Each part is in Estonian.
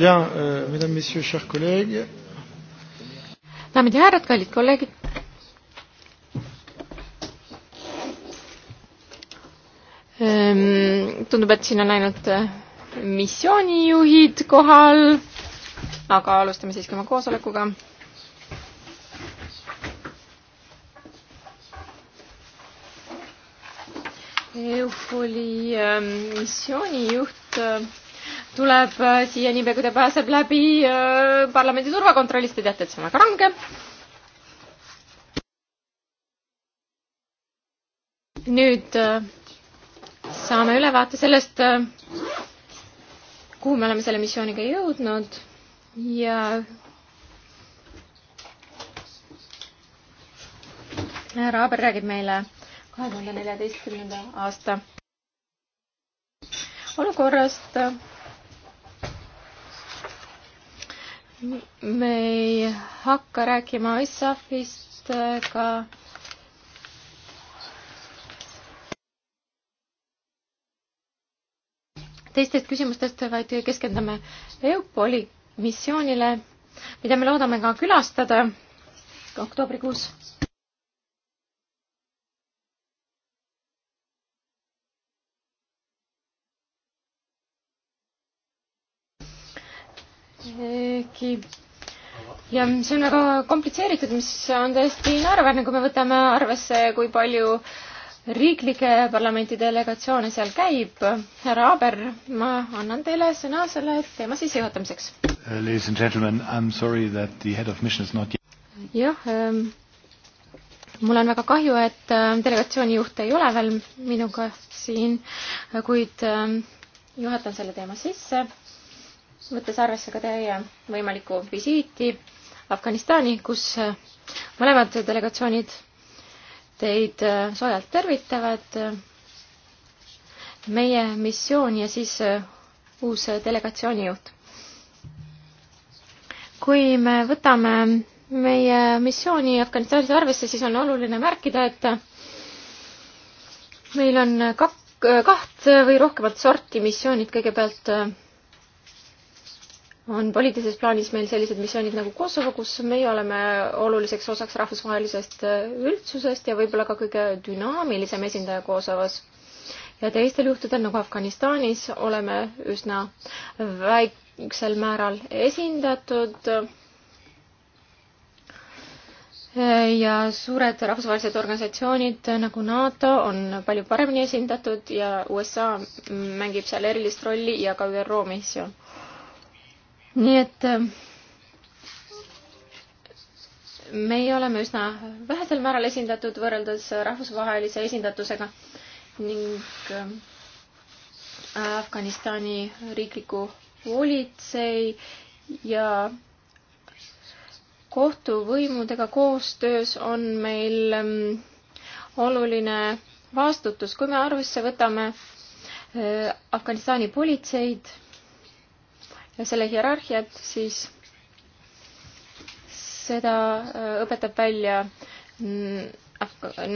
Bien, euh, mesdames, messieurs, chers collègues. daamid ja härrad, kallid kolleegid. Ehm, tundub, et siin on ainult äh, missioonijuhid kohal, aga alustame siiski oma koosolekuga. EUFOL-i äh, missioonijuht äh, tuleb äh, siia niipea, kui ta pääseb läbi äh, parlamendi turvakontrollist, te teate, et see on väga range. nüüd äh, saame ülevaate sellest, kuhu me oleme selle missiooniga jõudnud ja härra Aaber räägib meile kahe tuhande neljateistkümnenda aasta olukorrast me ei hakka rääkima ISAF-ist ega äh, teistest küsimustest, vaid keskendume EUPOL-i missioonile, mida me loodame ka külastada oktoobrikuus riiki. ja see on väga komplitseeritud, mis on täiesti naeruväärne, kui me võtame arvesse, kui palju riiklike parlamenti delegatsioone seal käib. härra Aber, ma annan teile sõna selle teema sissejuhatamiseks. jah, ähm, mul on väga kahju, et ähm, delegatsiooni juht ei ole veel minuga siin, kuid ähm, juhatan selle teema sisse võttes arvesse ka teie võimalikku visiiti Afganistani, kus äh, mõlemad delegatsioonid teid äh, soojalt tervitavad. meie missioon ja siis äh, uus delegatsiooni juht. kui me võtame meie missiooni Afganistanis arvesse, siis on oluline märkida, et meil on kak-, kaht või rohkemat sorti missioonid, kõigepealt on poliitilises plaanis meil sellised missioonid nagu Kosovo, kus meie oleme oluliseks osaks rahvusvahelisest äh, üldsusest ja võib-olla ka kõige dünaamilisem esindaja Kosovos. ja teistel juhtudel nagu Afganistanis oleme üsna väiksel määral esindatud. Äh, ja suured rahvusvahelised organisatsioonid nagu NATO on palju paremini esindatud ja USA mängib seal erilist rolli ja ka ÜRO missioon nii et äh, meie oleme üsna vähesel määral esindatud võrreldes rahvusvahelise esindatusega ning äh, Afganistani riikliku politsei ja kohtuvõimudega koostöös on meil ähm, oluline vastutus, kui me arvesse võtame äh, Afganistani politseid selle hierarhiat, siis seda äh, õpetab välja mm,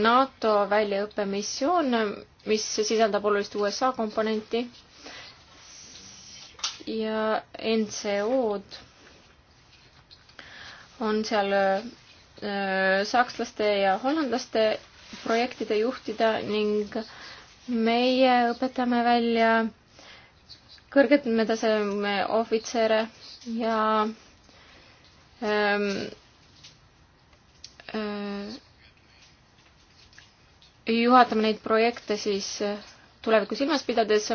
NATO väljaõppemissioon, mis sisaldab olulist USA komponenti ja NCO-d on seal äh, sakslaste ja hollandlaste projektide juhtida ning meie õpetame välja kõrgetme taseme ohvitsere ja ähm, äh, juhatame neid projekte siis äh, tulevikku silmas pidades,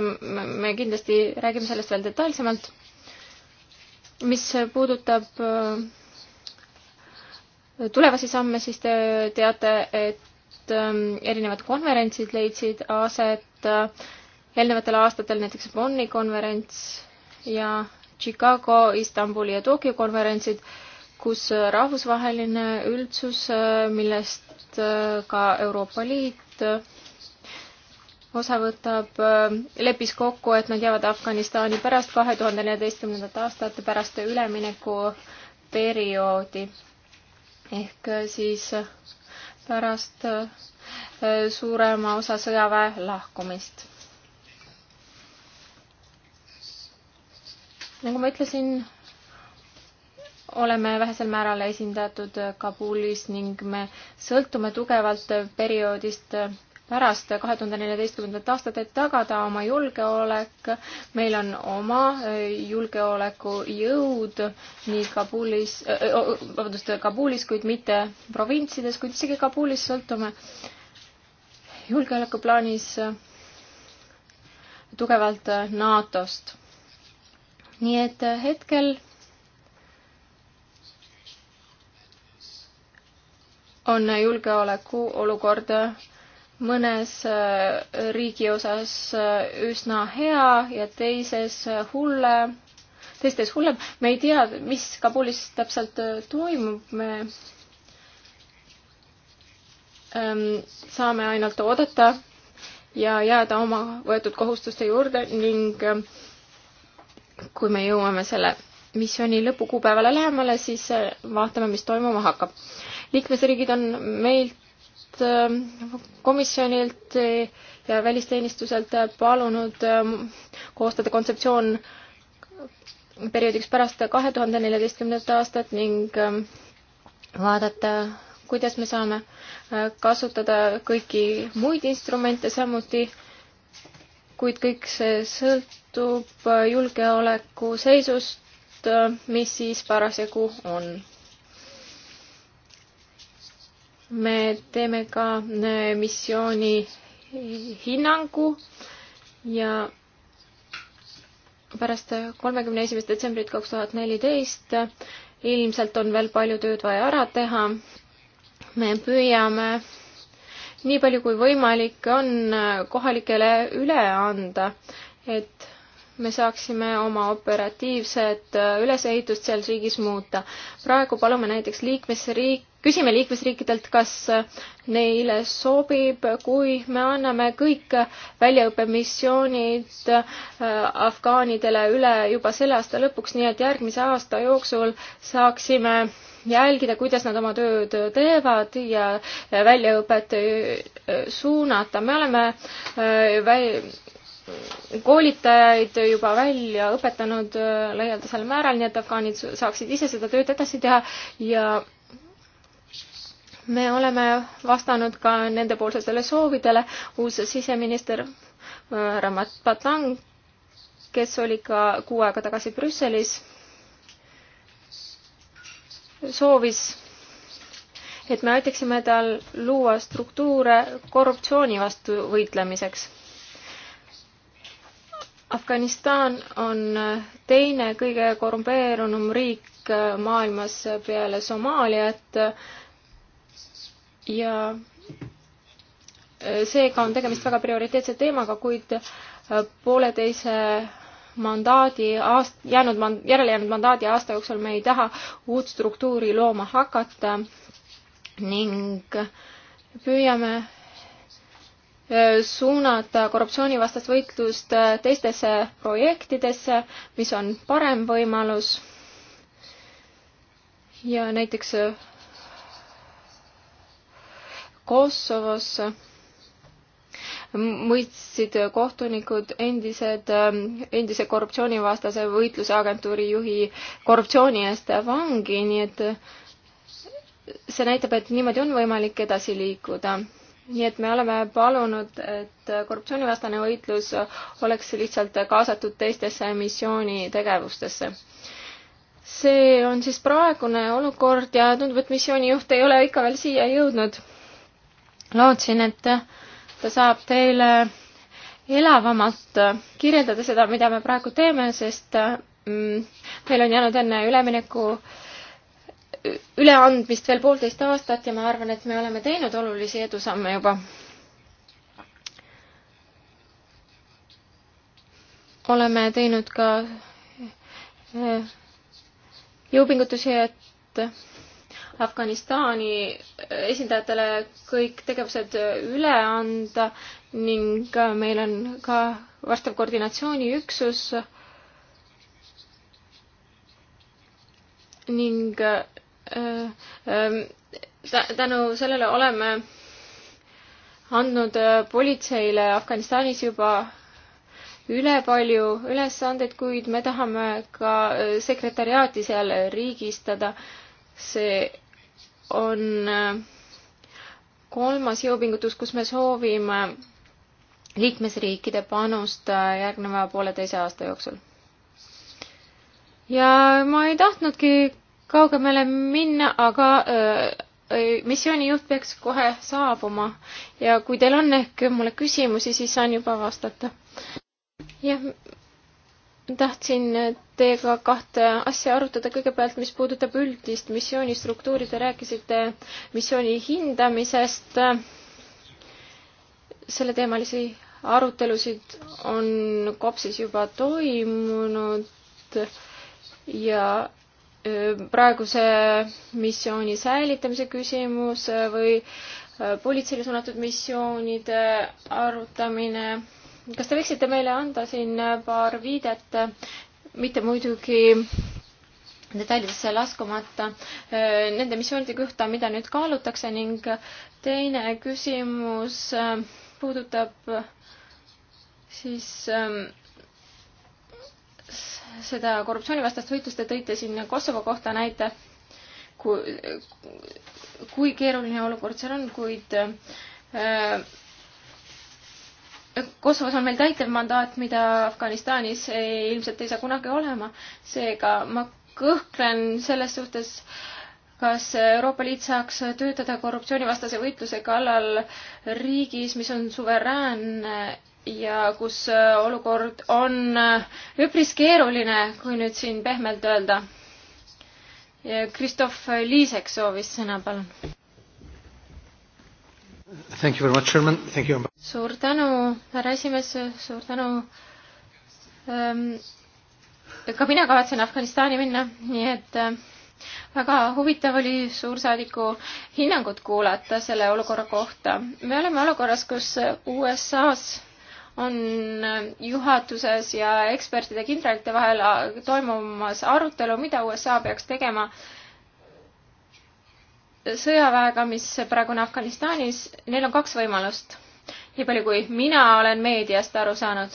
me kindlasti räägime sellest veel detailsemalt. mis puudutab äh, tulevasi samme, siis te teate, et ähm, erinevad konverentsid leidsid aset äh, eelnevatel aastatel näiteks Bonni konverents ja Chicago, Istanbuli ja Tokyo konverentsid, kus rahvusvaheline üldsus, millest äh, ka Euroopa Liit äh, osa võtab, äh, leppis kokku, et nad jäävad Afganistani pärast kahe tuhande neljateistkümnendat aastat, pärast üleminekuperioodi. ehk siis pärast suurema osa sõjaväe lahkumist nagu ma ütlesin, oleme vähesel määral esindatud Kabulis ning me sõltume tugevalt perioodist pärast kahe tuhande neljateistkümnendat aastat, et tagada oma julgeolek. meil on oma äh, julgeolekujõud nii Kabulis äh, äh,, vabandust, Kabulis, kuid mitte provintsides, kuid isegi Kabulis sõltume julgeolekuplaanis tugevalt NATO-st nii et äh, hetkel on julgeoleku olukord äh, mõnes äh, riigi osas üsna hea ja teises hulle, teistes hullem. me ei tea, mis Kabulis täpselt toimub, me ähm, saame ainult oodata ja jääda oma võetud kohustuste juurde ning kui me jõuame selle missiooni lõpukuupäevale lähemale, siis äh, vaatame, mis toimuma hakkab. liikmesriigid on meilt, äh, komisjonilt äh, ja välisteenistuselt palunud ähm, koostada kontseptsioon perioodiks pärast kahe tuhande neljateistkümnendat aastat ning ähm, vaadata, kuidas me saame kasutada kõiki muid instrumente samuti äh, kuid kõik see sõltub äh, julgeoleku seisust, äh, mis siis parasjagu on. me teeme ka äh, missiooni hinnangu ja pärast kolmekümne esimest detsembrit kaks tuhat neliteist ilmselt on veel palju tööd vaja ära teha. me püüame nii palju kui võimalik on äh, kohalikele üle anda, et me saaksime oma operatiivset äh, ülesehitust seal riigis muuta. praegu palume näiteks liikmesriik, küsime liikmesriikidelt, kas äh, neile sobib, kui me anname kõik väljaõppemissioonid afgaanidele üle juba selle aasta lõpuks, nii et järgmise aasta jooksul saaksime jälgida, kuidas nad oma tööd teevad ja väljaõpet äh, suunata. me oleme äh, koolitajaid juba välja õpetanud äh, laialdasel määral, nii et afgaanid saaksid ise seda tööd edasi teha ja me oleme vastanud ka nendepoolsetele soovidele. uus siseminister Ramat Patlang, kes oli ka kuu aega tagasi Brüsselis soovis, et me aitaksime tal luua struktuure korruptsiooni vastu võitlemiseks. Afganistan on teine kõige korrumpeerunum riik maailmas peale Somaaliat ja seega on tegemist väga prioriteetse teemaga, kuid pooleteise mandaadi aast-, jäänud man-, järelejäänud mandaadi aasta jooksul me ei taha uut struktuuri looma hakata ning püüame äh, suunata korruptsioonivastast võitlust äh, teistesse projektidesse, mis on parem võimalus. ja näiteks äh, Kosovos mõistsid kohtunikud endised, ähm, endise korruptsioonivastase võitluse agentuuri juhi korruptsiooni eest vangi, nii et see näitab, et niimoodi on võimalik edasi liikuda nii et me oleme palunud, et korruptsioonivastane võitlus oleks lihtsalt kaasatud teistesse missiooni tegevustesse. see on siis praegune olukord ja tundub, et missiooni juht ei ole ikka veel siia jõudnud. lootsin, et ta saab teile elavamalt kirjeldada seda, mida me praegu teeme, sest mm, meil on jäänud enne ülemineku üleandmist veel poolteist aastat ja ma arvan, et me oleme teinud olulisi edusamme juba. oleme teinud ka eh, jõupingutusi, et Afganistani esindajatele kõik tegevused üle anda ning meil on ka vastav koordinatsiooniüksus ning ähm, tänu sellele oleme andnud äh, politseile Afganistanis juba üle palju ülesandeid, kuid me tahame ka äh, sekretariaati seal riigistada. see on äh, kolmas jõupingutus, kus me soovime liikmesriikide panust äh, järgneva pooleteise aasta jooksul. ja ma ei tahtnudki kaugemale minna, aga äh, missiooni juht peaks kohe saabuma ja kui teil on ehk mulle küsimusi, siis saan juba vastata. jah, tahtsin teiega kahte asja arutada, kõigepealt, mis puudutab üldist missioonistruktuuri, te rääkisite missiooni hindamisest. selleteemalisi arutelusid on KOPS-is juba toimunud ja praeguse missiooni säilitamise küsimus või politseile suunatud missioonide arutamine kas te võiksite meile anda siin paar viidet, mitte muidugi detailidesse laskumata, äh, nende missioonide kohta, mida nüüd kaalutakse ning teine küsimus äh, puudutab äh, siis seda korruptsioonivastast võitlust, te tõite siin Kosovo kohta näite, kui, kui keeruline olukord seal on, kuid Kosovos on meil täitev mandaat, mida Afganistanis ei, ilmselt ei saa kunagi olema. seega ma kõhklen selles suhtes, kas Euroopa Liit saaks töötada korruptsioonivastase võitluse kallal riigis, mis on suveräänne ja kus olukord on üpris keeruline, kui nüüd siin pehmelt öelda. Kristof Liisek soovis sõna, palun suur tänu, härra esimees, suur tänu ähm,. ka mina kavatsen Afganistani minna, nii et äh, väga huvitav oli suursaadiku hinnangut kuulata selle olukorra kohta. me oleme olukorras, kus USA-s on äh, juhatuses ja ekspertide kindralite vahel äh, toimumas arutelu, mida USA peaks tegema äh, sõjaväega, mis praegu on Afganistanis, neil on kaks võimalust. nii palju, kui mina olen meediast aru saanud.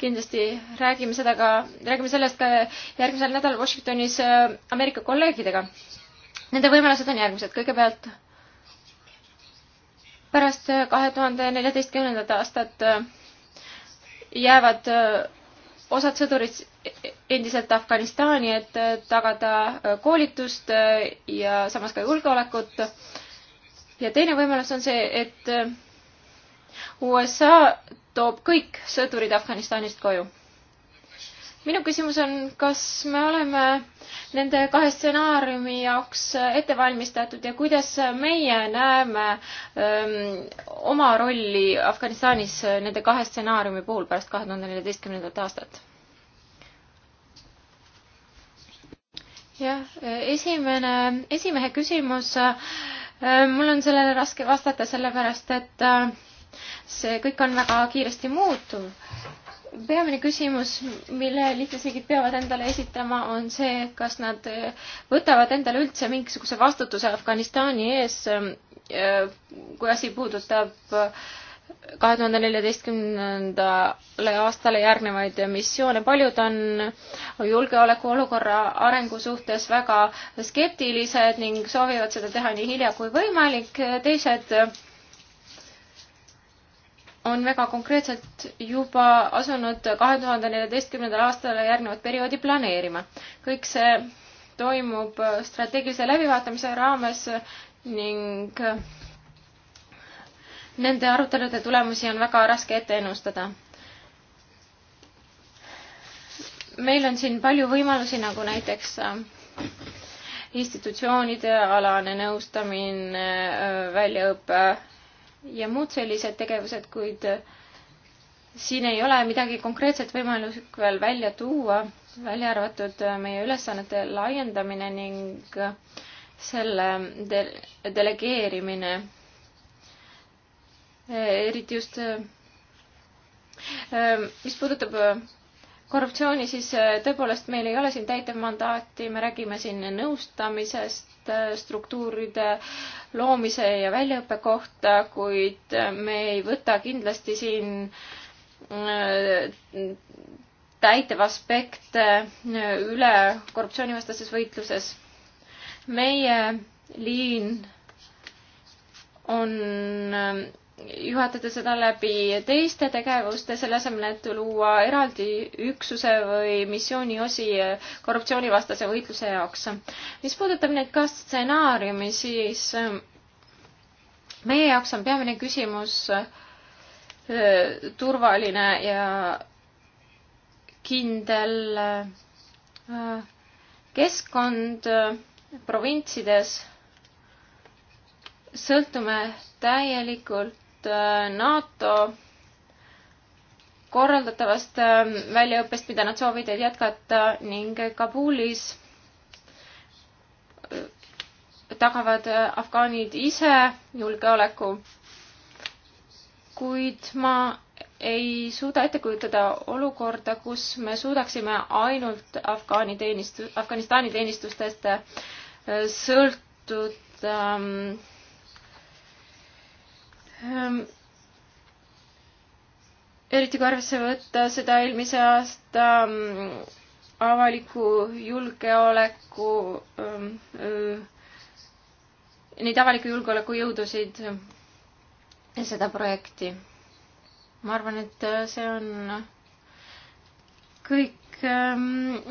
kindlasti räägime seda ka, räägime sellest ka järgmisel nädalal Washingtonis äh, Ameerika kolleegidega. Nende võimalused on järgmised. kõigepealt pärast äh, kahe tuhande neljateistkümnendat aastat äh, jäävad osad sõdurid endiselt Afganistani, et äh, tagada äh, koolitust äh, ja samas ka julgeolekut. ja teine võimalus on see, et USA toob kõik sõdurid Afganistanist koju. minu küsimus on, kas me oleme nende kahe stsenaariumi jaoks ette valmistatud ja kuidas meie näeme öö, ähm, oma rolli Afganistanis nende kahe stsenaariumi puhul pärast kahe tuhande neljateistkümnendat aastat? jah, esimene, esimehe küsimus. Äh, mul on sellele raske vastata, sellepärast et äh, see kõik on väga kiiresti muutuv. peamine küsimus, mille liitlasriigid peavad endale esitama, on see, kas nad äh, võtavad endale üldse mingisuguse vastutuse Afganistani ees, kui asi puudutab äh, kahe tuhande neljateistkümnendale aastale järgnevaid missioone. paljud on julgeolekuolukorra arengu suhtes väga skeptilised ning soovivad seda teha nii hilja kui võimalik. teised on väga konkreetselt juba asunud kahe tuhande neljateistkümnendale aastale järgnevat perioodi planeerima. kõik see toimub strateegilise läbivaatamise raames ning Nende arutelude tulemusi on väga raske ette ennustada. meil on siin palju võimalusi, nagu näiteks äh, institutsioonide alane nõustamine, äh, väljaõpe ja muud sellised tegevused, kuid äh, siin ei ole midagi konkreetset võimalik veel välja tuua, välja arvatud meie ülesannete laiendamine ning selle de delegeerimine Eh, eriti just eh, eh, mis puudutab korruptsiooni, siis tõepoolest meil ei ole siin täitevmandaati, me räägime siin nõustamisest, struktuuride loomise ja väljaõppe kohta, kuid me ei võta kindlasti siin täitevaspekte üle korruptsioonivastases võitluses. meie liin on juhatada seda läbi teiste tegevuste, selle asemel, et luua eraldi üksuse või missiooniosi korruptsioonivastase võitluse jaoks. mis puudutab neid ka stsenaariumi, siis äh, meie jaoks on peamine küsimus äh, turvaline ja kindel äh, keskkond provintsides sõltume täielikult Äh, NATO korraldatavast äh, väljaõppest, mida nad soovivad jätkata ning Kabulis äh, tagavad afgaanid ise julgeoleku. kuid ma ei suuda ette kujutada olukorda, kus me suudaksime ainult Afgaani teenistus, Afganistani teenistustest sõltuda ähm, Ähm, eriti kui arvesse võtta seda eelmise aasta ähm, avaliku julgeoleku, ähm, neid avaliku julgeoleku jõudusid ja seda projekti. ma arvan, et äh, see on kõik,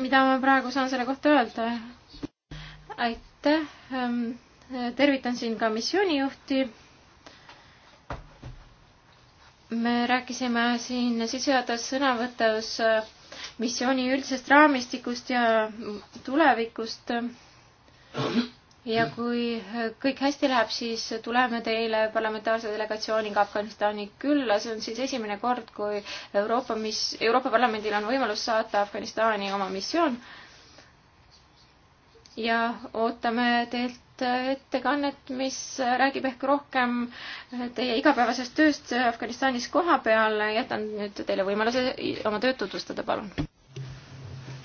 mida ma praegu saan selle kohta öelda. aitäh. tervitan siin ka missioonijuhti me rääkisime siin sissejuhatavas sõnavõtus äh, missiooni üldisest raamistikust ja tulevikust. ja kui äh, kõik hästi läheb, siis tuleme teile parlamentaarse delegatsiooniga Afganistani külla. see on siis esimene kord, kui Euroopa, mis Euroopa Parlamendil on võimalus saata Afganistani oma missioon. ja ootame teilt ettekannet, mis räägib ehk rohkem teie igapäevasest tööst Afganistanis koha peal. jätan nüüd teile võimaluse oma tööd tutvustada, palun.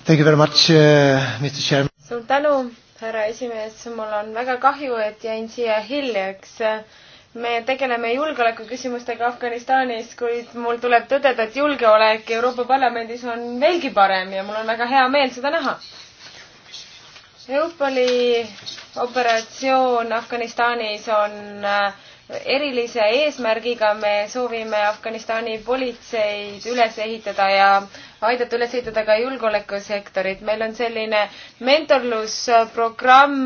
Thank you very much uh,, Mr Chairman. suur tänu, härra esimees, mul on väga kahju, et jäin siia hiljaks me tegeleme julgeolekuküsimustega Afganistanis, kuid mul tuleb tõdeda, et julgeolek Euroopa Parlamendis on veelgi parem ja mul on väga hea meel seda näha Europoli operatsioon Afganistanis on äh, erilise eesmärgiga, me soovime Afganistani politseid üles ehitada ja aidata üles ehitada ka julgeolekusektorit. meil on selline mentorlusprogramm,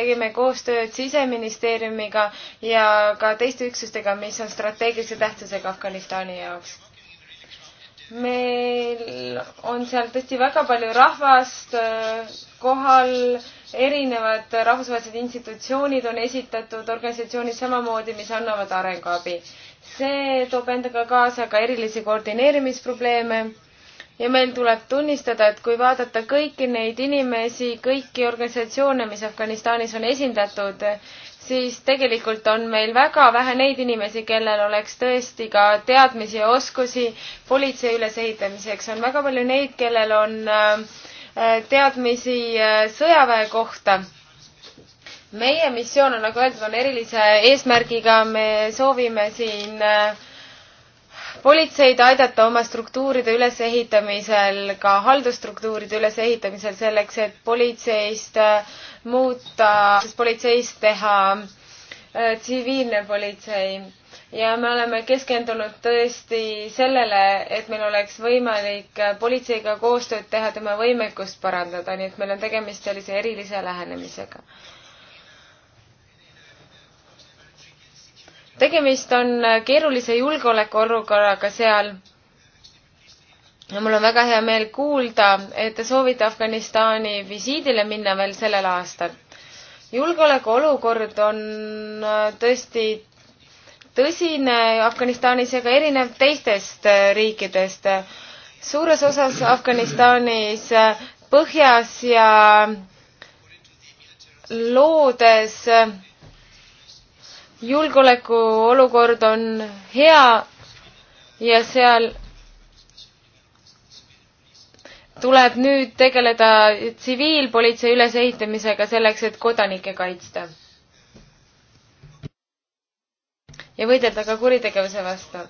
tegime koostööd Siseministeeriumiga ja ka teiste üksustega, mis on strateegilise tähtsusega Afganistani jaoks meil on seal tõesti väga palju rahvast äh, kohal, erinevad rahvusvahelised institutsioonid on esitatud, organisatsioonid samamoodi, mis annavad arenguabi. see toob endaga kaasa ka erilisi koordineerimisprobleeme ja meil tuleb tunnistada, et kui vaadata kõiki neid inimesi, kõiki organisatsioone, mis Afganistanis on esindatud, siis tegelikult on meil väga vähe neid inimesi, kellel oleks tõesti ka teadmisi ja oskusi politsei ülesehitamiseks. on väga palju neid, kellel on äh, äh, teadmisi äh, sõjaväe kohta. meie missioon on, nagu öeldud, on erilise eesmärgiga, me soovime siin äh, politseid aidata oma struktuuride ülesehitamisel, ka haldusstruktuuride ülesehitamisel selleks, et politseist äh, muuta, politseist teha äh, tsiviilne politsei ja me oleme keskendunud tõesti sellele, et meil oleks võimalik äh, politseiga koostööd teha, tema võimekust parandada, nii et meil on tegemist sellise erilise lähenemisega. tegemist on keerulise julgeolekuolukorraga seal ja mul on väga hea meel kuulda, et te soovite Afganistani visiidile minna veel sellel aastal. julgeolekuolukord on äh, tõesti tõsine Afganistanis ja ka erinev teistest äh, riikidest. suures osas Afganistanis äh, põhjas ja loodes julgeolekuolukord on hea ja seal tuleb nüüd tegeleda tsiviilpolitsei ülesehitamisega selleks, et kodanikke kaitsta. ja võidelda ka kuritegevuse vastu.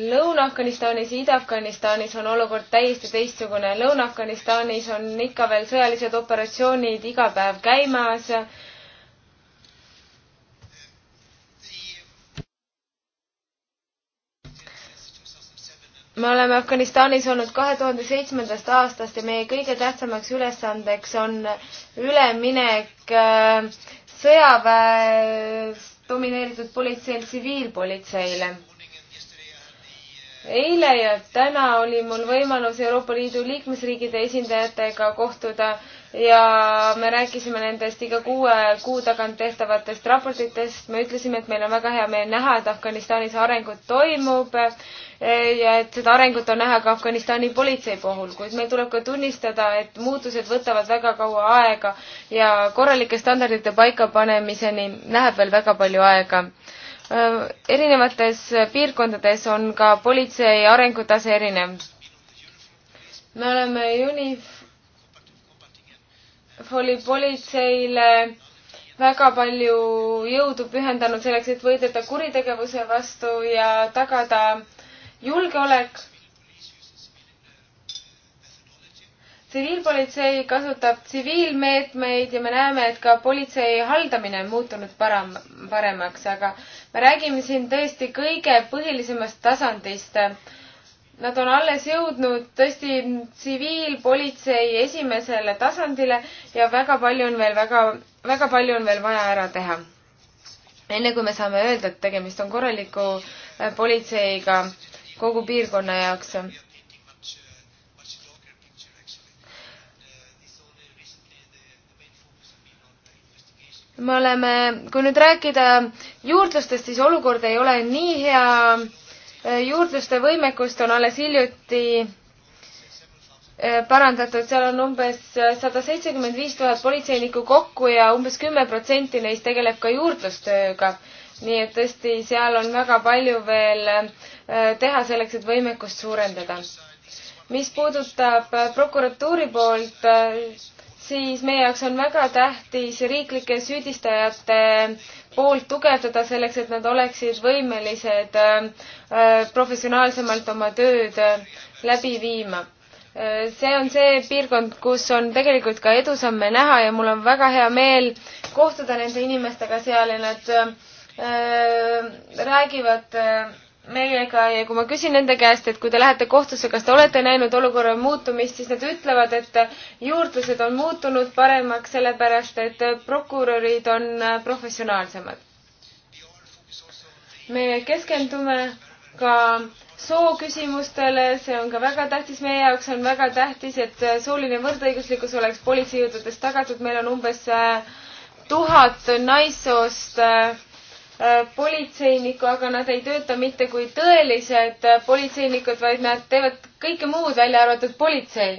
Lõuna-Afganistanis ja Ida-Afganistanis on olukord täiesti teistsugune. Lõuna-Afganistanis on ikka veel sõjalised operatsioonid iga päev käimas me oleme Afganistanis olnud kahe tuhande seitsmendast aastast ja meie kõige tähtsamaks ülesandeks on üleminek äh, sõjaväest domineeritud politseilt tsiviilpolitseile. eile ja täna oli mul võimalus Euroopa Liidu liikmesriigide esindajatega kohtuda ja me rääkisime nendest iga kuue kuu tagant tehtavatest raportitest. me ütlesime, et meil on väga hea meel näha, et Afganistanis arengut toimub ja et seda arengut on näha ka Afganistani politsei puhul, kuid meil tuleb ka tunnistada, et muutused võtavad väga kaua aega ja korralike standardite paikapanemiseni läheb veel väga palju aega erinevates piirkondades on ka politsei arengutase erinev. me oleme UNIF oli politseile väga palju jõudu pühendanud selleks, et võidelda kuritegevuse vastu ja tagada julgeolek. tsiviilpolitsei kasutab tsiviilmeetmeid ja me näeme, et ka politsei haldamine on muutunud parem, paremaks, aga me räägime siin tõesti kõige põhilisemast tasandist Nad on alles jõudnud tõesti tsiviilpolitsei esimesele tasandile ja väga palju on veel väga, väga palju on veel vaja ära teha. enne kui me saame öelda, et tegemist on korraliku äh, politseiga kogu piirkonna jaoks. me oleme, kui nüüd rääkida juurdlustest, siis olukord ei ole nii hea Äh, juurdluste võimekust on alles hiljuti äh, parandatud, seal on umbes äh, sada seitsekümmend viis tuhat politseinikku kokku ja umbes kümme protsenti neist tegeleb ka juurdlustööga. nii et tõesti, seal on väga palju veel teha selleks, et võimekust suurendada. mis puudutab prokuratuuri poolt, siis meie jaoks on väga tähtis riiklike süüdistajate äh, poolt tugevdada selleks, et nad oleksid võimelised äh, professionaalsemalt oma tööd äh, läbi viima. Äh, see on see piirkond, kus on tegelikult ka edusamme näha ja mul on väga hea meel kohtuda nende inimestega seal ja nad räägivad meiega ja kui ma küsin nende käest, et kui te lähete kohtusse, kas te olete näinud olukorra muutumist, siis nad ütlevad, et juurdlused on muutunud paremaks, sellepärast et prokurörid on professionaalsemad. me keskendume ka sooküsimustele, see on ka väga tähtis, meie jaoks on väga tähtis, et sooline võrdõiguslikkus oleks politseijõududes tagatud, meil on umbes äh, tuhat naissoost äh, Äh, politseiniku, aga nad ei tööta mitte kui tõelised äh, politseinikud, vaid nad teevad kõike muud, välja arvatud politsei.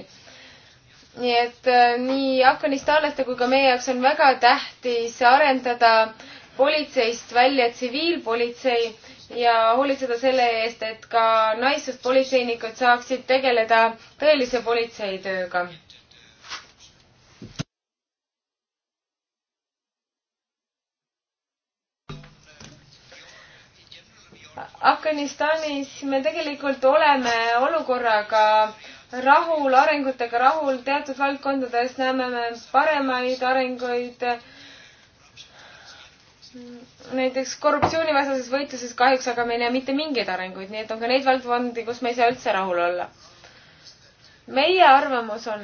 nii et äh, nii afganistanlaste kui ka meie jaoks on väga tähtis arendada politseist välja tsiviilpolitsei ja hoolitseda selle eest, et ka naissoost politseinikud saaksid tegeleda tõelise politseitööga Afganistanis me tegelikult oleme olukorraga rahul, arengutega rahul, teatud valdkondades näeme me paremaid arenguid. näiteks korruptsioonivastases võitluses kahjuks aga me ei näe mitte mingeid arenguid, nii et on ka neid valdkondi, kus me ei saa üldse rahul olla. meie arvamus on,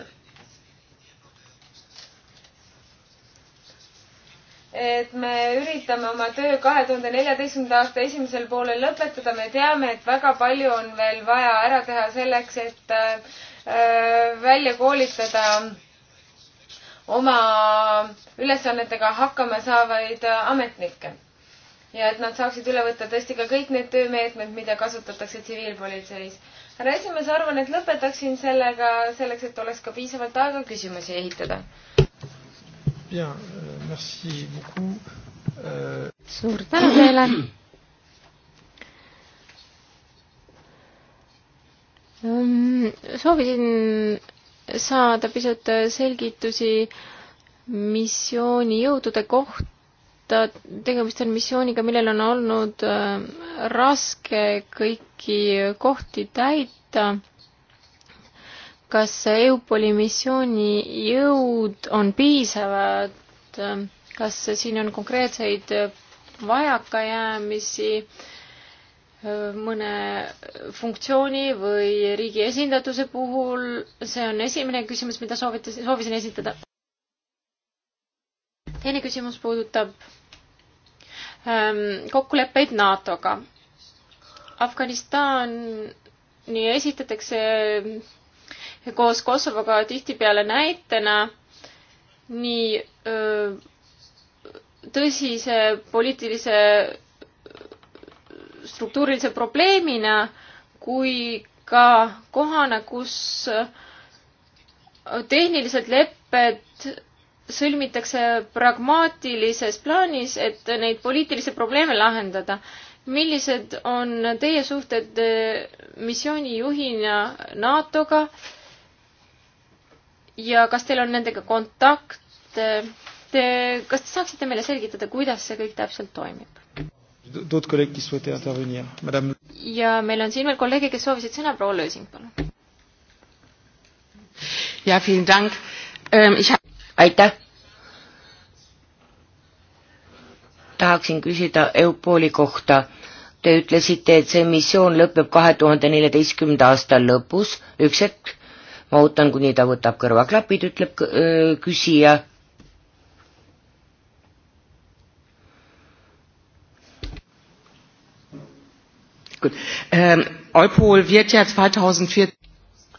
et me üritame oma töö kahe tuhande neljateistkümnenda aasta esimesel poolel lõpetada. me teame, et väga palju on veel vaja ära teha selleks, et äh, välja koolitada oma ülesannetega hakkama saavaid ametnikke. ja et nad saaksid üle võtta tõesti ka kõik need töömeetmed, mida kasutatakse tsiviilpolitseis. härra esimees, arvan, et lõpetaksin sellega, selleks et oleks ka piisavalt aega küsimusi ehitada. jaa Euh, suur tänu teile. Ähm, soovisin saada pisut selgitusi missioonijõudude kohta. tegemist on missiooniga, millel on olnud äh, raske kõiki kohti täita. kas EUPOL-i missiooni jõud on piisavad et ähm, kas siin on konkreetseid vajakajäämisi äh, mõne funktsiooni või riigi esindatuse puhul, see on esimene küsimus, mida soovite, soovisin esitada. teine küsimus puudutab ähm, kokkuleppeid NATO-ga. Afganistani esitatakse koos Kosovoga tihtipeale näitena nii öö, tõsise poliitilise struktuurilise probleemina kui ka kohana, kus tehnilised lepped sõlmitakse pragmaatilises plaanis, et neid poliitilisi probleeme lahendada. millised on teie suhted missioonijuhina NATO-ga ja kas teil on nendega kontakt? Te, kas te saaksite meile selgitada, kuidas see kõik täpselt toimib? d'autres collègues qui souhaitaient intervenir. Madame. ja meil on siin veel kolleege, kes soovisid sõna, proua Lösing, palun. ja, ähm, ich... aitäh. tahaksin küsida EUPOL-i kohta. Te ütlesite, et see missioon lõpeb kahe tuhande neljateistkümnenda aasta lõpus, üks hetk ma ootan, kuni ta võtab kõrvaklapid, ütleb äh, küsija. Ähm, Eupol wird ja 2004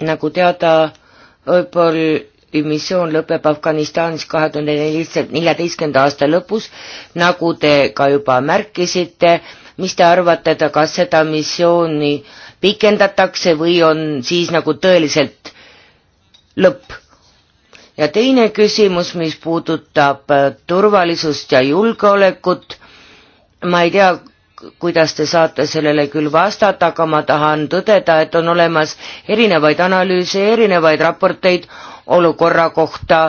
nagu teada, Eupol missioon lõpeb Afganistanis kahe tuhande neljateistkümnenda aasta lõpus, nagu te ka juba märkisite. mis te arvate, kas seda missiooni pikendatakse või on siis nagu tõeliselt lõpp. ja teine küsimus, mis puudutab äh, turvalisust ja julgeolekut, ma ei tea, kuidas te saate sellele küll vastata, aga ma tahan tõdeda, et on olemas erinevaid analüüse, erinevaid raporteid olukorra kohta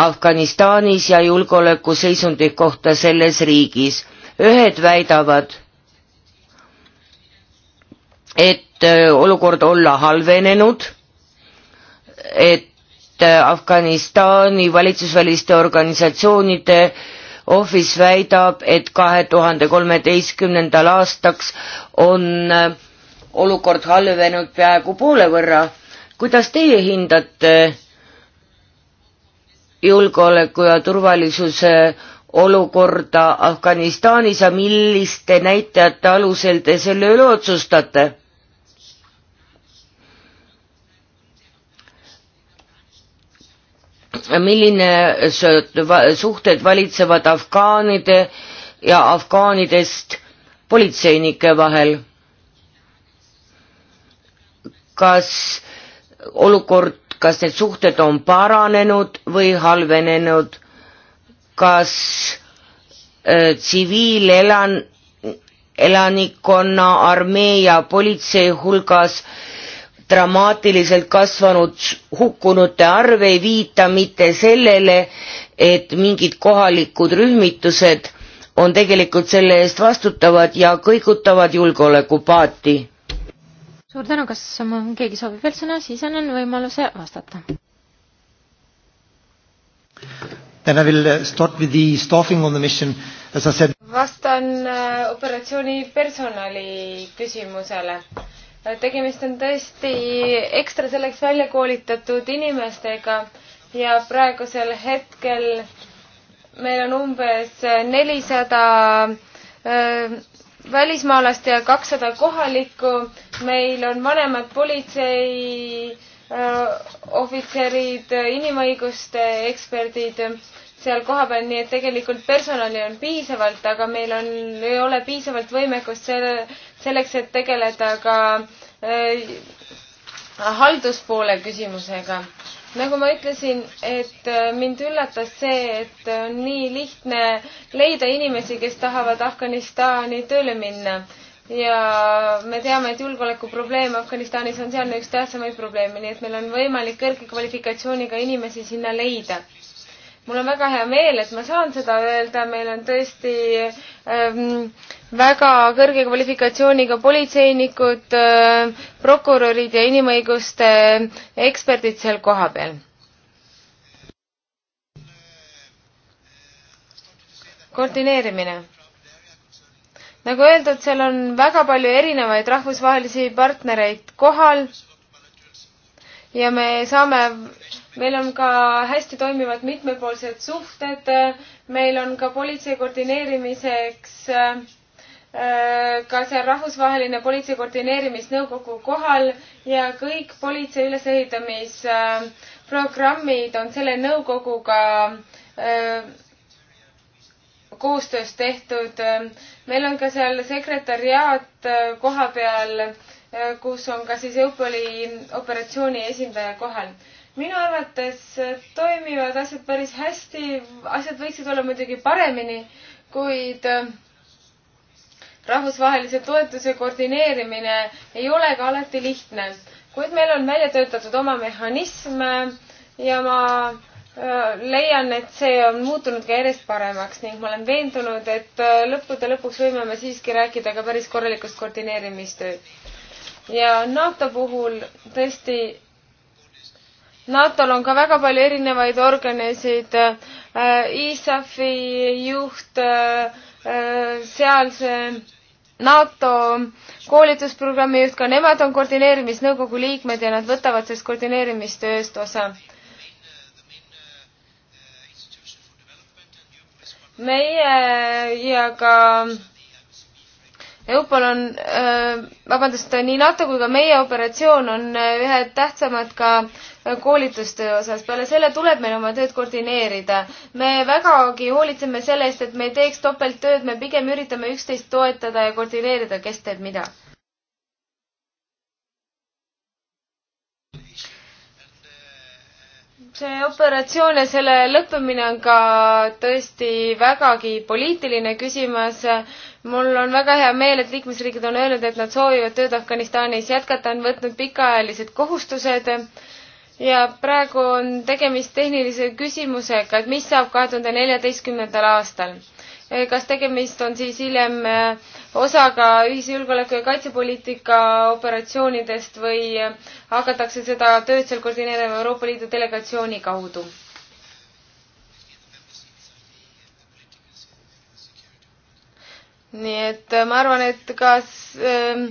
Afganistanis ja julgeolekuseisundi kohta selles riigis. ühed väidavad, et äh, olukord olla halvenenud et äh, Afganistani valitsusväliste organisatsioonide ohvis väidab, et kahe tuhande kolmeteistkümnendal aastaks on äh, olukord halvenenud peaaegu poole võrra. kuidas teie hindate äh, julgeoleku ja turvalisuse olukorda Afganistanis ja milliste näitajate alusel te selle üle otsustate? milline suhted valitsevad afgaanide ja afgaanidest politseinike vahel. kas olukord, kas need suhted on paranenud või halvenenud, kas äh, tsiviilelan- äh,, elanikkonna, armee ja politsei hulgas äh, dramaatiliselt kasvanud hukkunute arv ei viita mitte sellele, et mingid kohalikud rühmitused on tegelikult selle eest vastutavad ja kõigutavad julgeolekupaati. suur tänu, kas keegi soovib veel sõna, siis annan võimaluse vastata. Then I will uh, start with the staffing on the mission. As I said. vastan uh, operatsiooni personali küsimusele tegemist on tõesti ekstra selleks välja koolitatud inimestega ja praegusel hetkel meil on umbes nelisada välismaalast ja kakssada kohalikku. meil on vanemad politseiohvitserid, inimõiguste eksperdid seal kohapeal, nii et tegelikult personali on piisavalt, aga meil on, ei ole piisavalt võimekust selle selleks, et tegeleda ka äh, halduspoole küsimusega. nagu ma ütlesin, et äh, mind üllatas see, et on nii lihtne leida inimesi, kes tahavad Afganistani tööle minna ja me teame, et julgeolekuprobleem Afganistanis on sealne üks tähtsamaid probleeme, nii et meil on võimalik kõrge kvalifikatsiooniga inimesi sinna leida mul on väga hea meel, et ma saan seda öelda, meil on tõesti ähm, väga kõrge kvalifikatsiooniga politseinikud äh,, prokurörid ja inimõiguste eksperdid seal kohapeal. koordineerimine. nagu öeldud, seal on väga palju erinevaid rahvusvahelisi partnereid kohal ja me saame meil on ka hästi toimivad mitmepoolsed suhted, meil on ka politsei koordineerimiseks äh, ka seal rahvusvaheline politsei koordineerimisnõukogu kohal ja kõik politsei ülesehitamisprogrammid on selle nõukoguga äh, koostöös tehtud. meil on ka seal sekretäriaat äh, koha peal, kus on ka siis EUPOL-i operatsiooni esindaja kohal minu arvates toimivad asjad päris hästi, asjad võiksid olla muidugi paremini, kuid äh, rahvusvahelise toetuse koordineerimine ei ole ka alati lihtne. kuid meil on välja töötatud oma mehhanism ja ma äh, leian, et see on muutunud ka järjest paremaks ning ma olen veendunud, et äh, lõppude lõpuks võime me siiski rääkida ka päris korralikust koordineerimistööd. ja NATO puhul tõesti NATO-l on ka väga palju erinevaid organeid, äh, ISAF-i juht, äh, äh, sealse NATO koolitusprogrammi juht, ka nemad on koordineerimisnõukogu liikmed ja nad võtavad sellest koordineerimistööst osa. meie ja ka EUPOL on, vabandust, nii NATO kui ka meie operatsioon on ühed tähtsamad ka äh, koolituste osas. peale selle tuleb meil oma tööd koordineerida. me vägagi hoolitseme selle eest, et me ei teeks topelttööd, me pigem üritame üksteist toetada ja koordineerida, kes teeb mida. see operatsioon ja selle lõppemine on ka tõesti vägagi poliitiline küsimus mul on väga hea meel, et liikmesriigid on öelnud, et nad soovivad tööd Afganistanis jätkata, on võtnud pikaajalised kohustused ja praegu on tegemist tehnilise küsimusega, et mis saab kahe tuhande neljateistkümnendal aastal. Eh, kas tegemist on siis hiljem eh, osaga ühise julgeoleku ja kaitsepoliitika operatsioonidest või eh, hakatakse seda tööd seal koordineerima Euroopa Liidu delegatsiooni kaudu? nii et ma arvan, et kas äh,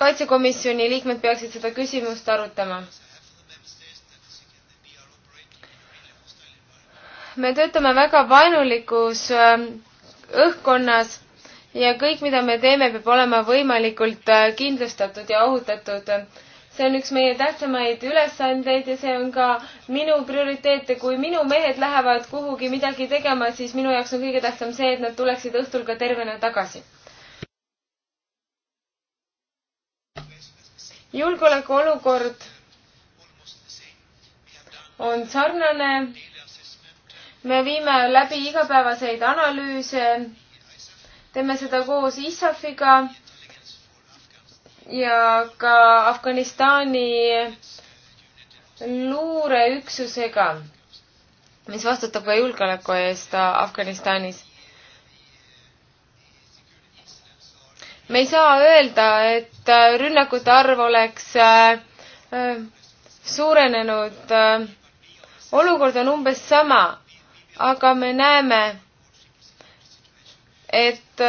kaitsekomisjoni liikmed peaksid seda küsimust arutama. me töötame väga vaenulikus ähm, õhkkonnas ja kõik, mida me teeme, peab olema võimalikult äh, kindlustatud ja ohutatud. see on üks meie tähtsamaid ülesandeid ja see on ka minu prioriteet ja kui minu mehed lähevad kuhugi midagi tegema, siis minu jaoks on kõige tähtsam see, et nad tuleksid õhtul ka tervena tagasi julgeolekuolukord on sarnane. me viime läbi igapäevaseid analüüse, teeme seda koos ISAF-iga ja ka Afganistani luureüksusega, mis vastutab ka julgeoleku eest Afganistanis me ei saa öelda, et äh, rünnakute arv oleks äh, äh, suurenenud. olukord on umbes sama, aga me näeme, et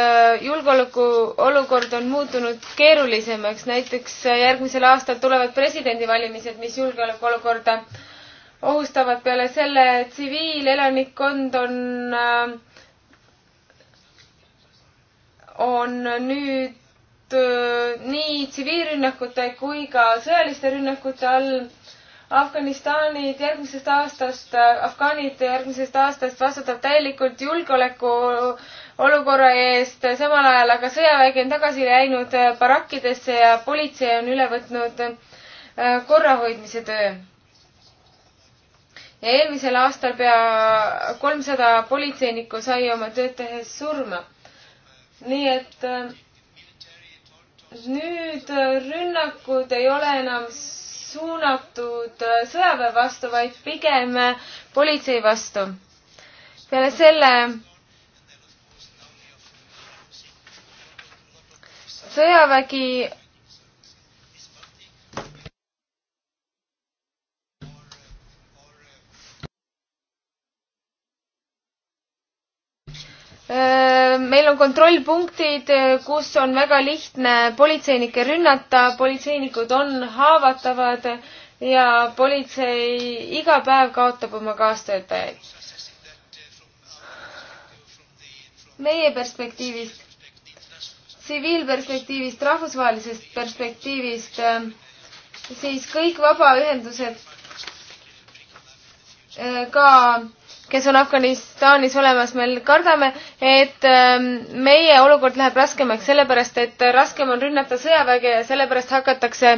julgeolekuolukord on muutunud keerulisemaks, näiteks järgmisel aastal tulevad presidendivalimised, mis julgeolekuolukorda ohustavad peale selle tsiviilelanikkond on äh, on nüüd äh, nii tsiviilrünnakute kui ka sõjaliste rünnakute all. Afganistanid järgmisest aastast, äh, afgaanid järgmisest aastast vastutab täielikult julgeoleku olukorra eest, samal ajal aga sõjavägi on tagasi läinud äh, barakkidesse ja politsei on üle võtnud korrahoidmise töö. ja eelmisel aastal pea kolmsada politseinikku sai oma tööd tehes surma nii et äh, nüüd äh, rünnakud ei ole enam suunatud äh, sõjaväe vastu, vaid pigem politsei vastu. peale selle sõjavägi Äh, meil on kontrollpunktid, äh, kus on väga lihtne politseinikke rünnata, politseinikud on haavatavad ja politsei iga päev kaotab oma kaastöötajaid. meie perspektiivist, tsiviilperspektiivist, rahvusvahelisest perspektiivist, äh, siis kõik vabaühendused ka kes on Afganistanis olemas, me kardame, et ähm, meie olukord läheb raskemaks, sellepärast et raskem on rünnata sõjaväge ja sellepärast hakatakse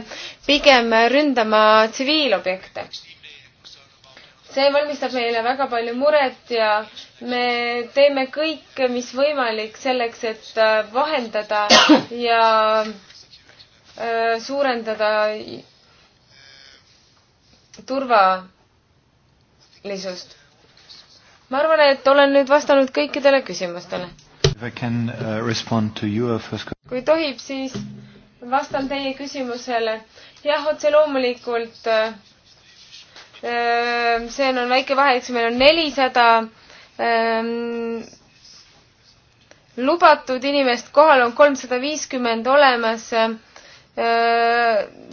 pigem ründama tsiviilobjekte. see valmistab meile väga palju muret ja me teeme kõik, mis võimalik selleks, et äh, vahendada ja äh, suurendada turvalisust ma arvan, et olen nüüd vastanud kõikidele küsimustele. Uh, kui tohib, siis vastan teie küsimusele. jah, otse loomulikult uh, uh, see on väike vahe, eks meil on nelisada um, lubatud inimest, kohal on kolmsada viiskümmend olemas.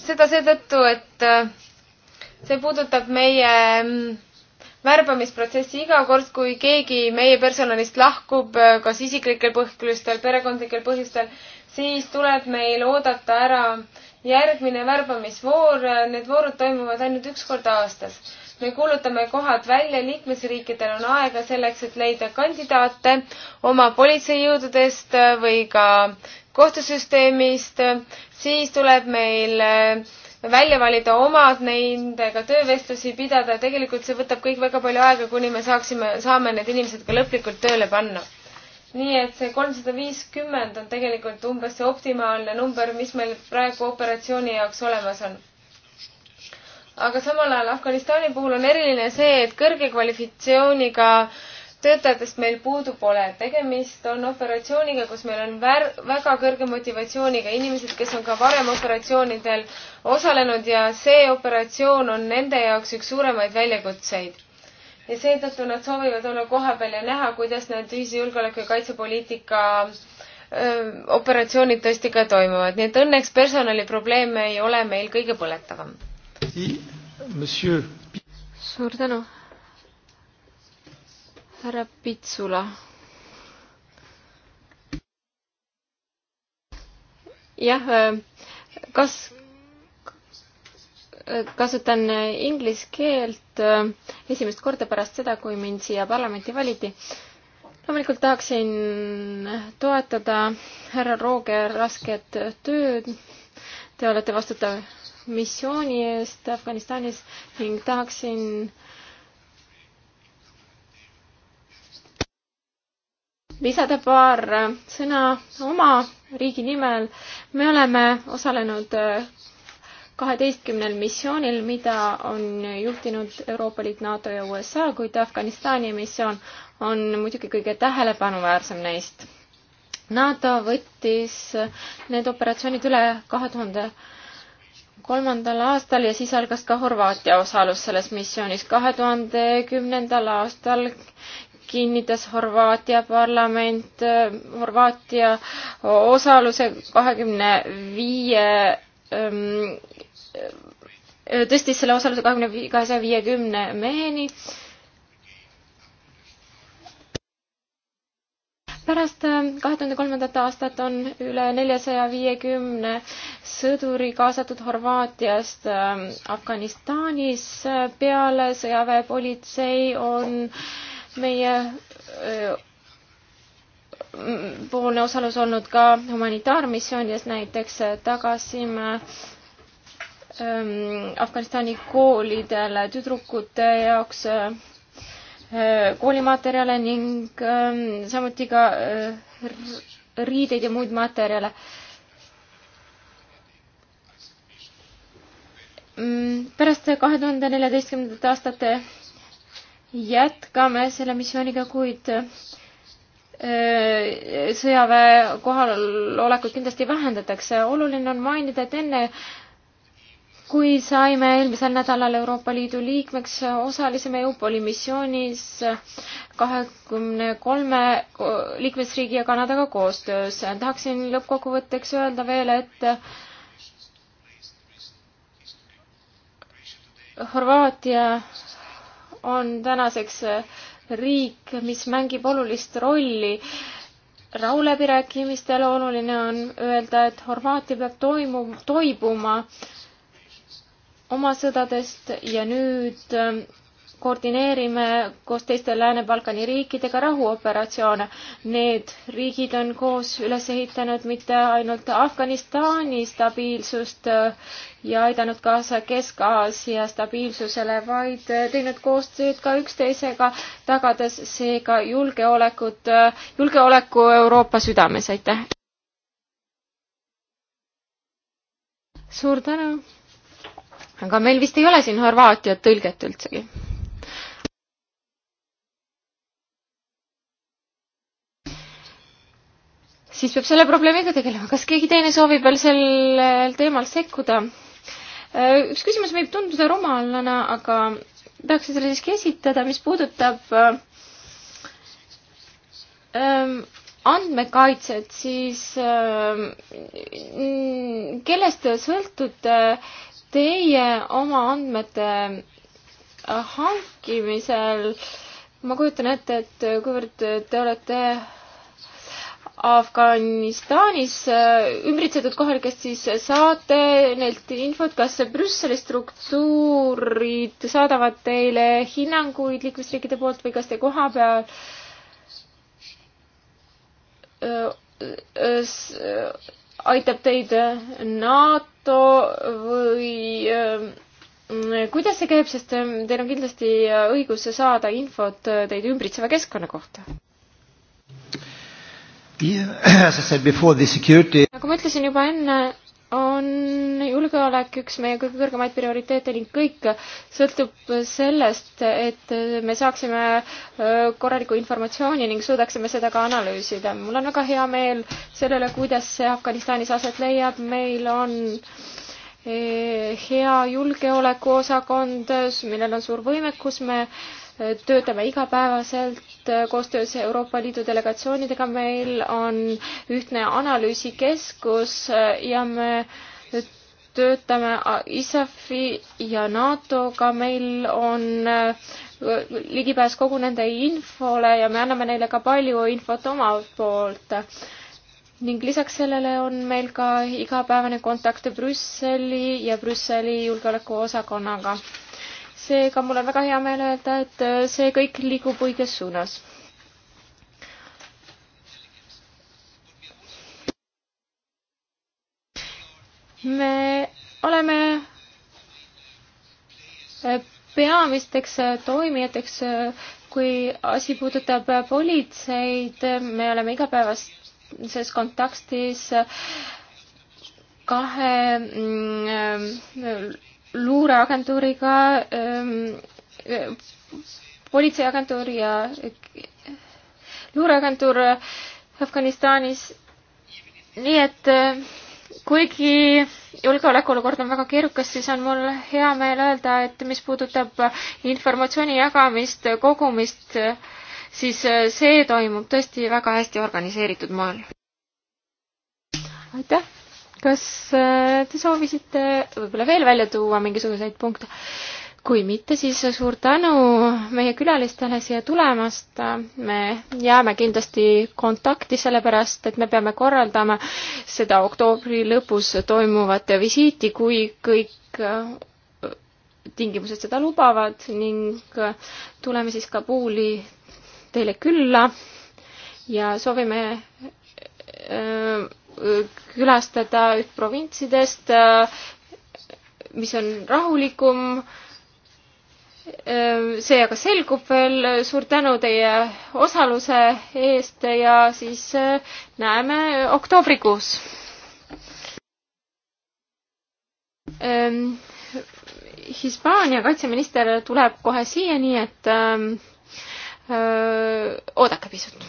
seda seetõttu, et see puudutab meie um, värbamisprotsessi iga kord, kui keegi meie personalist lahkub, äh, kas isiklikel põhjustel, perekondlikel põhjustel, siis tuleb meil oodata ära järgmine värbamisvoor. Äh, need voorud toimuvad ainult üks kord aastas. me kuulutame kohad välja, liikmesriikidel on aega selleks, et leida kandidaate oma politseijõududest äh, või ka kohtusüsteemist. siis tuleb meil välja valida omad, nendega töövestlusi pidada, tegelikult see võtab kõik väga palju aega, kuni me saaksime, saame need inimesed ka lõplikult tööle panna. nii et see kolmsada viiskümmend on tegelikult umbes see optimaalne number, mis meil praegu operatsiooni jaoks olemas on aga samal ajal Afganistani puhul on eriline see, et kõrge kvalifikatsiooniga äh, töötajatest meil puudu pole. tegemist on operatsiooniga, kus meil on vär-, väga kõrge motivatsiooniga inimesed, kes on ka varem operatsioonidel osalenud ja see operatsioon on nende jaoks üks suuremaid väljakutseid. ja seetõttu nad soovivad olla kohapeal ja näha, kuidas need ühise julgeoleku ja kaitsepoliitika operatsioonid tõesti ka toimuvad, nii et õnneks personaliprobleeme ei ole meil kõige põletavam. suur tänu härra Pitsula. jah, kas kasutan inglise keelt äh, esimest korda pärast seda, kui mind siia parlamenti valiti. loomulikult tahaksin toetada härra Rooge rasket tööd. Te olete vastutav missiooni eest Afganistanis ning tahaksin äh, lisada paar sõna oma riigi nimel. me oleme osalenud äh, kaheteistkümnel missioonil, mida on juhtinud Euroopa Liit, NATO ja USA, kuid Afganistani missioon on muidugi kõige tähelepanuväärsem neist. NATO võttis need operatsioonid üle kahe tuhande kolmandal aastal ja siis algas ka Horvaatia osalus selles missioonis. kahe tuhande kümnendal aastal kinnitas Horvaatia parlament Horvaatia osaluse kahekümne viie ähm, äh, tõstis selle osaluse kahekümne viie, kahesaja viiekümne meheni. pärast äh, kahe tuhande kolmandat aastat on üle neljasaja viiekümne sõduri kaasatud Horvaatiast ähm, Afganistanis. peale sõjaväepolitsei on äh, meie äh, poolne osalus olnud ka humanitaarmissioonides, näiteks äh, tagasime ähm, Afganistani koolidele tüdrukute jaoks äh, koolimaterjale ning ähm, samuti ka riideid ja muid materjale. Mm, pärast kahe tuhande neljateistkümnendat aastate jätkame selle missiooniga, kuid sõjaväe kohalolekut kindlasti vähendatakse. oluline on mainida, et enne kui saime eelmisel nädalal Euroopa Liidu liikmeks, osalesime EUPOL-i missioonis kahekümne kolme liikmesriigi ja Kanadaga koostöös. tahaksin lõppkokkuvõtteks öelda veel, et Horvaatia on tänaseks riik, mis mängib olulist rolli rahuläbirääkimistel. oluline on öelda, et Horvaatia peab toimu, toibuma oma sõdadest ja nüüd ähm, koordineerime koos teiste Lääne-Balkani riikidega rahuoperatsioone. Need riigid on koos üles ehitanud mitte ainult Afganistani stabiilsust äh, ja aidanud kaasa Kesk-Aasia stabiilsusele, vaid äh, teinud koostööd ka üksteisega, tagades seega julgeolekut, äh, julgeoleku Euroopa südames, aitäh! suur tänu! aga meil vist ei ole siin Horvaatiat tõlget üldsegi siis peab selle probleemiga tegelema. kas keegi teine soovib veel sellel teemal sekkuda? Äh, üks küsimus võib tunduda rumalana, aga tahaksin selle siiski esitada, mis puudutab äh, ähm, andmekaitset, siis ähm, kellest sõltute äh, teie oma andmete hankimisel? ma kujutan ette, et kuivõrd te olete Afganistanis äh, ümbritsetud kohalikest, siis saate neilt infot, kas Brüsseli struktuurid saadavad teile hinnanguid liikmesriikide poolt või kas te koha peal äh, äh, aitab teid NATO või kuidas see käib, sest teil on kindlasti õigus saada infot teid ümbritseva keskkonna kohta? Security... nagu ma ütlesin juba enne, on julgeolek üks meie kõige kõrgemaid prioriteete ning kõik sõltub sellest, et me saaksime äh, korralikku informatsiooni ning suudaksime seda ka analüüsida. mul on väga hea meel sellele, kuidas see Afganistanis aset leiab, meil on äh, hea julgeolekuosakond, millel on suur võimekus, me töötame igapäevaselt koostöös Euroopa Liidu delegatsioonidega, meil on ühtne analüüsikeskus ja me töötame ISAF-i ja NATO-ga, meil on ligipääs kogu nende infole ja me anname neile ka palju infot omalt poolt ning lisaks sellele on meil ka igapäevane kontakt Brüsseli ja Brüsseli julgeolekuosakonnaga seega mul on väga hea meel öelda, et äh, see kõik liigub õiges suunas. me oleme äh, peamisteks äh, toimijateks, kui asi puudutab politseid, me oleme igapäevases kontaktis kahe mm, luureagentuuriga ähm,, politseiagentuur ja luureagentuur Afganistanis. nii et äh, kuigi julgeolekuolukord on väga keerukas, siis on mul hea meel öelda, et mis puudutab informatsiooni jagamist, kogumist, siis äh, see toimub tõesti väga hästi organiseeritud moel. aitäh! kas äh, te soovisite võib-olla veel välja tuua mingisuguseid punkte? kui mitte, siis suur tänu meie külalistele siia tulemast. me jääme kindlasti kontakti, sellepärast et me peame korraldama seda oktoobri lõpus toimuvat visiiti, kui kõik äh, tingimused seda lubavad ning äh, tuleme siis Kabuli teile külla ja soovime öö, külastada üht provintsidest, mis on rahulikum. see aga selgub veel. suur tänu teie osaluse eest ja siis näeme oktoobrikuus. Ehm, Hispaania kaitseminister tuleb kohe siia, nii et ehm, öö, oodake pisut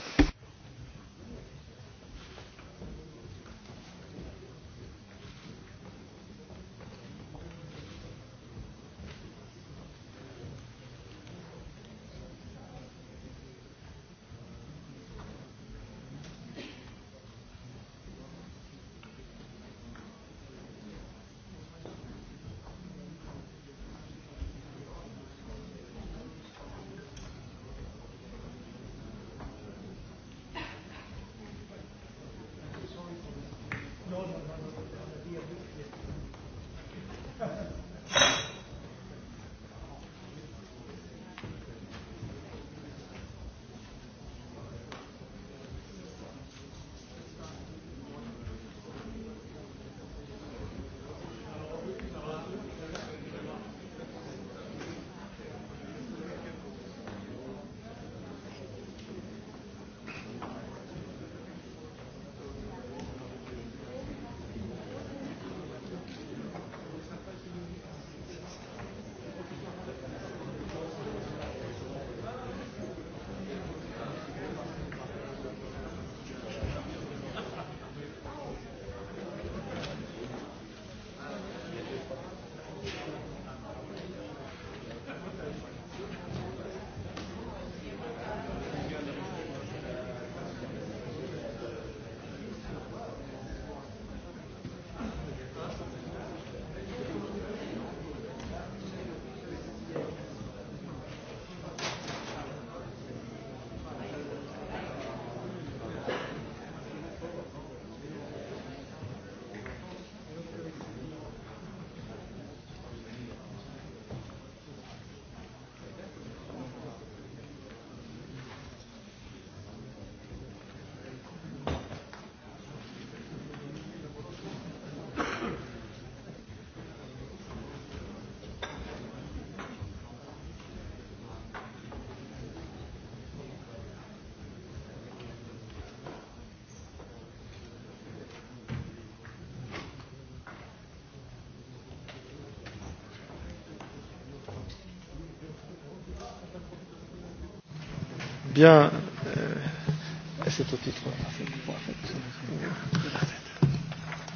Bien. Eh, c'est au titre.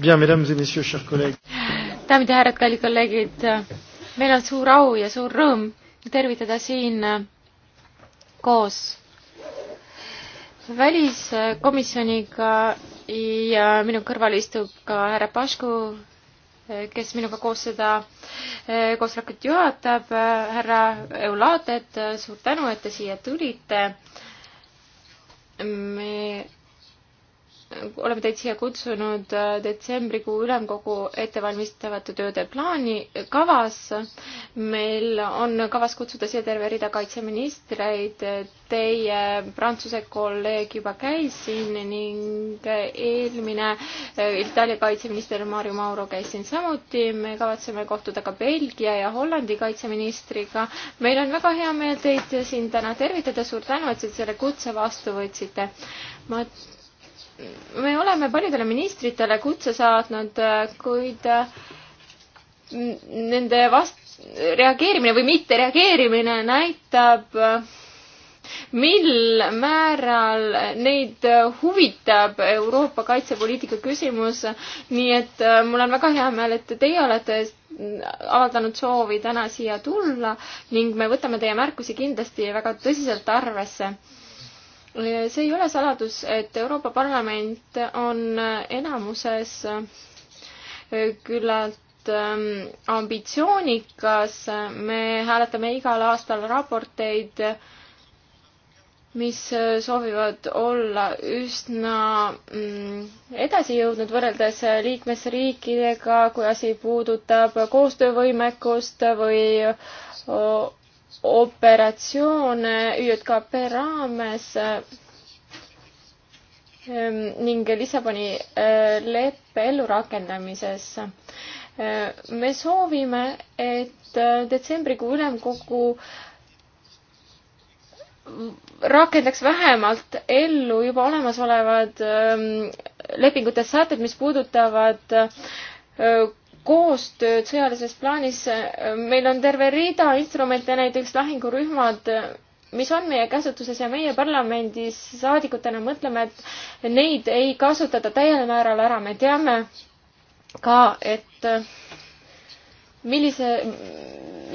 Bien, mesdames et messieurs, chers collègues. daamid ja härrad, kallid kolleegid, meil on suur au ja suur rõõm tervitada siin eh, koos väliskomisjoniga ja minu kõrval istub ka härra Pašku, eh, kes minuga koos seda koosolekut juhatab. härra Eulatet, suur tänu, et te siia tulite me oleme teid siia kutsunud äh, detsembrikuu ülemkogu ettevalmistavate tööde plaani kavas. meil on kavas kutsuda siia terve rida kaitseministreid. Teie Prantsuse kolleeg juba käis siin ning eelmine äh, Itaalia kaitseminister Mario Mauro käis siin samuti. me kavatseme kohtuda ka Belgia ja Hollandi kaitseministriga. meil on väga hea meel teid siin täna tervitada. suur tänu, et te selle kutse vastu võtsite. ma me oleme paljudele ministritele kutse saatnud, kuid mm, nende vast-, reageerimine või mittereageerimine näitab, mil määral neid huvitab Euroopa kaitsepoliitika küsimus. nii et äh, mul on väga hea meel, et teie olete avaldanud soovi täna siia tulla ning me võtame teie märkusi kindlasti väga tõsiselt arvesse see ei ole saladus, et Euroopa Parlament on enamuses küllalt ähm, ambitsioonikas, me hääletame igal aastal raporteid, mis soovivad olla üsna mm, edasi jõudnud võrreldes liikmesriikidega, kui asi puudutab koostöövõimekust või operatsioone ÜJKP raames ehm, ning Lissaboni eh, leppe ellurakendamises. Eh, me soovime, et eh, detsembrikuu ülemkogu rakendaks vähemalt ellu juba olemasolevad ehm, lepingutes sätted, mis puudutavad koostööd sõjalises plaanis. meil on terve rida instrumente, näiteks lahingurühmad, mis on meie käsutuses ja meie parlamendis saadikutena mõtleme, et neid ei kasutata täiel määral ära. me teame ka, et millise,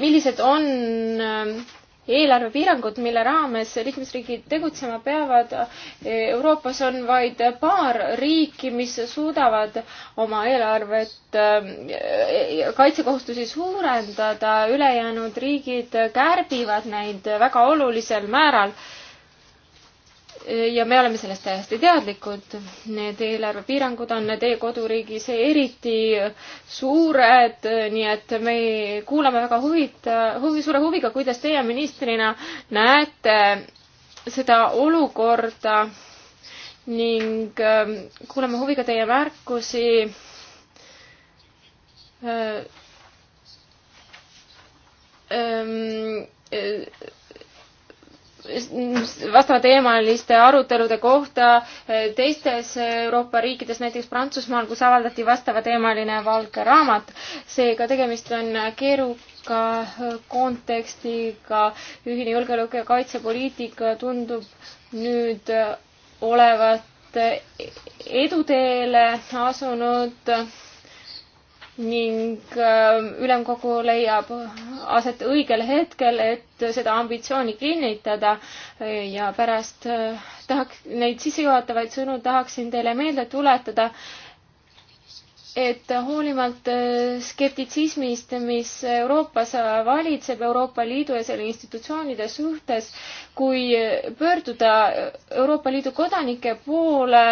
millised on eelarvepiirangud, mille raames liikmesriigid tegutsema peavad. Euroopas on vaid paar riiki, mis suudavad oma eelarvet, äh, kaitsekohustusi suurendada, ülejäänud riigid kärbivad neid väga olulisel määral ja me oleme sellest täiesti teadlikud. Need eelarvepiirangud on teie koduriigis eriti suured, nii et me kuulame väga huvita-, huvi, suure huviga, kuidas teie ministrina näete seda olukorda ning ähm, kuulame huviga teie märkusi äh, ähm, äh, vastavateemaliste arutelude kohta eh, teistes Euroopa riikides, näiteks Prantsusmaal, kus avaldati vastavateemaline valge raamat. seega tegemist on keeruka eh, kontekstiga. ühine julgeoleku- ja kaitsepoliitika tundub nüüd eh, olevat eduteele asunud ning ähm, ülemkogu leiab aset õigel hetkel, et seda ambitsiooni kinnitada ja pärast äh, tahaks, neid sissejuhatavaid sõnu tahaksin teile meelde tuletada, et hoolimalt äh, skeptitsismist, mis Euroopas äh, valitseb Euroopa Liidu ja selle institutsioonide suhtes, kui pöörduda äh, Euroopa Liidu kodanike poole,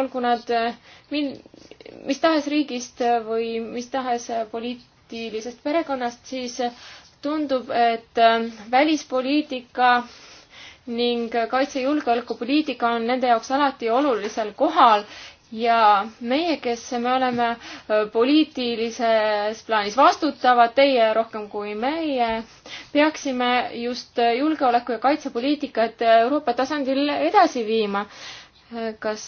olgu nad min-, mis tahes riigist või mis tahes poliitilisest perekonnast, siis tundub, et välispoliitika ning kaitse- ja julgeolekupoliitika on nende jaoks alati olulisel kohal ja meie, kes me oleme äh, poliitilises plaanis vastutavad, teie rohkem kui meie, peaksime just äh, julgeoleku ja kaitsepoliitikat äh, Euroopa tasandil edasi viima. kas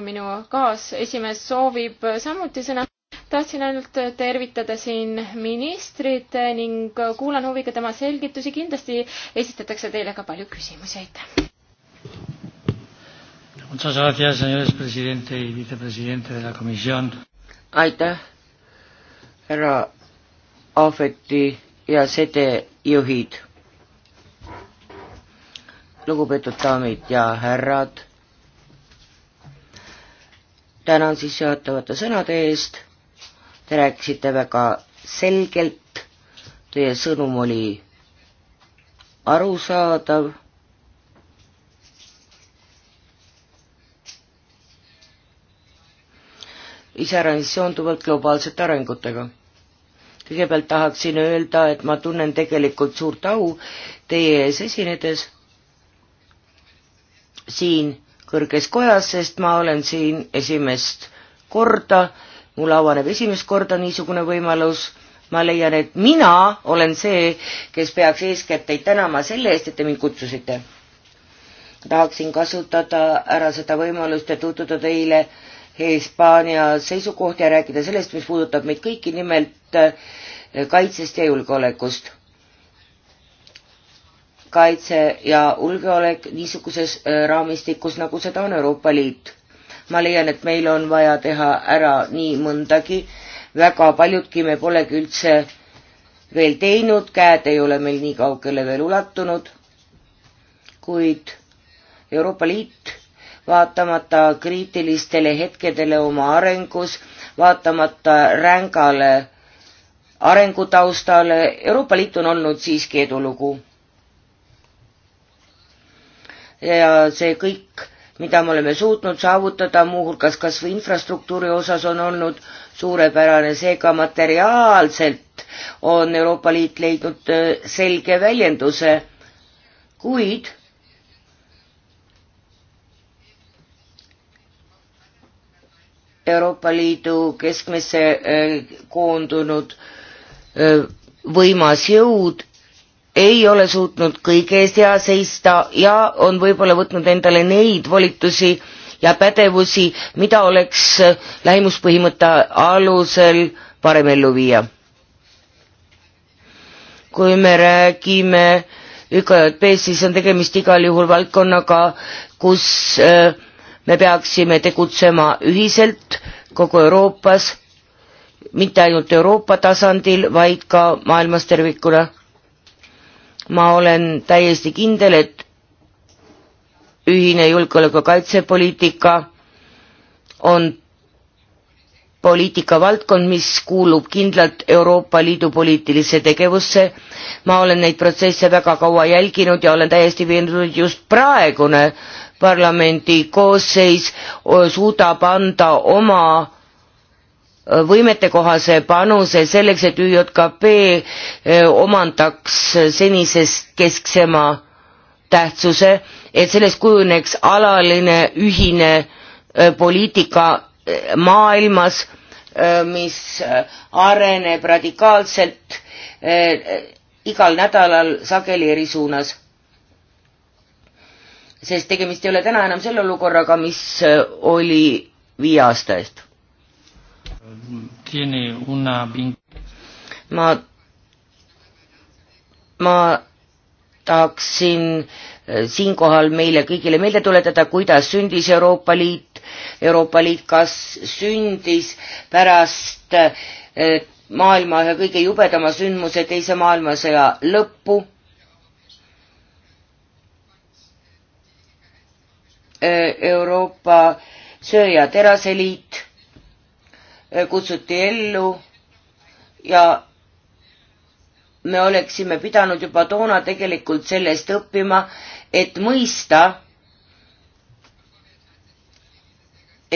minu kaasesimees soovib samuti sõna? tahtsin ainult tervitada siin ministrit ning kuulan huviga tema selgitusi. kindlasti esitatakse teile ka palju küsimusi. aitäh! Muchas gracias, señores presidente y vicepresidente de la komisjon. aitäh, härra Ahveti ja sede juhid. lugupeetud daamid ja härrad. tänan sissejuhatavate sõnade eest. Te rääkisite väga selgelt, teie sõnum oli arusaadav iseäranis seonduvalt globaalsete arengutega. kõigepealt tahaksin öelda, et ma tunnen tegelikult suurt au teie ees esinedes siin kõrges kojas, sest ma olen siin esimest korda, mul avaneb esimest korda niisugune võimalus ma leian, et mina olen see, kes peaks eeskätt teid tänama selle eest, et te mind kutsusite. tahaksin kasutada ära seda võimalust ja tutvuda teile Hispaania seisukohti ja rääkida sellest, mis puudutab meid kõiki, nimelt äh, kaitsest ja julgeolekust. kaitse ja julgeolek niisuguses äh, raamistikus, nagu seda on Euroopa Liit. ma leian, et meil on vaja teha ära nii mõndagi, väga paljudki me polegi üldse veel teinud, käed ei ole meil nii kaugele veel ulatunud, kuid Euroopa Liit vaatamata kriitilistele hetkedele oma arengus, vaatamata rängale arengutaustale, Euroopa Liit on olnud siiski edulugu. ja see kõik, mida me oleme suutnud saavutada, muuhulgas kas või infrastruktuuri osas, on olnud suurepärane, seega materiaalselt on Euroopa Liit leidnud äh, selge väljenduse, kuid Euroopa Liidu keskmesse äh, koondunud äh, võimas jõud ei ole suutnud kõige eest hea seista ja on võib-olla võtnud endale neid volitusi ja pädevusi, mida oleks äh, lähimuspõhimõtte alusel parem ellu viia. kui me räägime ÜKJP-st, siis on tegemist igal juhul valdkonnaga, kus äh, me peaksime tegutsema ühiselt kogu Euroopas, mitte ainult Euroopa tasandil, vaid ka maailmas tervikuna. ma olen täiesti kindel, et ühine julgeoleku kaitsepoliitika on poliitikavaldkond, mis kuulub kindlalt Euroopa Liidu poliitilisse tegevusse. ma olen neid protsesse väga kaua jälginud ja olen täiesti veendunud, just praegune parlamendi koosseis suudab anda oma võimetekohase panuse selleks, et ÜJKP omandaks senisest kesksema tähtsuse, et sellest kujuneks alaline ühine poliitika maailmas, mis areneb radikaalselt igal nädalal sageli eri suunas sest tegemist ei ole täna enam selle olukorraga, mis äh, oli viie aasta eest. ma, ma tahaksin äh, siinkohal meile kõigile meelde tuletada, kuidas sündis Euroopa Liit. Euroopa Liit kas sündis pärast äh, maailma ühe kõige jubedama sündmuse, teise maailmasõja lõppu Euroopa Söö- ja Teraseliit kutsuti ellu ja me oleksime pidanud juba toona tegelikult sellest õppima, et mõista,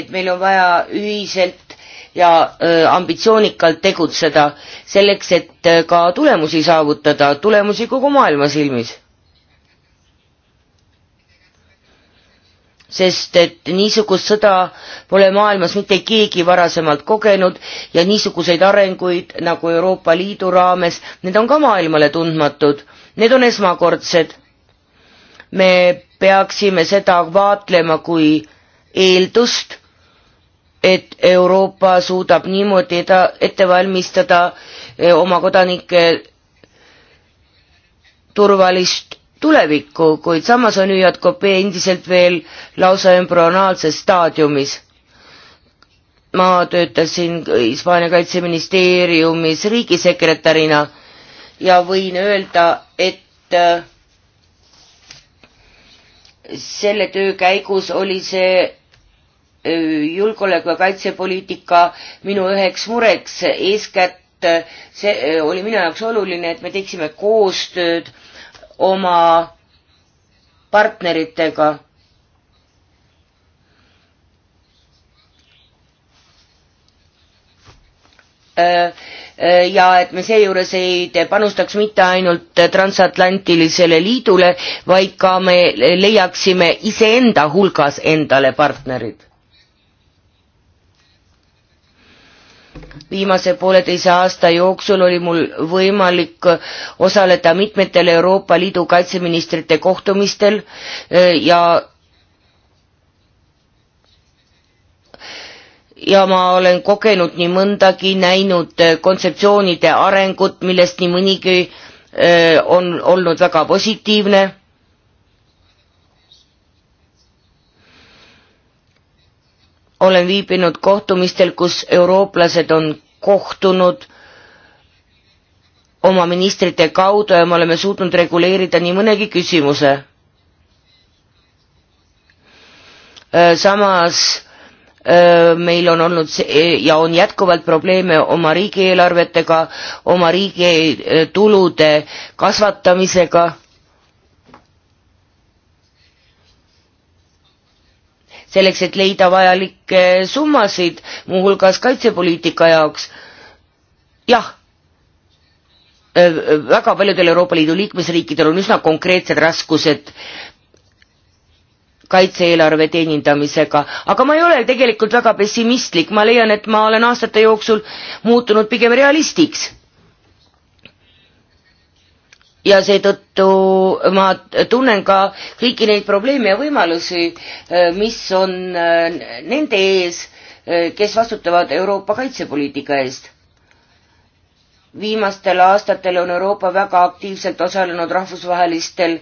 et meil on vaja ühiselt ja ambitsioonikalt tegutseda selleks, et ka tulemusi saavutada, tulemusi kogu maailma silmis sest et niisugust sõda pole maailmas mitte keegi varasemalt kogenud ja niisuguseid arenguid nagu Euroopa Liidu raames, need on ka maailmale tundmatud, need on esmakordsed. me peaksime seda vaatlema kui eeldust, et Euroopa suudab niimoodi ta ette valmistada eh, oma kodanike turvalist tulevikku, kuid samas on ÜJKP endiselt veel lausa embrüonaalses staadiumis. ma töötasin Hispaania kaitseministeeriumis riigisekretärina ja võin öelda, et äh, selle töö käigus oli see äh, julgeoleku ja kaitsepoliitika minu üheks mureks, eeskätt äh, see oli minu jaoks oluline, et me teeksime koostööd äh, oma partneritega. Äh, äh, ja et me seejuures ei panustaks mitte ainult transatlantilisele liidule, vaid ka me leiaksime iseenda hulgas endale partnerid. viimase pooleteise aasta jooksul oli mul võimalik osaleda mitmetel Euroopa Liidu kaitseministrite kohtumistel eh, ja ja ma olen kogenud nii mõndagi, näinud eh, kontseptsioonide arengut, millest nii mõnigi eh, on olnud väga positiivne olen viibinud kohtumistel, kus eurooplased on kohtunud oma ministrite kaudu ja me oleme suutnud reguleerida nii mõnegi küsimuse. Äh, samas äh, meil on olnud see, äh, ja on jätkuvalt probleeme oma riigieelarvetega, oma riigi tulude kasvatamisega selleks, et leida vajalikke summasid, muuhulgas kaitsepoliitika jaoks. jah, äh, väga paljudel Euroopa Liidu liikmesriikidel on üsna konkreetsed raskused kaitse-eelarve teenindamisega, aga ma ei ole tegelikult väga pessimistlik, ma leian, et ma olen aastate jooksul muutunud pigem realistiks ja seetõttu ma tunnen ka kõiki neid probleeme ja võimalusi, äh, mis on äh, nende ees, äh, kes vastutavad Euroopa kaitsepoliitika eest. viimastel aastatel on Euroopa väga aktiivselt osalenud rahvusvahelistel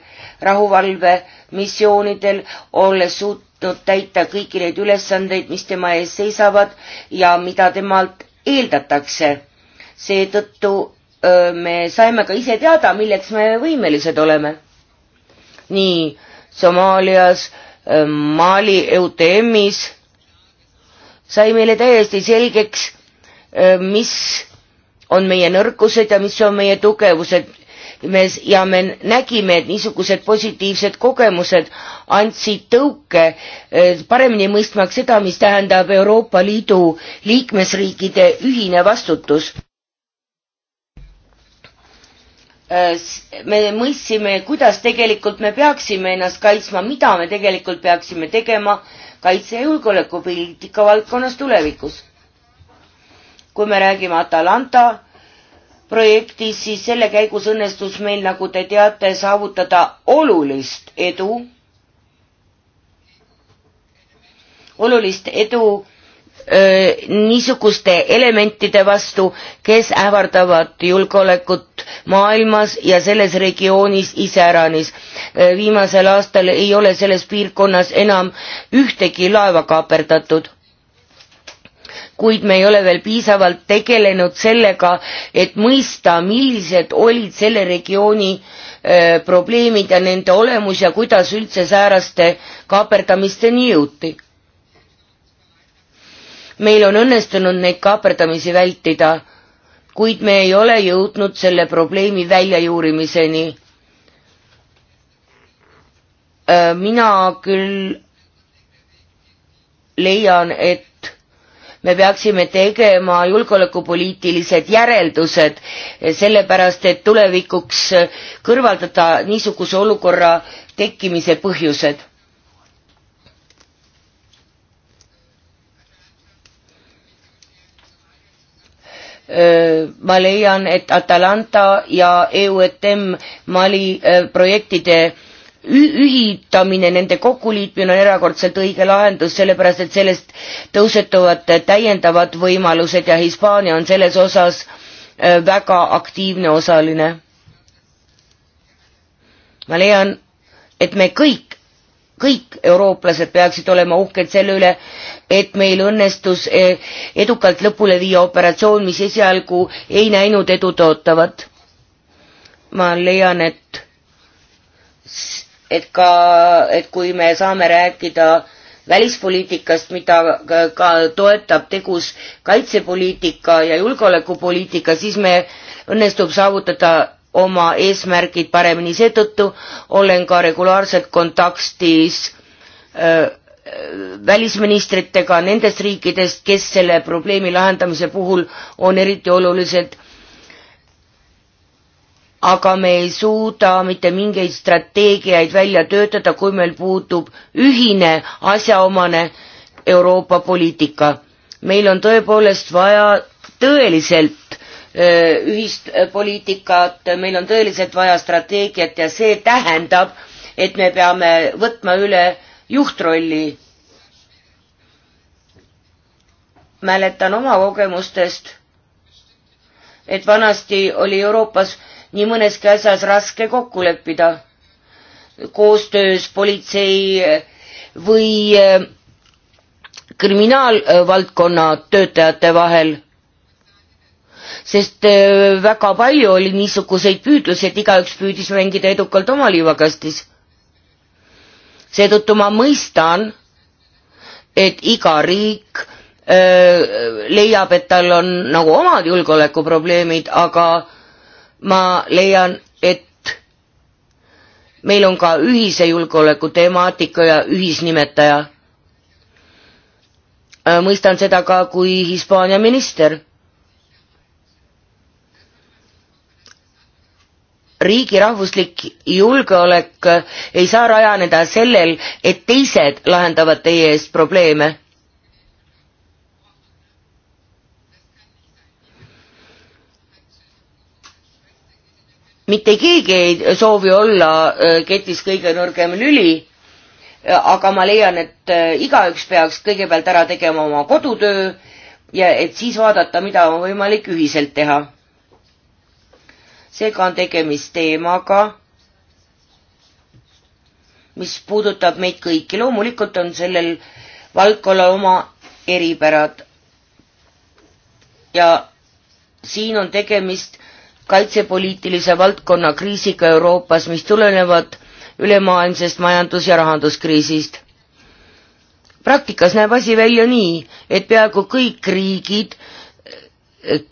rahuvalvemissioonidel, olles suutnud täita kõiki neid ülesandeid, mis tema ees seisavad ja mida temalt eeldatakse. seetõttu me saime ka ise teada, milleks me võimelised oleme. nii Somaalias, Mali EUTM-is sai meile täiesti selgeks, mis on meie nõrkused ja mis on meie tugevused. me ja me nägime, et niisugused positiivsed kogemused andsid tõuke paremini mõistmaks seda, mis tähendab Euroopa Liidu liikmesriikide ühine vastutus Äh, me mõistsime, kuidas tegelikult me peaksime ennast kaitsma, mida me tegelikult peaksime tegema kaitse- ja julgeolekupoliitika valdkonnas tulevikus. kui me räägime Atalanta projektis, siis selle käigus õnnestus meil, nagu te teate, saavutada olulist edu, olulist edu niisuguste elementide vastu, kes ähvardavad julgeolekut maailmas ja selles regioonis iseäranis. viimasel aastal ei ole selles piirkonnas enam ühtegi laeva kaaperdatud kuid me ei ole veel piisavalt tegelenud sellega, et mõista, millised olid selle regiooni öö, probleemid ja nende olemus ja kuidas üldse sääraste kaaperdamisteni jõuti meil on õnnestunud neid kaaperdamisi vältida, kuid me ei ole jõudnud selle probleemi väljajuurimiseni. Äh, mina küll leian, et me peaksime tegema julgeolekupoliitilised järeldused, sellepärast et tulevikuks kõrvaldada niisuguse olukorra tekkimise põhjused. Äh, ma leian, et Atalanta ja EUTM Mali äh, projektide ühitamine, nende kokkuliitmine on erakordselt õige lahendus, sellepärast et sellest tõusetuvad täiendavad võimalused ja Hispaania on selles osas äh, väga aktiivne osaline. ma leian, et me kõik kõik eurooplased peaksid olema uhked selle üle, et meil õnnestus eh, edukalt lõpule viia operatsioon, mis esialgu ei näinud edu tootavat. ma leian, et, et ka, et kui me saame rääkida välispoliitikast, mida ka, ka toetab tegus kaitsepoliitika ja julgeolekupoliitika, siis me õnnestub saavutada oma eesmärgid paremini, seetõttu olen ka regulaarselt kontaktis öö, äh, äh, välisministritega nendest riikidest, kes selle probleemi lahendamise puhul on eriti olulised. aga me ei suuda mitte mingeid strateegiaid välja töötada, kui meil puudub ühine asjaomane Euroopa poliitika. meil on tõepoolest vaja tõeliselt Äh, ühist äh, poliitikat, meil on tõeliselt vaja strateegiat ja see tähendab, et me peame võtma üle juhtrolli. mäletan oma kogemustest, et vanasti oli Euroopas nii mõneski asjas raske kokku leppida koostöös politsei või äh, kriminaalvaldkonna töötajate vahel sest äh, väga palju oli niisuguseid püüdlusi, et igaüks püüdis mängida edukalt oma liivakastis. seetõttu ma mõistan, et iga riik öö, äh, leiab, et tal on nagu omad julgeolekuprobleemid, aga ma leian, et meil on ka ühise julgeoleku temaatika ja ühisnimetaja. Äh, mõistan seda ka kui Hispaania minister. riigi rahvuslik julgeolek ei saa rajaneda sellel, et teised lahendavad teie eest probleeme. mitte keegi ei soovi olla äh, ketis kõige nõrgem lüli, äh, aga ma leian, et äh, igaüks peaks kõigepealt ära tegema oma kodutöö ja et siis vaadata, mida on võimalik ühiselt teha seega on tegemist teemaga, mis puudutab meid kõiki. loomulikult on sellel valdkonnal oma eripärad. ja siin on tegemist kaitsepoliitilise valdkonna kriisiga Euroopas, mis tulenevad ülemaailmsest majandus- ja rahanduskriisist. praktikas näeb asi välja nii, et peaaegu kõik riigid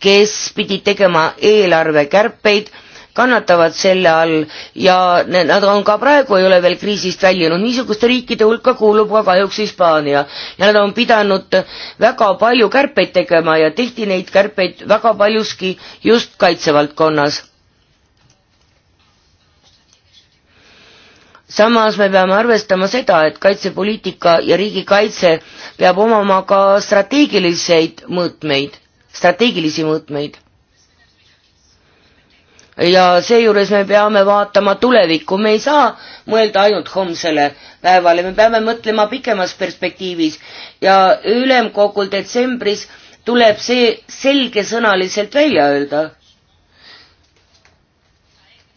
kes pidid tegema eelarvekärpeid, kannatavad selle all ja nad on ka praegu ei ole veel kriisist väljunud, niisuguste riikide hulka kuulub ka kahjuks Hispaania ja nad on pidanud väga palju kärpeid tegema ja tehti neid kärpeid väga paljuski just kaitsevaldkonnas. samas me peame arvestama seda, et kaitsepoliitika ja riigikaitse peab omama ka strateegiliseid mõõtmeid strateegilisi mõõtmeid. ja seejuures me peame vaatama tulevikku, me ei saa mõelda ainult homsele päevale, me peame mõtlema pikemas perspektiivis ja ülemkogul detsembris tuleb see selgesõnaliselt välja öelda.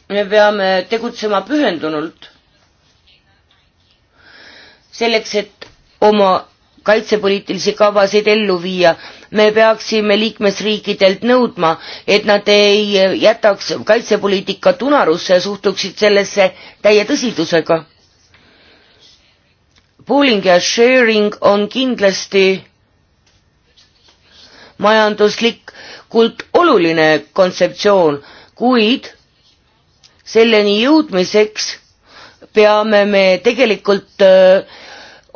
me peame tegutsema pühendunult, selleks et oma kaitsepoliitilisi kavasid ellu viia. me peaksime liikmesriikidelt nõudma, et nad ei jätaks kaitsepoliitika tunarusse ja suhtuksid sellesse täie tõsidusega. Pooling ja sharing on kindlasti majanduslikult oluline kontseptsioon, kuid selleni jõudmiseks peame me tegelikult äh,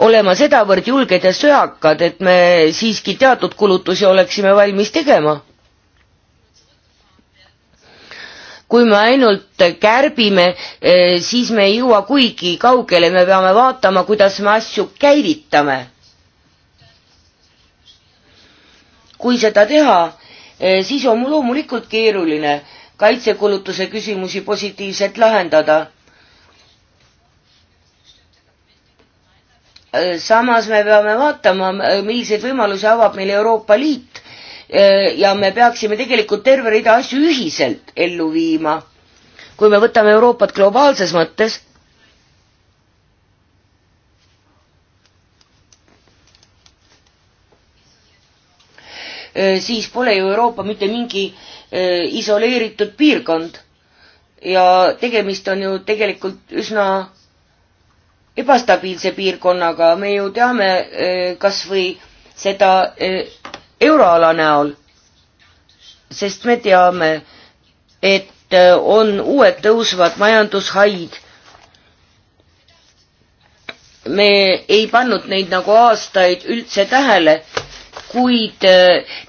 olema sedavõrd julged ja söakad, et me siiski teatud kulutusi oleksime valmis tegema. kui me ainult kärbime, eh, siis me ei jõua kuigi kaugele, me peame vaatama, kuidas me asju käivitame. kui seda teha, eh, siis on loomulikult keeruline kaitsekulutuse küsimusi positiivselt lahendada Äh, samas me peame vaatama, äh, milliseid võimalusi avab meil Euroopa Liit äh, ja me peaksime tegelikult terve rida asju ühiselt ellu viima. kui me võtame Euroopat globaalses mõttes, siis pole ju Euroopa mitte mingi isoleeritud piirkond ja tegemist on ju tegelikult üsna ebastabiilse piirkonnaga, me ju teame e, kas või seda e, euroala näol, sest me teame, et e, on uued tõusvad majandushaid. me ei pannud neid nagu aastaid üldse tähele, kuid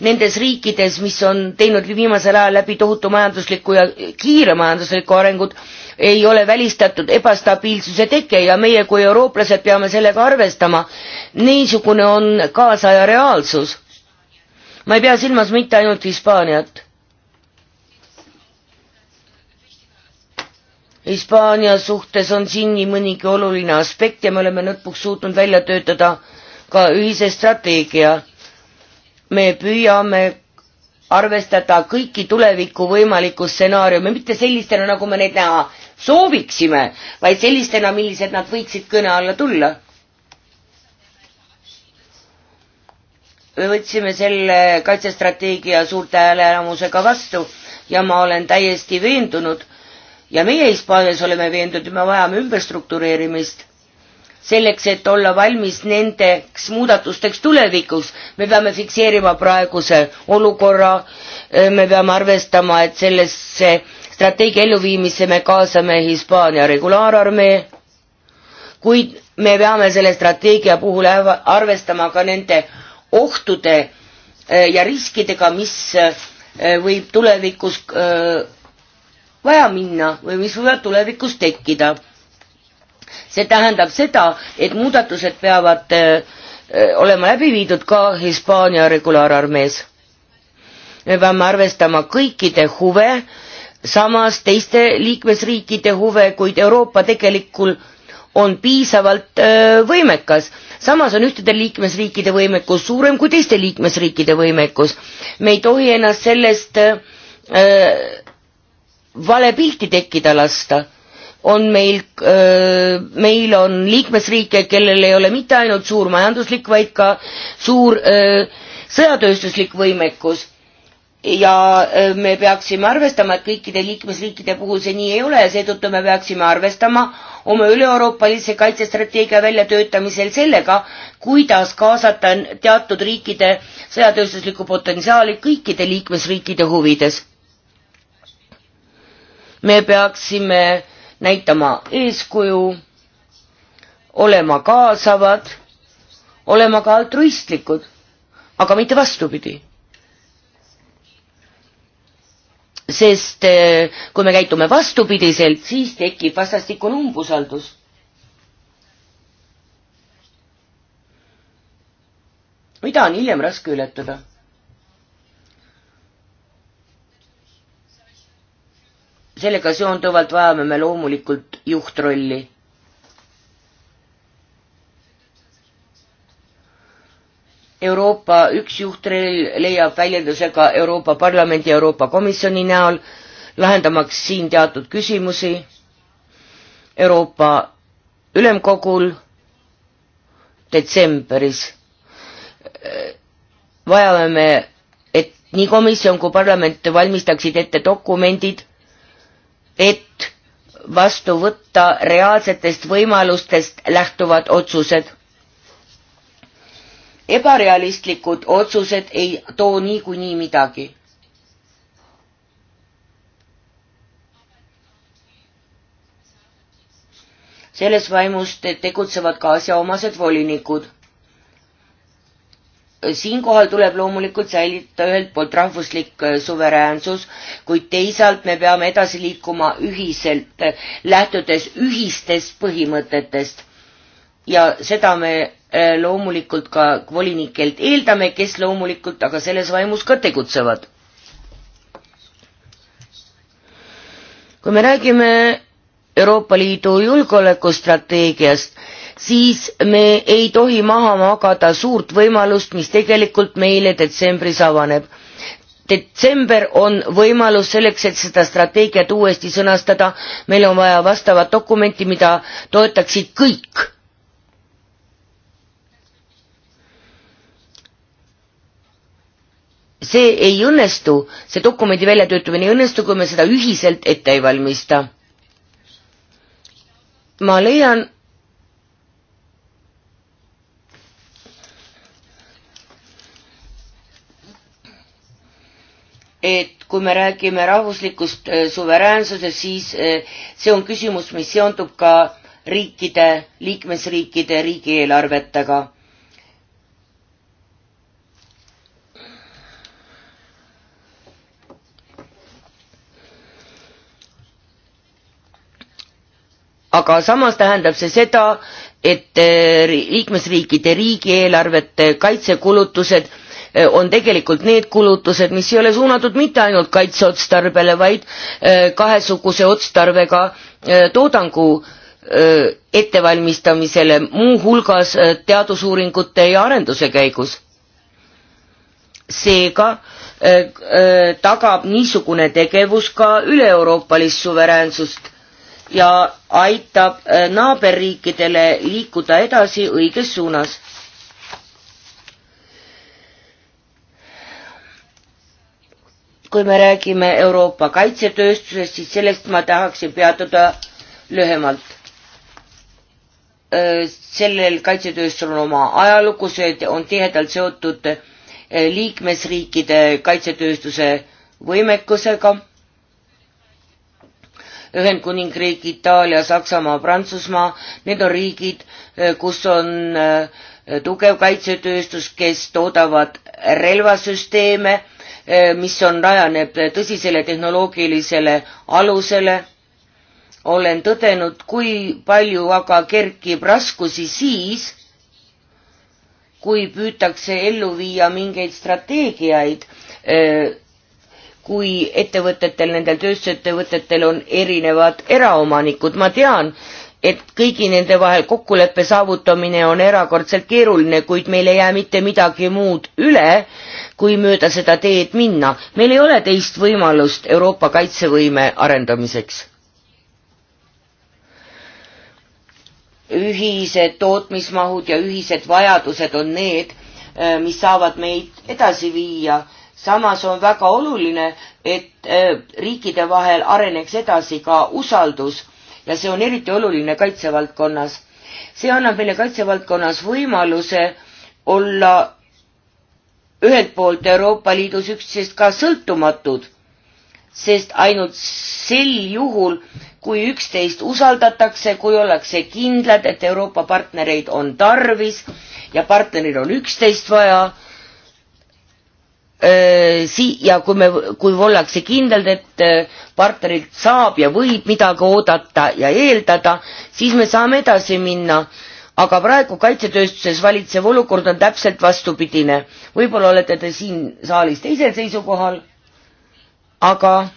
nendes riikides, mis on teinud viimasel ajal läbi tohutu majandusliku ja kiire majanduslikku arengut, ei ole välistatud ebastabiilsuse teke ja meie kui eurooplased peame sellega arvestama. niisugune on kaasaja reaalsus. ma ei pea silmas mitte ainult Hispaaniat. Hispaania suhtes on siin nii mõnigi oluline aspekt ja me oleme lõpuks suutnud välja töötada ka ühise strateegia. me püüame arvestada kõiki tuleviku võimalikku stsenaariume, mitte sellistena, nagu me neid näha sooviksime, vaid sellistena, millised nad võiksid kõne alla tulla. me võtsime selle kaitsestrateegia suurte hääleelamusega vastu ja ma olen täiesti veendunud ja meie Hispaanias oleme veendunud, me vajame ümberstruktureerimist selleks, et olla valmis nendeks muudatusteks tulevikus, me peame fikseerima praeguse olukorra, me peame arvestama, et sellesse strateegia elluviimisse me kaasame Hispaania regulaararmee, kuid me peame selle strateegia puhul arvestama ka nende ohtude eh, ja riskidega, mis eh, võib tulevikus eh, vaja minna või mis võivad tulevikus tekkida. see tähendab seda, et muudatused peavad olema läbi viidud ka Hispaania regulaararmees. me peame arvestama kõikide huve, samas teiste liikmesriikide huve, kuid Euroopa tegelikul on piisavalt öö, võimekas. samas on ühtede liikmesriikide võimekus suurem kui teiste liikmesriikide võimekus. me ei tohi ennast sellest öö, vale pilti tekkida lasta. on meil, meil on liikmesriike, kellel ei ole mitte ainult suur majanduslik, vaid ka suur öö, sõjatööstuslik võimekus ja e, me peaksime arvestama, et kõikide liikmesriikide puhul see nii ei ole ja seetõttu me peaksime arvestama oma üle-euroopalise kaitsestrateegia väljatöötamisel sellega, kuidas kaasata teatud riikide sõjatööstuslikku potentsiaali kõikide liikmesriikide huvides. me peaksime näitama eeskuju, olema kaasavad, olema ka altruistlikud, aga mitte vastupidi sest eh, kui me käitume vastupidiselt, siis tekib vastastikune umbusaldus. mida on hiljem raske ületada? sellega seonduvalt vajame me loomulikult juhtrolli Euroopa üks juhtrelv leiab väljenduse ka Euroopa Parlamendi ja Euroopa Komisjoni näol, lahendamaks siin teatud küsimusi Euroopa Ülemkogul detsembris. Äh, vajame me, et nii komisjon kui parlament valmistaksid ette dokumendid, et vastu võtta reaalsetest võimalustest lähtuvad otsused ebarealistlikud otsused ei too niikuinii midagi. selles vaimus tegutsevad ka asjaomased volinikud. siinkohal tuleb loomulikult säilitada ühelt poolt rahvuslik äh, suveräänsus, kuid teisalt me peame edasi liikuma ühiselt, äh, lähtudes ühistest põhimõtetest. ja seda me Äh, loomulikult ka volinikelt eeldame, kes loomulikult aga selles vaimus ka tegutsevad. kui me räägime Euroopa Liidu julgeolekustrateegiast, siis me ei tohi maha magada suurt võimalust, mis tegelikult meile detsembris avaneb detsember on võimalus selleks, et seda strateegiat uuesti sõnastada, meil on vaja vastavat dokumenti, mida toetaksid kõik see ei õnnestu, see dokumendi väljatöötamine ei õnnestu, kui me seda ühiselt ette ei valmista. ma leian, et kui me räägime rahvuslikust äh, suveräänsusest, siis äh, see on küsimus, mis seondub ka riikide, liikmesriikide riigieelarvetega aga samas tähendab see seda, et eh, liikmesriikide riigieelarvete eh, kaitsekulutused eh, on tegelikult need kulutused, mis ei ole suunatud mitte ainult kaitseotstarbele, vaid kahesuguse otstarbega toodangu ettevalmistamisele, muuhulgas teadusuuringute ja arenduse käigus. seega tagab niisugune tegevus ka üle-euroopalist suveräänsust ja aitab äh, naaberriikidele liikuda edasi õiges suunas. kui me räägime Euroopa kaitsetööstusest, siis sellest ma tahaksin peatuda lühemalt. Äh, sellel kaitsetööstusel on oma ajalugu, see on tihedalt seotud äh, liikmesriikide kaitsetööstuse võimekusega Ühendkuningriik, Itaalia, Saksamaa, Prantsusmaa, need on riigid, eh, kus on eh, tugev kaitsetööstus, kes toodavad relvasüsteeme, eh, mis on, rajaneb tõsisele tehnoloogilisele alusele. olen tõdenud, kui palju aga kerkib raskusi siis, kui püütakse ellu viia mingeid strateegiaid kui ettevõtetel, nendel tööstusettevõtetel on erinevad eraomanikud, ma tean, et kõigi nende vahel kokkuleppe saavutamine on erakordselt keeruline, kuid meil ei jää mitte midagi muud üle, kui mööda seda teed minna. meil ei ole teist võimalust Euroopa kaitsevõime arendamiseks. ühised tootmismahud ja ühised vajadused on need, mis saavad meid edasi viia samas on väga oluline, et äh, riikide vahel areneks edasi ka usaldus ja see on eriti oluline kaitsevaldkonnas. see annab meile kaitsevaldkonnas võimaluse olla ühelt poolt Euroopa Liidus üksteisest ka sõltumatud, sest ainult sel juhul, kui üksteist usaldatakse, kui ollakse kindlad, et Euroopa partnereid on tarvis ja partneril on üksteist vaja sii- ja kui me, kui ollakse kindlad, et partnerilt saab ja võib midagi oodata ja eeldada, siis me saame edasi minna. aga praegu kaitsetööstuses valitsev olukord on täpselt vastupidine. võib-olla olete te siin saalis teisel seisukohal, aga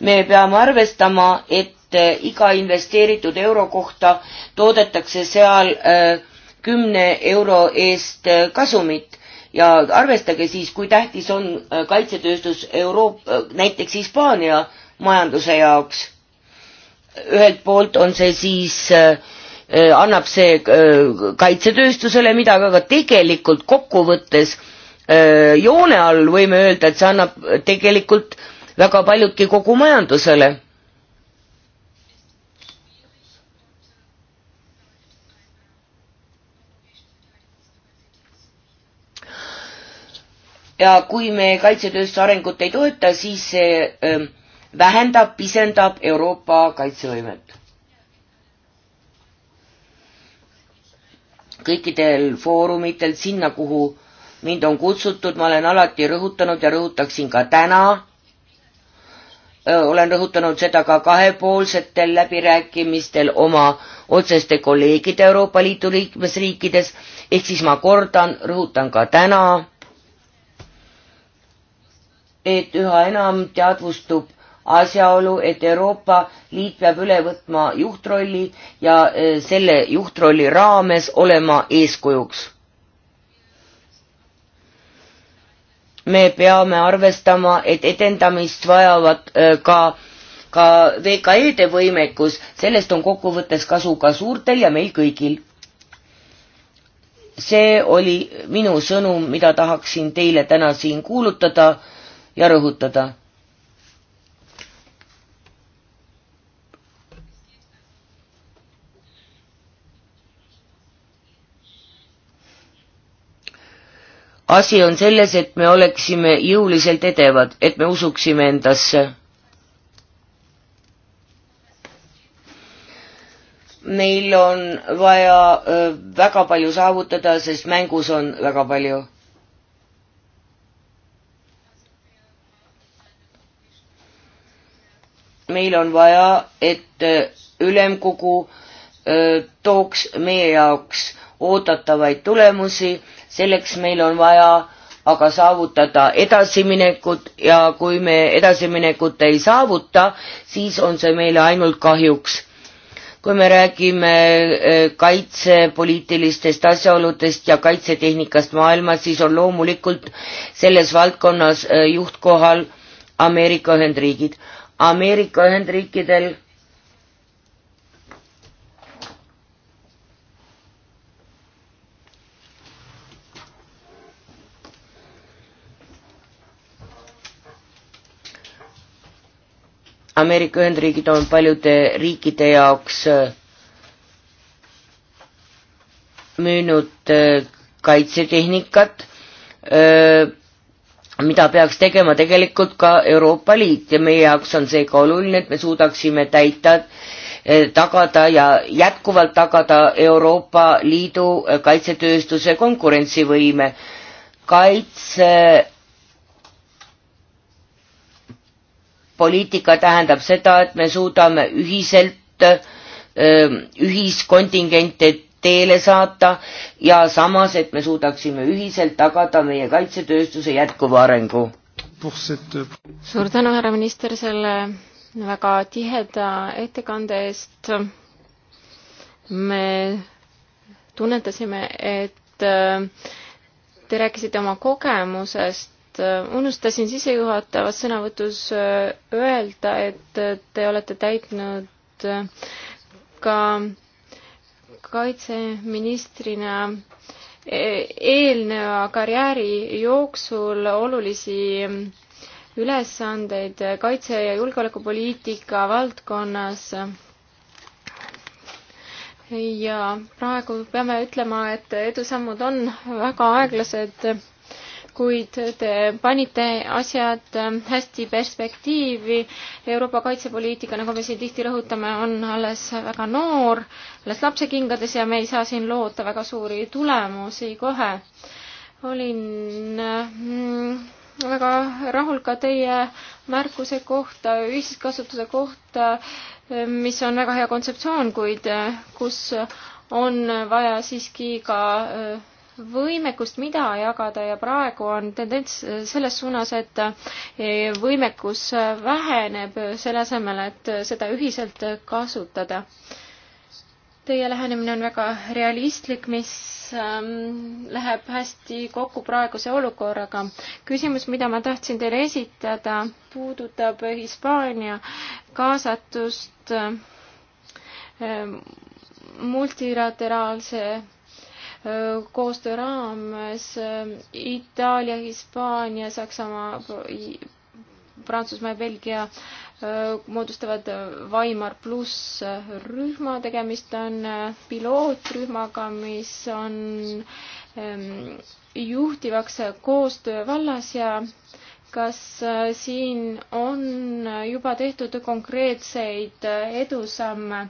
me peame arvestama, et iga investeeritud euro kohta toodetakse seal kümne euro eest kasumit ja arvestage siis, kui tähtis on äh, kaitsetööstus Euroopa, äh, näiteks Hispaania majanduse jaoks. ühelt poolt on see siis äh, äh annab see kaitsetööstusele midagi, aga tegelikult kokkuvõttes joone all võime öelda, et see annab tegelikult väga paljudki kogu majandusele. ja kui me kaitsetööstuse arengut ei toeta, siis see ähm, vähendab, pisendab Euroopa kaitsevõimet. kõikidel foorumitel, sinna, kuhu mind on kutsutud, ma olen alati rõhutanud ja rõhutaksin ka täna, olen rõhutanud seda ka kahepoolsetel läbirääkimistel oma otseste kolleegide Euroopa Liidu liikmesriikides, ehk siis ma kordan, rõhutan ka täna, et üha enam teadvustub asjaolu, et Euroopa Liit peab üle võtma juhtrolli ja e, selle juhtrolli raames olema eeskujuks. me peame arvestama, et edendamist vajavad e, ka ka VKE-de võimekus, sellest on kokkuvõttes kasu ka suurtel ja meil kõigil. see oli minu sõnum, mida tahaksin teile täna siin kuulutada ja rõhutada. asi on selles, et me oleksime jõuliselt edevad, et me usuksime endasse meil on vaja äh, väga palju saavutada, sest mängus on väga palju meil on vaja, et äh, ülemkogu äh, tooks meie jaoks oodatavaid tulemusi, selleks meil on vaja aga saavutada edasiminekut ja kui me edasiminekut ei saavuta, siis on see meile ainult kahjuks. kui me räägime äh, kaitsepoliitilistest asjaoludest ja kaitsetehnikast maailmas, siis on loomulikult selles valdkonnas juhtkohal Ameerika Ühendriigid Ameerika Ühendriikidel Ameerika Ühendriigid on paljude riikide jaoks äh, müünud äh, kaitsetehnikat, äh, mida peaks tegema tegelikult ka Euroopa Liit ja meie jaoks on seega oluline, et me suudaksime täita, eh, tagada ja jätkuvalt tagada Euroopa Liidu eh, kaitsetööstuse konkurentsivõime. kaitse poliitika tähendab seda, et me suudame ühiselt, eh, ühiskontingente teele saata ja samas, et me suudaksime ühiselt tagada meie kaitsetööstuse jätkuva arengu. suur tänu, härra minister, selle väga tiheda ettekande eest. me tunnetasime, et äh, te rääkisite oma kogemusest unustasin sissejuhatavas sõnavõtus äh, öelda, et äh, te olete täitnud ka kaitseministrina e, eelneva karjääri jooksul olulisi ülesandeid kaitse- ja julgeolekupoliitika valdkonnas. ja praegu peame ütlema, et edusammud on väga aeglased kuid te panite asjad ähm, hästi perspektiivi. Euroopa kaitsepoliitika, nagu me siin tihti rõhutame, on alles väga noor, alles lapsekingades ja me ei saa siin loota väga suuri tulemusi kohe. olin ähm, väga rahul ka teie märkuse kohta, ühiskasutuse kohta, ähm, mis on väga hea kontseptsioon, kuid äh, kus on vaja siiski ka äh, võimekust, mida jagada ja praegu on tendents selles suunas, et e, võimekus väheneb selle asemel, et seda ühiselt kasutada. Teie lähenemine on väga realistlik, mis ähm, läheb hästi kokku praeguse olukorraga. küsimus, mida ma tahtsin teile esitada, puudutab Hispaania kaasatust ähm, multilateraalse koostöö raames Itaalia, Hispaania, Saksamaa, Prantsusmaa ja Belgia äh, moodustavad Weimar pluss rühma, tegemist on äh, pilootrühmaga, mis on ähm, juhtivaks koostöö vallas ja äh, kas äh, siin on juba tehtud konkreetseid äh, edusamme?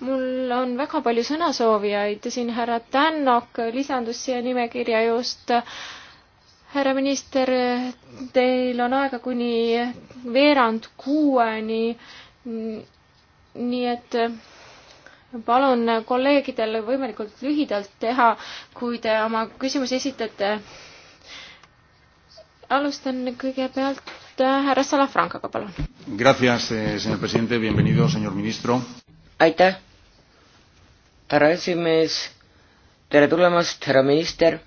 mul on väga palju sõnasoovijaid, siin härra Tännok lisandus siia nimekirja just. härra minister, teil on aega kuni veerand kuueni. nii et palun kolleegidel võimalikult lühidalt teha, kui te oma küsimusi esitate alustan kõigepealt äh, härra Salafrankaga, palun. Eh, aitäh, härra esimees, tere tulemast, härra minister.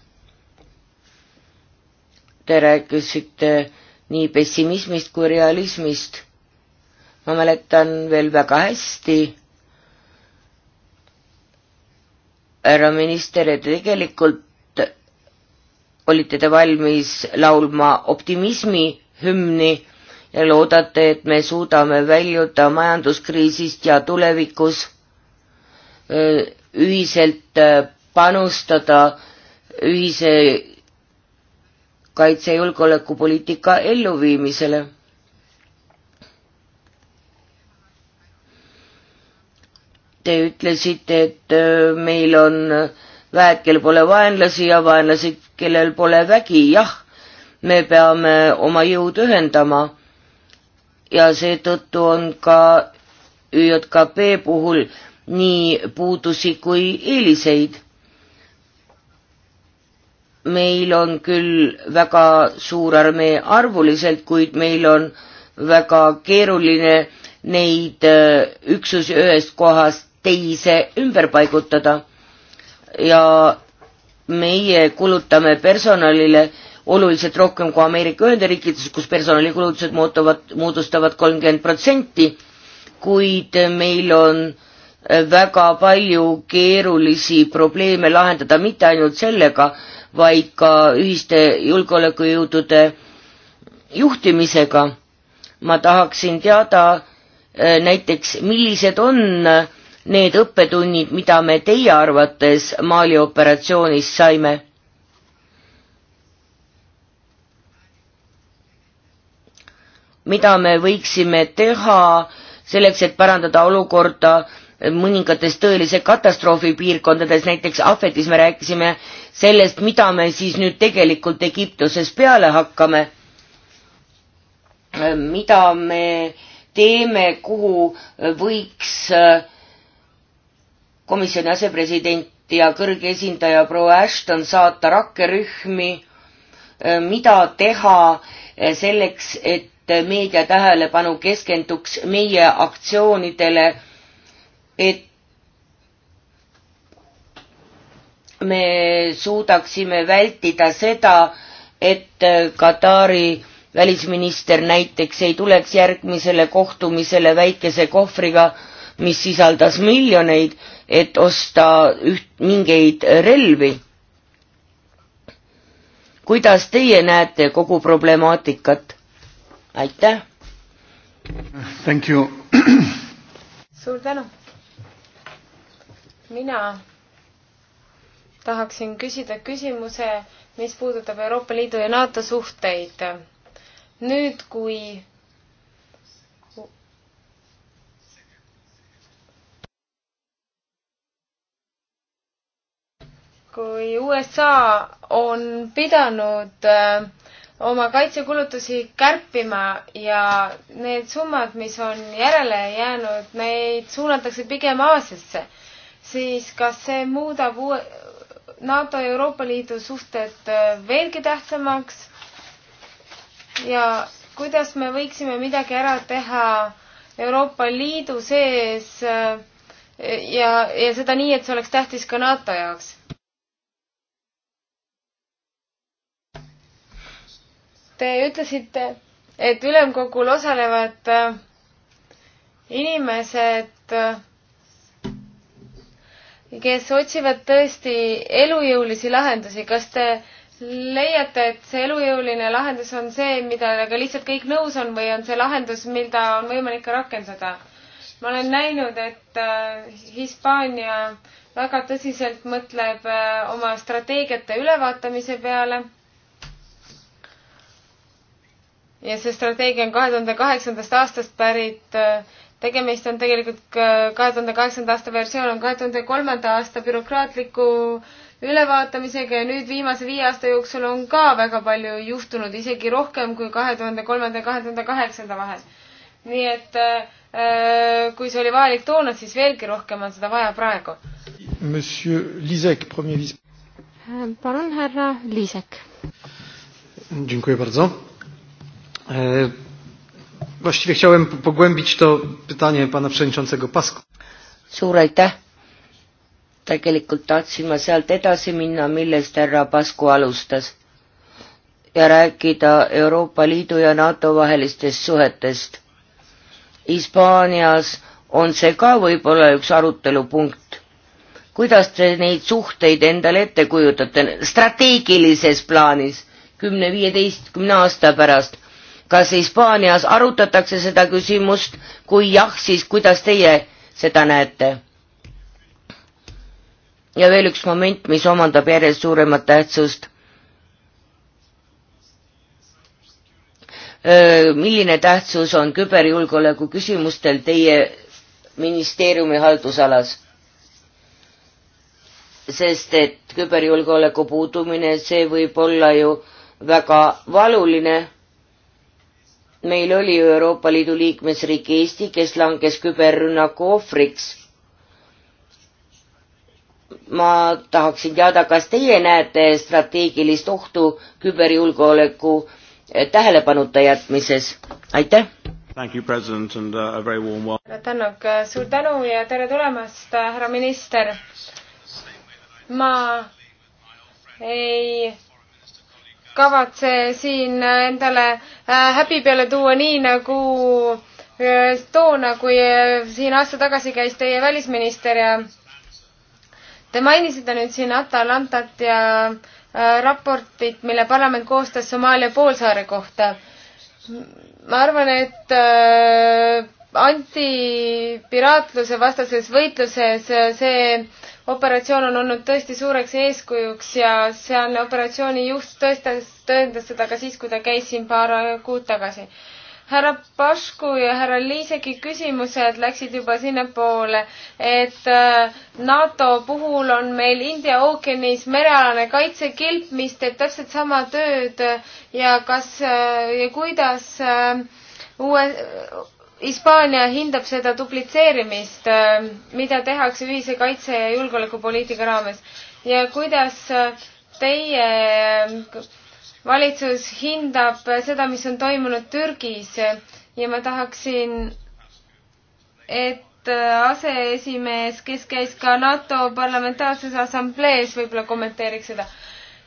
Te rääkisite nii pessimismist kui realismist. ma mäletan veel väga hästi, härra minister, et tegelikult olite te valmis laulma optimismi hümni ja loodate, et me suudame väljuda majanduskriisist ja tulevikus ühiselt panustada ühise kaitse- ja julgeolekupoliitika elluviimisele. Te ütlesite, et meil on väed, kel pole vaenlasi ja vaenlased, kellel pole vägi, jah, me peame oma jõud ühendama ja seetõttu on ka ÜJKP puhul nii puudusi kui eeliseid. meil on küll väga suur armee arvuliselt, kuid meil on väga keeruline neid äh, üksusi ühest kohast teise ümber paigutada ja meie kulutame personalile oluliselt rohkem kui Ameerika Ühendriikides, kus personalikulutused muutuvad, moodustavad kolmkümmend protsenti, kuid meil on äh, väga palju keerulisi probleeme lahendada mitte ainult sellega, vaid ka ühiste julgeolekujõudude juhtimisega. ma tahaksin teada äh, näiteks, millised on äh, need õppetunnid, mida me teie arvates Mali operatsioonis saime? mida me võiksime teha selleks, et parandada olukorda mõningates tõelise katastroofi piirkondades, näiteks Ahvetis me rääkisime sellest, mida me siis nüüd tegelikult Egiptuses peale hakkame, mida me teeme, kuhu võiks äh, komisjoni asepresident ja kõrge esindaja proua Ashton saata rakkerühmi, eh, mida teha eh, selleks, et meedia tähelepanu keskenduks meie aktsioonidele, et me suudaksime vältida seda, et eh, Katari välisminister näiteks ei tuleks järgmisele kohtumisele väikese kohvriga, mis sisaldas miljoneid et osta üht, mingeid relvi. kuidas teie näete kogu problemaatikat? aitäh! suur tänu! mina tahaksin küsida küsimuse, mis puudutab Euroopa Liidu ja NATO suhteid. nüüd, kui kui USA on pidanud äh, oma kaitsekulutusi kärpima ja need summad, mis on järele jäänud, neid suunatakse pigem Aasiasse, siis kas see muudab uue NATO ja Euroopa Liidu suhted äh, veelgi tähtsamaks ja kuidas me võiksime midagi ära teha Euroopa Liidu sees äh, ja, ja seda nii, et see oleks tähtis ka NATO jaoks? Te ütlesite, et ülemkogul osalevad äh, inimesed, äh, kes otsivad tõesti elujõulisi lahendusi. kas te leiate, et see elujõuline lahendus on see, millega lihtsalt kõik nõus on või on see lahendus, mida on võimalik ka rakendada? ma olen näinud, et äh, Hispaania väga tõsiselt mõtleb oma strateegiate ülevaatamise peale ja see strateegia on kahe tuhande kaheksandast aastast pärit. tegemist on tegelikult kahe tuhande kaheksanda aasta versioon on kahe tuhande kolmanda aasta bürokraatliku ülevaatamisega ja nüüd viimase viie aasta jooksul on ka väga palju juhtunud, isegi rohkem kui kahe tuhande kolmanda ja kahe tuhande kaheksanda vahel. nii et äh, kui see oli vajalik toona, siis veelgi rohkem on seda vaja praegu. palun, härra Liisek. Dziękuję bardzo E, właściwie chciałem pogłębić to pytanie pana przewodniczącego Pasku. suur aitäh. tegelikult tahtsin ma sealt edasi minna, millest härra Pasku alustas ja rääkida Euroopa Liidu ja NATO vahelistest suhetest. Hispaanias on see ka võib-olla üks arutelupunkt. kuidas te neid suhteid endale ette kujutate strateegilises plaanis kümne, viieteistkümne aasta pärast? kas Hispaanias arutatakse seda küsimust, kui jah, siis kuidas teie seda näete? ja veel üks moment, mis omandab järjest suuremat tähtsust. milline tähtsus on küberjulgeoleku küsimustel teie ministeeriumi haldusalas? sest et küberjulgeoleku puudumine, see võib olla ju väga valuline meil oli Euroopa Liidu liikmesriik Eesti, kes langes küberrünnaku ohvriks. ma tahaksin teada, kas teie näete strateegilist ohtu küberjulgeoleku tähelepanuta jätmises, aitäh! Uh, härra Tänak, äh, suur tänu ja tere tulemast, äh, härra minister! ma ei kavatse siin endale äh, häbi peale tuua, nii nagu äh, toona, kui äh, siin aasta tagasi käis teie välisminister ja te mainisite nüüd siin Atalantat ja raportit, mille parlament koostas Somaalia poolsaare kohta. ma arvan, et antipiraatluse vastases võitluses see operatsioon on olnud tõesti suureks eeskujuks ja sealne operatsiooni juht tõestas, tõendas seda ka siis, kui ta käis siin paar kuud tagasi. härra Pašku ja härra Liiseki küsimused läksid juba sinnapoole, et äh, NATO puhul on meil India ookeanis merealane kaitsekilp, mis teeb täpselt sama tööd ja kas äh, ja kuidas äh, uue Hispaania hindab seda duplitseerimist, äh, mida tehakse ühise kaitse- ja julgeolekupoliitika raames ja kuidas äh, teie äh, valitsus hindab seda, mis on toimunud Türgis ja ma tahaksin, et aseesimees, kes käis ka NATO Parlamentaarses Assamblees, võib-olla kommenteeriks seda.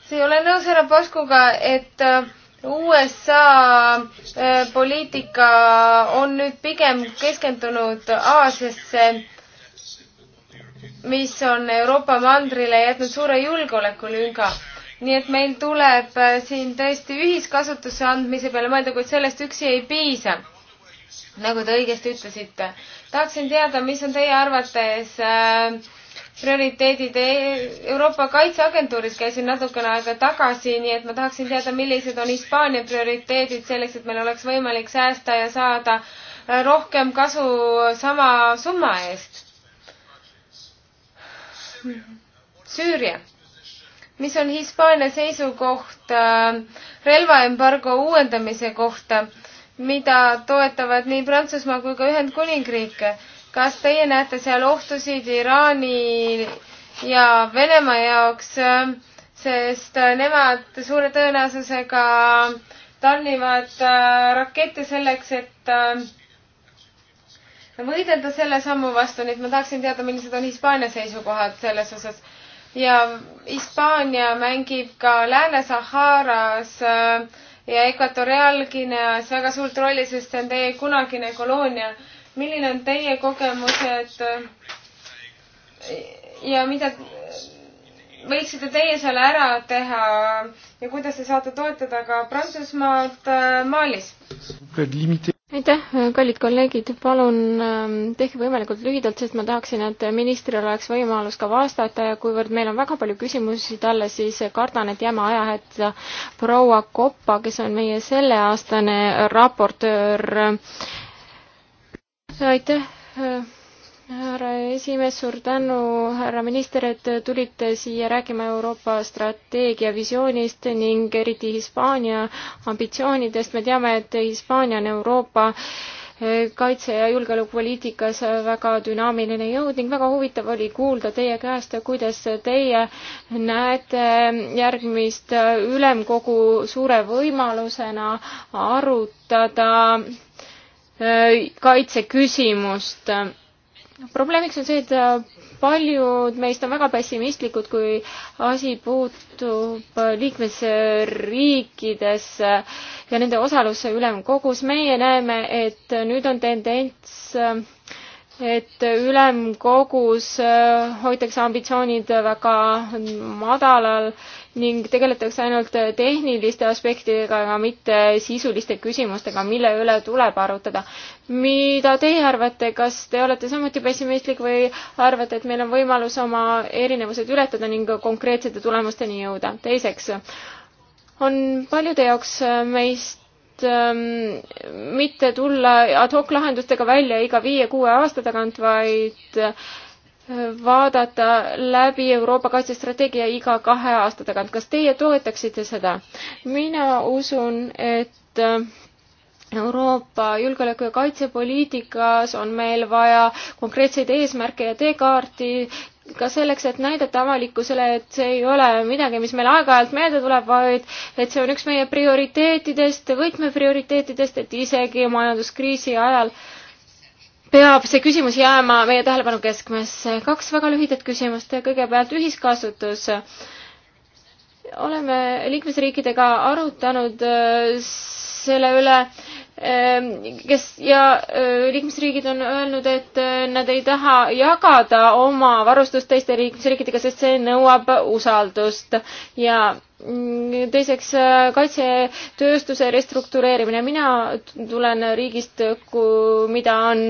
see ei ole nõus härra Paskuga, et äh, USA äh, poliitika on nüüd pigem keskendunud Aasiasse, mis on Euroopa mandrile jätnud suure julgeolekulünga nii et meil tuleb äh, siin tõesti ühiskasutusse andmise peale mõelda, kuid sellest üksi ei piisa. nagu te õigesti ütlesite. tahaksin teada, mis on teie arvates äh, prioriteedid e- Euroopa Kaitseagentuuris käisin natukene aega tagasi, nii et ma tahaksin teada, millised on Hispaania prioriteedid selleks, et meil oleks võimalik säästa ja saada äh, rohkem kasu sama summa eest. Süüria. mis on Hispaania seisukoht äh, relvaembargo uuendamise kohta, mida toetavad nii Prantsusmaa kui ka Ühendkuningriik? kas teie näete seal ohtusid Iraani ja Venemaa jaoks, sest nemad suure tõenäosusega tarnivad äh, rakette selleks, et äh, võidelda selle sammu vastu, nii et ma tahaksin teada, millised on Hispaania seisukohad selles osas. ja Hispaania mängib ka Lääne-Saharas äh, ja Ekvatoriaalgineas väga suurt rolli, sest see on teie kunagine koloonia milline on teie kogemused äh, ja mida võiksite teie seal ära teha ja kuidas te saate toetada ka Prantsusmaad äh, Malis? aitäh, kallid kolleegid, palun ähm, tehke võimalikult lühidalt, sest ma tahaksin, et ministril oleks võimalus ka vastata ja kuivõrd meil on väga palju küsimusi talle, siis kardan, et jääme ajahätta proua Koppa, kes on meie selleaastane raportöör äh, aitäh, härra esimees, suur tänu, härra minister, et tulite siia rääkima Euroopa strateegia visioonist ning eriti Hispaania ambitsioonidest. me teame, et Hispaania on Euroopa eh, kaitse- ja julgeolekupoliitikas väga dünaamiline jõud ning väga huvitav oli kuulda teie käest, kuidas teie näete järgmist ülemkogu suure võimalusena arutada kaitseküsimust. probleemiks on see, et äh, paljud meist on väga pessimistlikud, kui asi puutub liikmesriikidesse ja nende osalusse ülemkogus. meie näeme, et nüüd on tendents äh, et ülemkogus äh, hoitakse ambitsioonid väga madalal ning tegeletakse ainult tehniliste aspektidega, aga mitte sisuliste küsimustega, mille üle tuleb arutada. mida teie arvate, kas te olete samuti pessimistlik või arvate, et meil on võimalus oma erinevused ületada ning konkreetsete tulemusteni jõuda? teiseks, on paljude jaoks meist ähm, mitte tulla ad hoc lahendustega välja iga viie-kuue aasta tagant, vaid vaadata läbi Euroopa kaitsestrateegia iga kahe aasta tagant. kas teie toetaksite seda? mina usun, et Euroopa julgeoleku- ja kaitsepoliitikas on meil vaja konkreetseid eesmärke ja teekaarti ka selleks, et näidata avalikkusele, et see ei ole midagi, mis meil aeg-ajalt meelde tuleb, vaid et see on üks meie prioriteetidest, võtmeprioriteetidest, et isegi majanduskriisi ajal äh, peab see küsimus jääma meie tähelepanu keskmesse. kaks väga lühidat küsimust. kõigepealt ühiskasutus. oleme liikmesriikidega arutanud äh, selle üle, ähm, kes ja äh, liikmesriigid on öelnud, et äh, nad ei taha jagada oma varustust teiste liikmesriikidega, sest see nõuab usaldust ja Mm, teiseks äh, kaitsetööstuse restruktureerimine. mina tulen riigist, mida on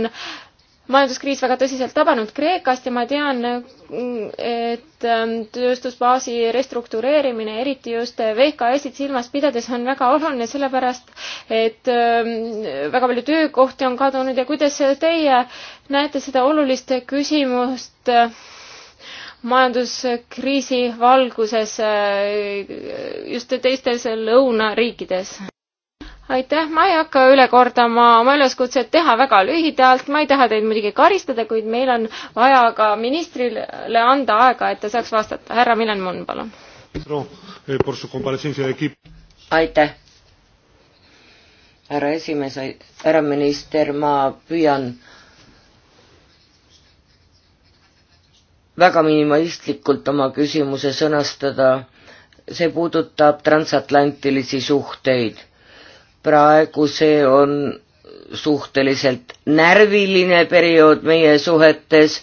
majanduskriis väga tõsiselt tabanud Kreekast ja ma tean, mm, et ähm, tööstusbaasi restruktureerimine, eriti just VKS-id silmas pidades, on väga oluline, sellepärast et ähm, väga palju töökohti on kadunud ja kuidas teie näete seda olulist küsimust äh, majanduskriisi valguses äh, just teistes lõunariikides. aitäh, ma ei hakka üle kordama oma üleskutset teha väga lühidalt, ma ei taha teid muidugi karistada, kuid meil on vaja ka ministrile anda aega, et ta saaks vastata. härra Milen Munn, palun. aitäh. härra esimees, härra minister, ma püüan väga minimalistlikult oma küsimuse sõnastada. see puudutab transatlantilisi suhteid. praegu see on suhteliselt närviline periood meie suhetes,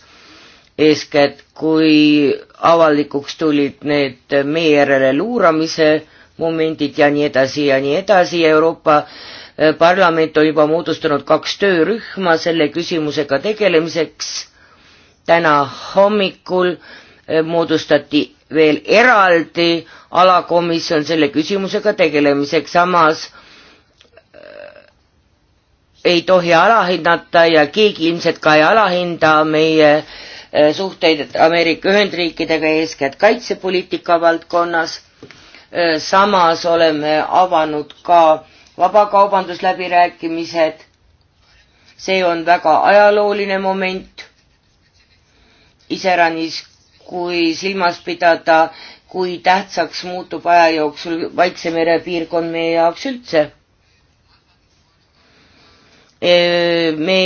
eeskätt kui avalikuks tulid need meie järele luuramise momendid ja nii edasi ja nii edasi, Euroopa eh, Parlament on juba moodustanud kaks töörühma selle küsimusega tegelemiseks täna hommikul eh, moodustati veel eraldi alakomisjon selle küsimusega tegelemiseks, samas eh, ei tohi alahinnata ja keegi ilmselt ka ei alahinda meie eh, suhteid Ameerika Ühendriikidega, eeskätt kaitsepoliitika valdkonnas. samas oleme avanud ka vabakaubandusläbirääkimised. see on väga ajalooline moment iseäranis, kui silmas pidada, kui tähtsaks muutub aja jooksul Vaikse mere piirkond meie jaoks üldse. me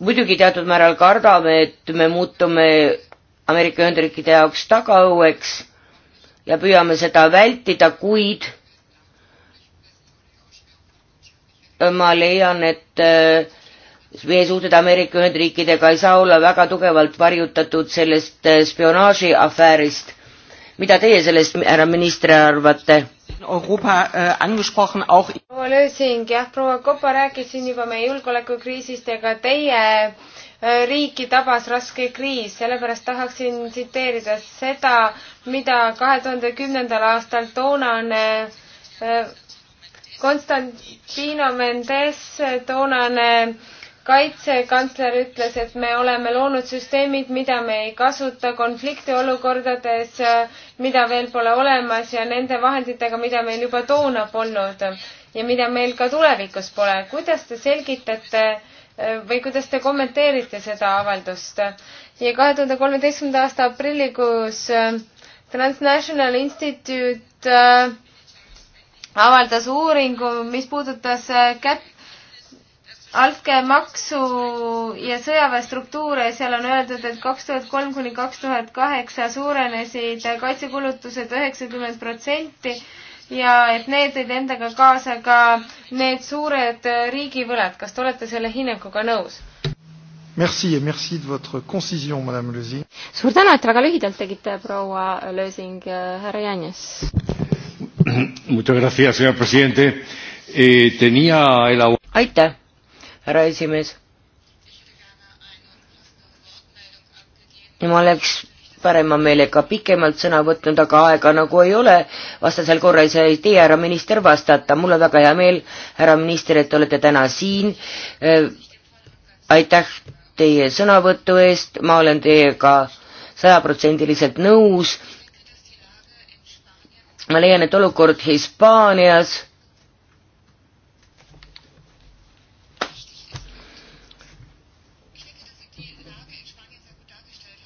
muidugi teatud määral kardame, et me muutume Ameerika Ühendriikide jaoks tagaõueks ja püüame seda vältida, kuid ma leian, et meie suhted Ameerika Ühendriikidega ei saa olla väga tugevalt varjutatud sellest äh, spionaažiafäärist. mida teie sellest, härra minister, arvate? Europa äh, angesprochen auch. proua Lösing, jah, proua Kopa rääkis siin juba meie julgeolekukriisist, aga teie äh, riiki tabas raske kriis, sellepärast tahaksin tsiteerida seda, mida kahe tuhande kümnendal aastal toonane äh, Konstantino Mendes, toonane äh, kaitsekantsler ütles, et me oleme loonud süsteemid, mida me ei kasuta konfliktiolukordades, mida veel pole olemas ja nende vahenditega, mida meil juba toona polnud ja mida meil ka tulevikus pole. kuidas te selgitate äh, või kuidas te kommenteerite seda avaldust? ja kahe tuhande kolmeteistkümnenda aasta aprillikuus äh, Transnational Institute äh, avaldas uuringu, mis puudutas kätt altkäemaksu ja sõjaväestruktuure, seal on öeldud, et kaks tuhat kolm kuni kaks tuhat kaheksa suurenesid kaitsekulutused üheksakümmend protsenti ja et need tõid endaga kaasa ka need suured riigivõlad. kas te olete selle hinnanguga nõus? Merci et merci de votre concision, madame Lösing. suur tänu, et väga lühidalt tegite, proua Lösing, äh, härra Janjes. Muchas gracias, señor presidente eh,. Tenía el aitäh härra esimees. ma oleks parema meelega pikemalt sõna võtnud, aga aega nagu ei ole, vastasel korral sa ei tee, härra minister, vastata. mul on väga hea meel, härra minister, et te olete täna siin. aitäh teie sõnavõtu eest, ma olen teiega sajaprotsendiliselt nõus. ma leian, et olukord Hispaanias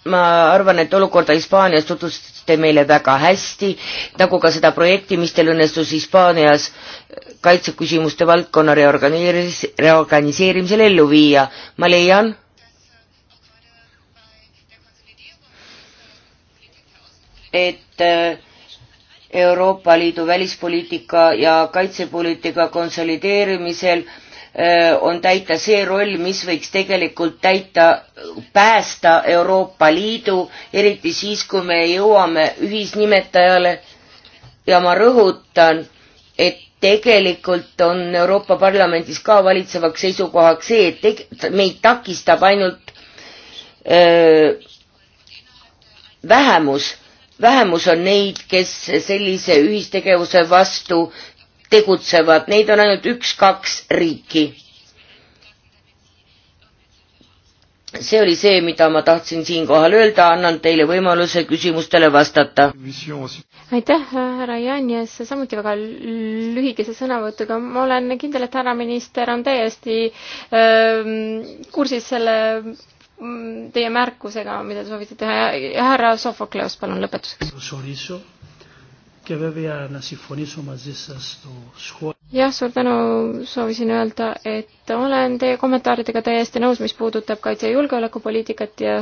ma arvan, et olukorda Hispaanias tutvustasite meile väga hästi, nagu ka seda projekti, mis teil õnnestus Hispaanias kaitseküsimuste valdkonna reorganiseerimis, reorganiseerimisel ellu viia. ma leian, et äh, Euroopa Liidu välispoliitika ja kaitsepoliitika konsolideerimisel äh, Äh, on täita see roll, mis võiks tegelikult täita, päästa Euroopa Liidu, eriti siis, kui me jõuame ühisnimetajale. ja ma rõhutan, et tegelikult on Euroopa Parlamendis ka valitsevaks seisukohaks see, et meid takistab ainult öö, äh, vähemus vähemus on neid, kes sellise ühistegevuse vastu tegutsevad, neid on ainult üks-kaks riiki. see oli see, mida ma tahtsin siinkohal öelda, annan teile võimaluse küsimustele vastata. aitäh, härra Janjes, samuti väga lühikese sõnavõtuga. ma olen kindel, et härra minister on täiesti öö, ähm, kursis selle mm, teie märkusega, mida te soovite teha. härra Sofokleos, palun lõpetuseks και βέβαια να συμφωνήσω μαζί σας στο σχόλιο. jah, suur tänu, soovisin öelda, et olen teie kommentaaridega täiesti nõus, mis puudutab kaitse- ja julgeolekupoliitikat ja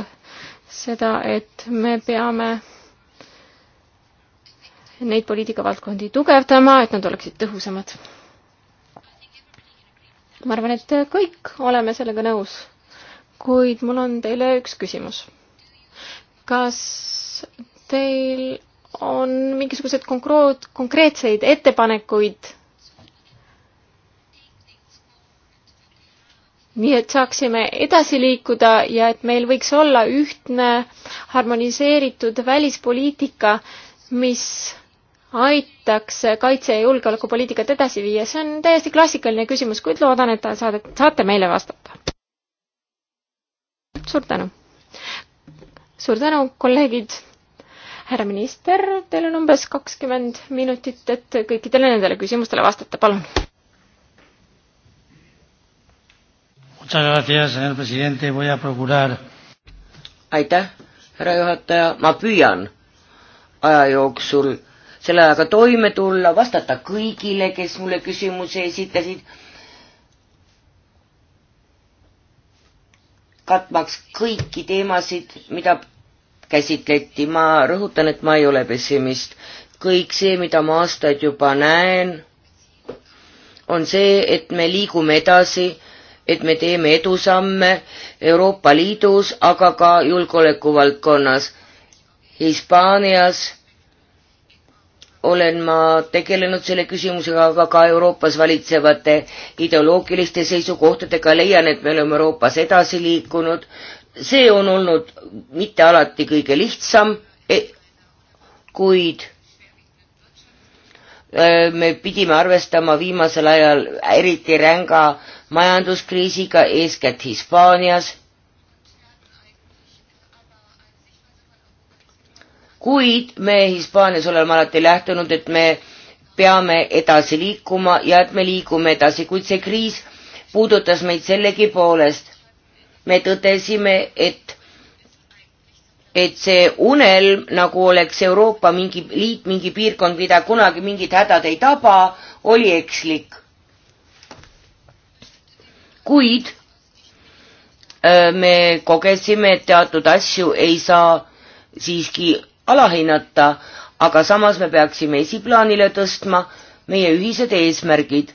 seda, et me peame neid poliitikavaldkondi tugevdama, et nad oleksid tõhusamad. ma arvan, et kõik oleme sellega nõus, kuid mul on teile üks küsimus. kas teil on mingisuguseid konkreetseid ettepanekuid. nii et saaksime edasi liikuda ja et meil võiks olla ühtne harmoniseeritud välispoliitika, mis aitaks kaitse- ja julgeolekupoliitikat edasi viia, see on täiesti klassikaline küsimus, kuid loodan, et saate, saate meile vastata. suur tänu! suur tänu, kolleegid! härra minister, teil on umbes kakskümmend minutit, et kõikidele nendele küsimustele vastata, palun. aitäh, härra juhataja, ma püüan aja jooksul selle ajaga toime tulla, vastata kõigile, kes mulle küsimusi esitasid katmaks kõiki teemasid, mida käsitleti. ma rõhutan, et ma ei ole pessimist. kõik see, mida ma aastaid juba näen, on see, et me liigume edasi, et me teeme edusamme Euroopa Liidus, aga ka julgeolekuvaldkonnas. Hispaanias olen ma tegelenud selle küsimusega, aga ka Euroopas valitsevate ideoloogiliste seisukohtadega leian, et me oleme Euroopas edasi liikunud, see on olnud mitte alati kõige lihtsam, e, kuid e, me pidime arvestama viimasel ajal eriti ränga majanduskriisiga, eeskätt Hispaanias. kuid me Hispaanias oleme alati lähtunud, et me peame edasi liikuma ja et me liigume edasi, kuid see kriis puudutas meid sellegipoolest me tõdesime, et et see unelm, nagu oleks Euroopa mingi liit, mingi piirkond, mida kunagi mingid hädad ei taba, oli ekslik. kuid äh, me kogesime, et teatud asju ei saa siiski alahinnata, aga samas me peaksime esiplaanile tõstma meie ühised eesmärgid.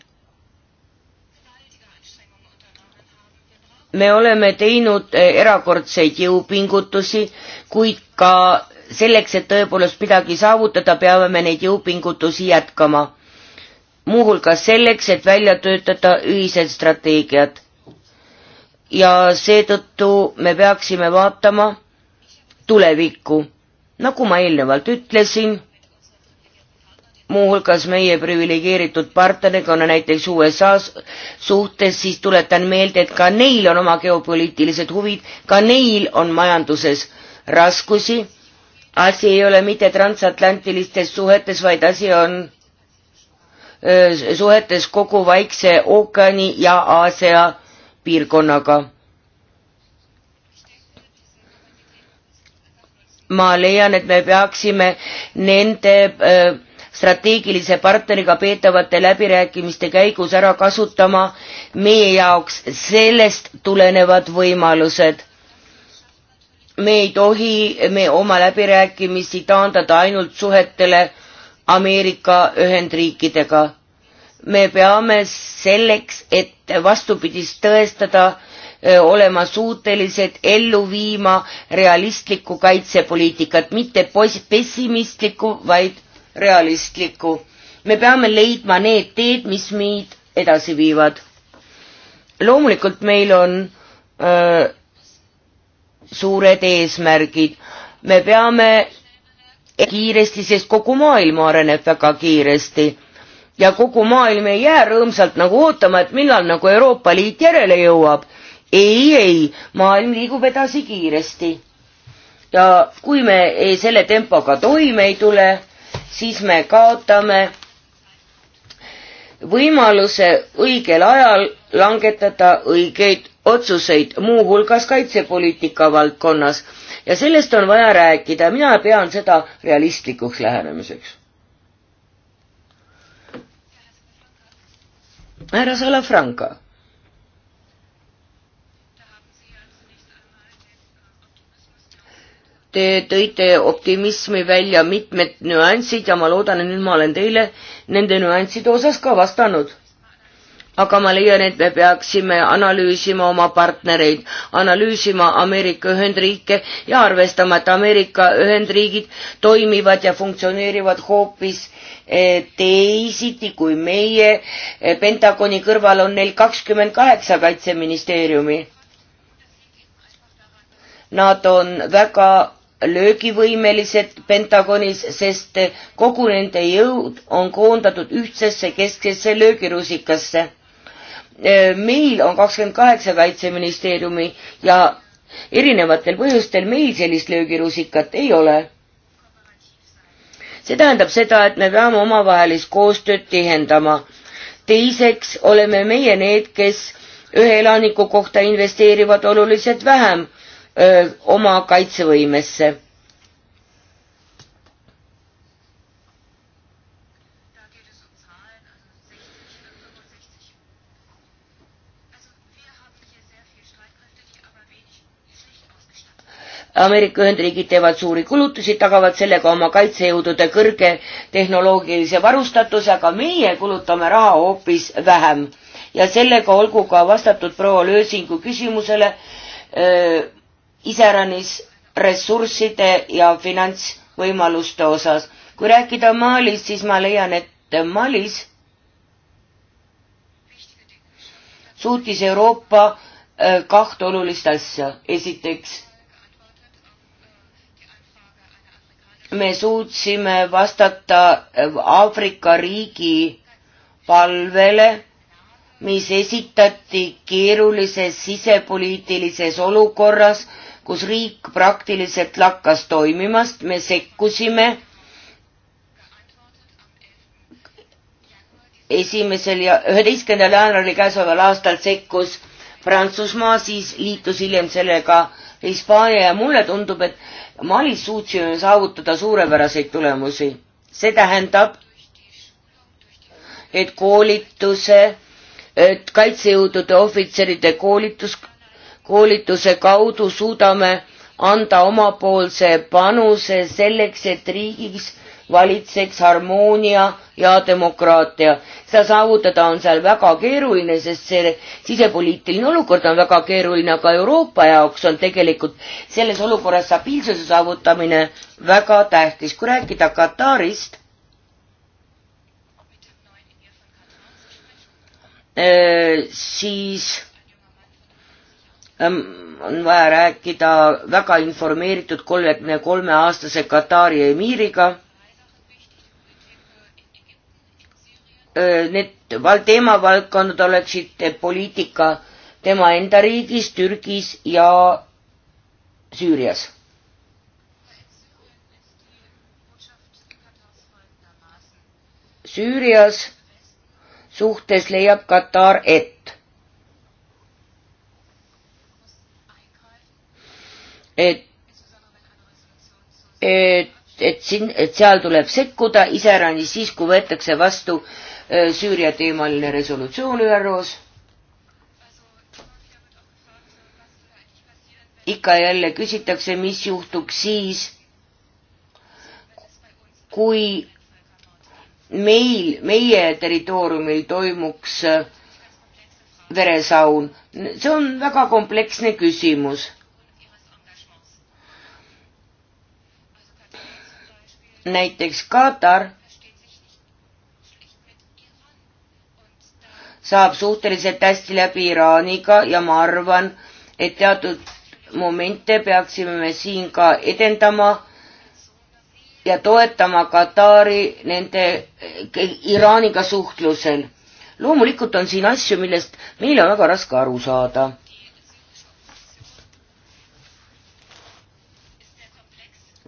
me oleme teinud eh, erakordseid jõupingutusi, kuid ka selleks, et tõepoolest midagi saavutada, peame me neid jõupingutusi jätkama. muuhulgas selleks, et välja töötada ühised strateegiad. ja seetõttu me peaksime vaatama tulevikku. nagu ma eelnevalt ütlesin muuhulgas meie priviligeeritud partneriga, näiteks USA suhtes, siis tuletan meelde, et ka neil on oma geopoliitilised huvid, ka neil on majanduses raskusi. asi ei ole mitte transatlantilistes suhetes, vaid asi on öö, suhetes kogu Vaikse ookeani ja Aasia piirkonnaga. ma leian, et me peaksime nende öö, strateegilise partneriga peetavate läbirääkimiste käigus ära kasutama meie jaoks sellest tulenevad võimalused. me ei tohi me oma läbirääkimisi taandada ainult suhetele Ameerika Ühendriikidega. me peame selleks, et vastupidist tõestada, e, olema suutelised ellu viima realistlikku kaitsepoliitikat, mitte pessimistlikku, vaid realistlikku. me peame leidma need teed, mis meid edasi viivad. loomulikult meil on öö, äh, suured eesmärgid, me peame kiiresti, sest kogu maailm areneb väga kiiresti ja kogu maailm ei jää rõõmsalt nagu ootama, et millal nagu Euroopa Liit järele jõuab. ei, ei, maailm liigub edasi kiiresti. ja kui me selle tempoga toime ei tule, siis me kaotame võimaluse õigel ajal langetada õigeid otsuseid, muuhulgas kaitsepoliitika valdkonnas ja sellest on vaja rääkida, mina pean seda realistlikuks lähenemiseks. härra Salafranca Te tõite optimismi välja mitmed nüansid ja ma loodan, et nüüd ma olen teile nende nüansside osas ka vastanud aga ma leian, et me peaksime analüüsima oma partnereid, analüüsima Ameerika Ühendriike ja arvestama, et Ameerika Ühendriigid toimivad ja funktsioneerivad hoopis eh, teisiti kui meie. Eh, Pentagoni kõrval on neil kakskümmend kaheksa kaitseministeeriumi. Nad on väga löögivõimelised Pentagonis, sest kogu nende jõud on koondatud ühtsesse kesksesse löögirusikasse. meil on kakskümmend kaheksa kaitseministeeriumi ja erinevatel põhjustel meil sellist löögirusikat ei ole. see tähendab seda, et me peame omavahelist koostööd tihendama. teiseks oleme meie need, kes ühe elaniku kohta investeerivad oluliselt vähem öö, oma kaitsevõimesse. Ameerika Ühendriigid teevad suuri kulutusi, tagavad sellega oma kaitsejõudude kõrge tehnoloogilise varustatuse, aga meie kulutame raha hoopis vähem. ja sellega olgu ka vastatud proua Lösingu küsimusele öö, iseäranis ressursside ja finantsvõimaluste osas. kui rääkida Malist, siis ma leian, et Malis suutis Euroopa äh, kaht olulist asja. esiteks, me suutsime vastata äh, Aafrika riigi palvele, mis esitati keerulises sisepoliitilises olukorras, kus riik praktiliselt lakkas toimimast, me sekkusime esimesel ja üheteistkümnendal jaanuaril käesoleval aastal sekkus Prantsusmaa, siis liitus hiljem sellega Hispaania ja mulle tundub, et Malis suutsime saavutada suurepäraseid tulemusi. see tähendab, et koolituse, et kaitsejõudude ohvitseride koolitus koolituse kaudu suudame anda omapoolse panuse selleks, et riigis valitseks harmoonia ja demokraatia. seda saavutada on seal väga keeruline, sest see sisepoliitiline olukord on väga keeruline, aga Euroopa jaoks on tegelikult selles olukorras stabiilsuse saavutamine väga tähtis. kui rääkida Katarist, äh, siis Ehm, on vaja rääkida väga informeeritud kolmekümne kolme aastase Katari emiiriga. Ehm, need teemavaldkonnad oleksid poliitika tema enda riigis, Türgis ja Süürias. Süürias suhtes leiab Katar, et et, et, et siin, et seal tuleb sekkuda iseäranis siis, kui võetakse vastu äh, Süüria teemaline resolutsioon ÜRO-s ikka jälle küsitakse, mis juhtuks siis, kui meil, meie territooriumil toimuks äh, veresaun. see on väga kompleksne küsimus näiteks Katar saab suhteliselt hästi läbi Iraaniga ja ma arvan, et teatud momente peaksime me siin ka edendama ja toetama Katari nende Iraaniga suhtlusel. loomulikult on siin asju, millest meil on väga raske aru saada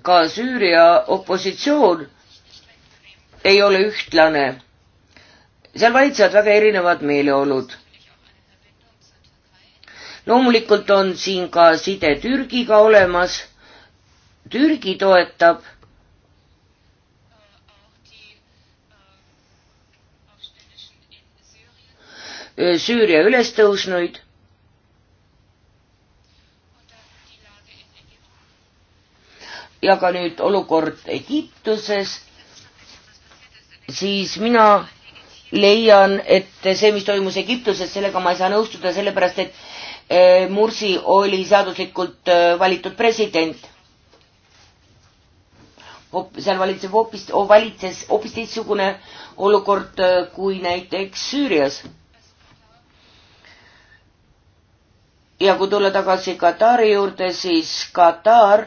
ka Süüria opositsioon ei ole ühtlane. seal valitsevad väga erinevad meeleolud. loomulikult on siin ka side Türgiga olemas. Türgi toetab Süüria ülestõusnuid ja ka nüüd olukord Egiptuses, siis mina leian, et see, mis toimus Egiptuses, sellega ma ei saa nõustuda, sellepärast et eh, Mursi oli seaduslikult eh, valitud president. seal valitseb hoopis, valitses hoopis teistsugune olukord eh, kui näiteks Süürias. ja kui tulla tagasi Katari juurde, siis Katar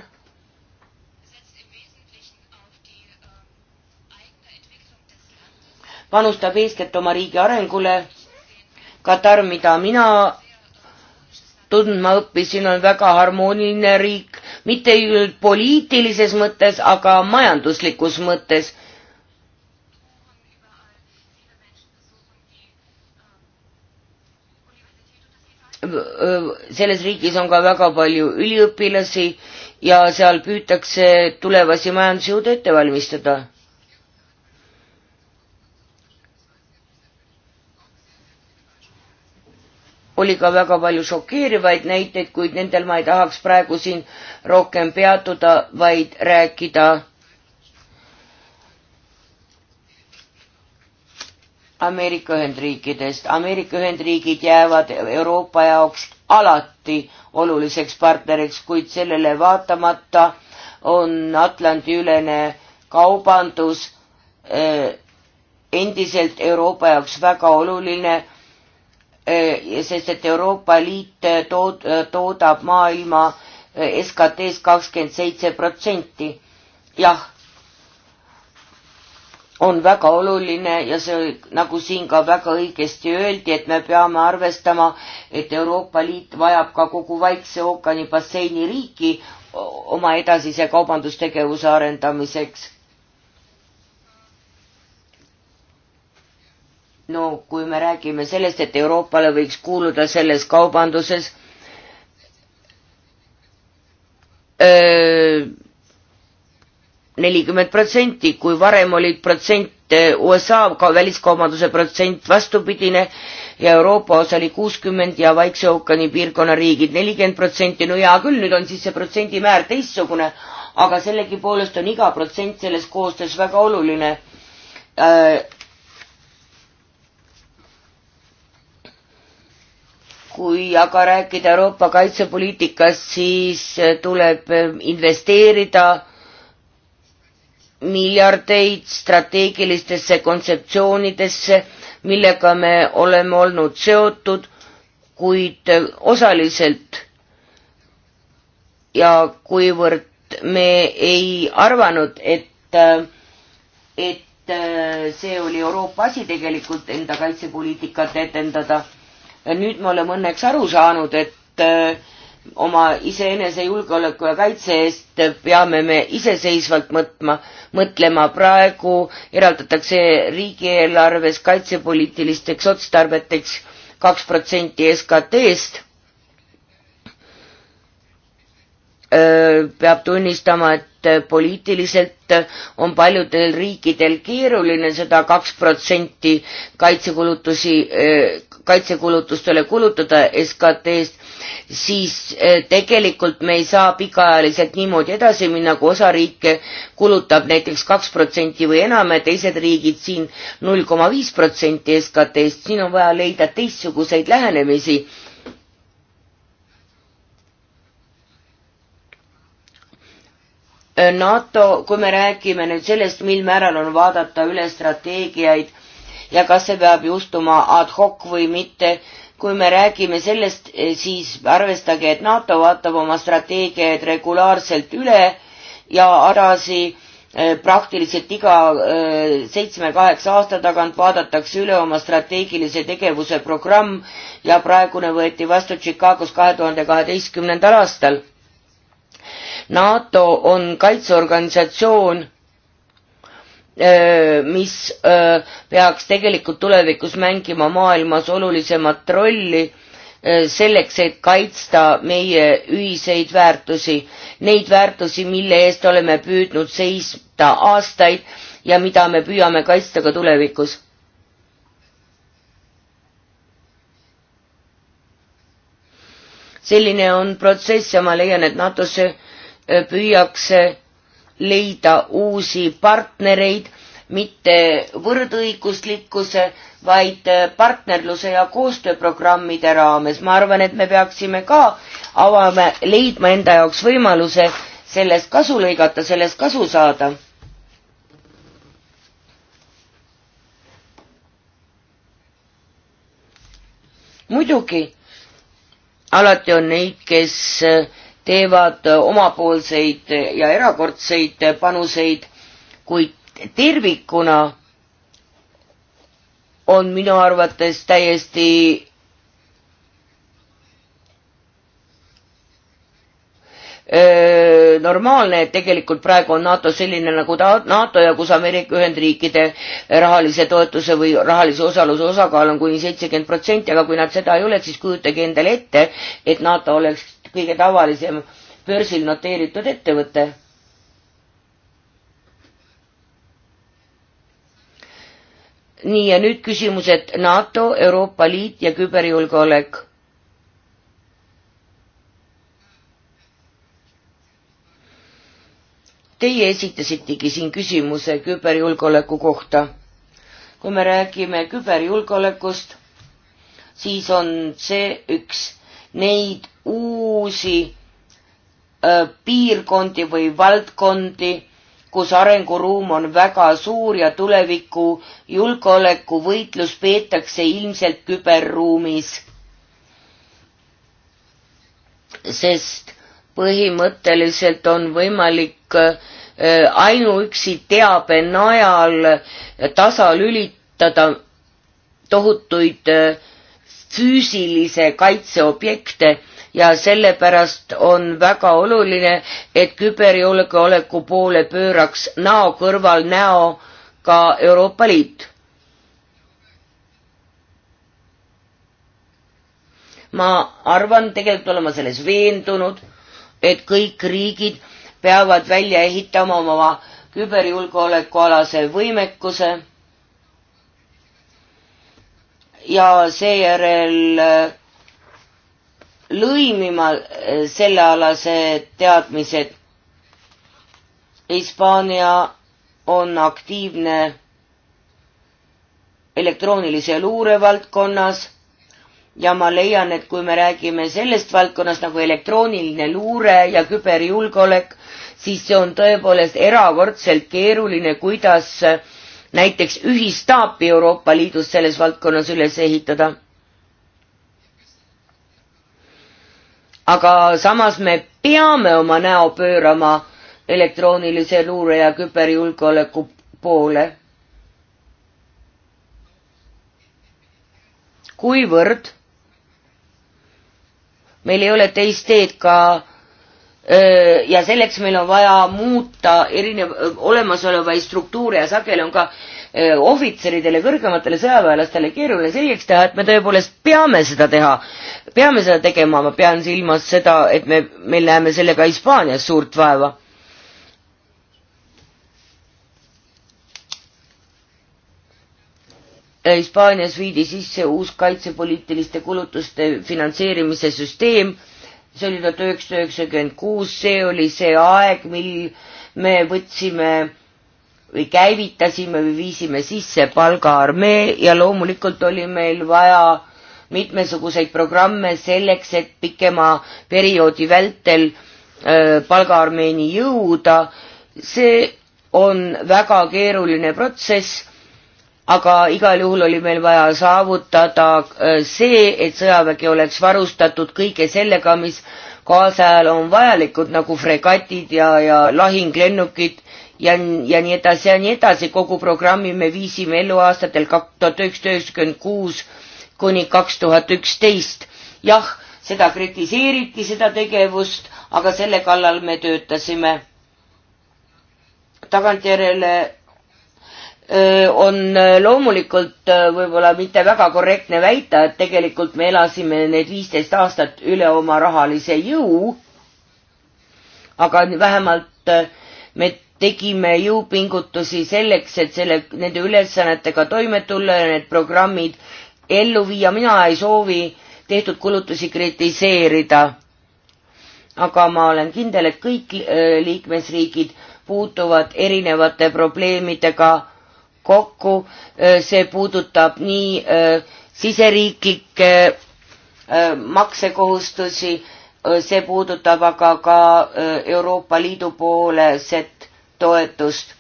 panustab eeskätt oma riigi arengule. Katar, mida mina tundma õppisin, on väga harmooniline riik, mitte poliitilises mõttes, aga majanduslikus mõttes. selles riigis on ka väga palju üliõpilasi ja seal püütakse tulevasi majandusjõude ette valmistada oli ka väga palju šokeerivaid näiteid, kuid nendel ma ei tahaks praegu siin rohkem peatuda, vaid rääkida Ameerika Ühendriikidest. Ameerika Ühendriigid jäävad Euroopa jaoks alati oluliseks partneriks, kuid sellele vaatamata on Atlandi-ülene kaubandus eh, endiselt Euroopa jaoks väga oluline Äh, sest et Euroopa Liit äh, tood, äh, toodab maailma SKT-s kakskümmend seitse protsenti. jah, on väga oluline ja see, nagu siin ka väga õigesti öeldi, et me peame arvestama, et Euroopa Liit vajab ka kogu Vaikse ookeani basseini riiki oma edasise kaubandustegevuse arendamiseks no kui me räägime sellest, et Euroopale võiks kuuluda selles kaubanduses nelikümmend protsenti, kui varem olid protsent USA ka väliskaubanduse protsent vastupidine ja Euroopa osa oli kuuskümmend ja Vaikse ookeani piirkonna riigid nelikümmend protsenti, no hea küll, nüüd on siis see protsendimäär teistsugune, aga sellegipoolest on iga protsent selles koostöös väga oluline äh, kui aga rääkida Euroopa kaitsepoliitikast, siis tuleb investeerida miljardeid strateegilistesse kontseptsioonidesse, millega me oleme olnud seotud, kuid osaliselt ja kuivõrd me ei arvanud, et, et see oli Euroopa asi tegelikult enda kaitsepoliitikat etendada nüüd me oleme õnneks aru saanud, et äh, oma iseenese julgeoleku ja kaitse eest peame me iseseisvalt mõtma, mõtlema. praegu eraldatakse riigieelarves kaitsepoliitilisteks otstarbeteks kaks protsenti SKT-st. Äh, peab tunnistama, et poliitiliselt on paljudel riikidel keeruline seda kaks protsenti kaitsekulutusi, kaitsekulutustele kulutada SKT-st, siis eh, tegelikult me ei saa pikaajaliselt niimoodi edasi minna, kui osa riike kulutab näiteks kaks protsenti või enam ja teised riigid siin null koma viis protsenti SKT-st, SKT siin on vaja leida teistsuguseid lähenemisi NATO, kui me räägime nüüd sellest, mil määral on vaadata üle strateegiaid ja kas see peab juhtuma ad hoc või mitte, kui me räägime sellest, eh, siis arvestage, et NATO vaatab oma strateegiaid regulaarselt üle ja arasi eh, praktiliselt iga eh, seitsme-kaheksa aasta tagant vaadatakse üle oma strateegilise tegevuse programm ja praegune võeti vastu Chicagos kahe tuhande kaheteistkümnendal aastal NATO on kaitseorganisatsioon, mis peaks tegelikult tulevikus mängima maailmas olulisemat rolli selleks, et kaitsta meie ühiseid väärtusi, neid väärtusi, mille eest oleme püüdnud seista aastaid ja mida me püüame kaitsta ka tulevikus. selline on protsess ja ma leian, et NATO-sse Äh, püüakse leida uusi partnereid, mitte võrdõiguslikkuse, vaid äh, partnerluse ja koostööprogrammide raames. ma arvan, et me peaksime ka avame, leidma enda jaoks võimaluse sellest kasu lõigata, sellest kasu saada muidugi, alati on neid, kes äh, teevad omapoolseid ja erakordseid panuseid, kuid tervikuna on minu arvates täiesti öö, normaalne, et tegelikult praegu on NATO selline nagu ta, NATO ja kus Ameerika Ühendriikide rahalise toetuse või rahalise osaluse osakaal on kuni seitsekümmend protsenti, aga kui nad seda ei oleks, siis kujutage endale ette, et NATO oleks kõige tavalisem börsil noteeritud ettevõte. nii ja nüüd küsimused NATO, Euroopa Liit ja küberjulgeolek. Teie esitasitegi siin küsimuse küberjulgeoleku kohta. kui me räägime küberjulgeolekust, siis on see üks neid uusi piirkondi või valdkondi, kus arenguruum on väga suur ja tuleviku julgeolekuvõitlus peetakse ilmselt küberruumis. sest põhimõtteliselt on võimalik ainuüksi teabe najal tasalülitada tohutuid füüsilise kaitse objekte ja sellepärast on väga oluline, et küberjulgeoleku poole pööraks näo kõrval näo ka Euroopa Liit. ma arvan, tegelikult olen ma selles veendunud, et kõik riigid peavad välja ehitama oma küberjulgeolekualase võimekuse ja seejärel äh, lõimima eh, sellealase teadmised. Hispaania on aktiivne elektroonilise luure valdkonnas ja ma leian, et kui me räägime sellest valdkonnast nagu elektrooniline luure ja küberjulgeolek, siis see on tõepoolest erakordselt keeruline, kuidas eh, näiteks ühistaapi Euroopa Liidus selles valdkonnas üles ehitada aga samas me peame oma näo pöörama elektroonilise luure ja küberjulgeoleku poole. kuivõrd meil ei ole teist teed ka öö, ja selleks meil on vaja muuta erinev, olemasolevaid struktuure ja sageli on ka öö, Eh, ohvitseridele, kõrgematele sõjaväelastele keeruline selgeks teha, et me tõepoolest peame seda teha, peame seda tegema, ma pean silmas seda, et me, me näeme sellega Hispaanias suurt vaeva. Eh, Hispaanias viidi sisse uus kaitsepoliitiliste kulutuste finantseerimise süsteem, see oli tuhat üheksasada üheksakümmend kuus, see oli see aeg, mil me võtsime või käivitasime või viisime sisse palgaarmee ja loomulikult oli meil vaja mitmesuguseid programme selleks, et pikema perioodi vältel palgaarmeeni jõuda. see on väga keeruline protsess, aga igal juhul oli meil vaja saavutada see, et sõjavägi oleks varustatud kõige sellega, mis kaasajal on vajalikud, nagu fregatid ja, ja lahinglennukid ja, ja nii edasi ja nii edasi, kogu programmi me viisime ellu aastatel tuhat üheksasada üheksakümmend kuus kuni kaks tuhat üksteist. jah, seda kritiseeriti, seda tegevust, aga selle kallal me töötasime. tagantjärele on loomulikult võib-olla mitte väga korrektne väita, et tegelikult me elasime need viisteist aastat üle oma rahalise jõu, aga vähemalt me tegime jõupingutusi selleks, et selle, nende ülesannetega toime tulla ja need programmid ellu viia, mina ei soovi tehtud kulutusi kritiseerida. aga ma olen kindel, et kõik äh, liikmesriigid puutuvad erinevate probleemidega kokku, äh, see puudutab nii äh, siseriiklikke maksekohustusi, see puudutab aga ka Euroopa Liidu poolset toetust.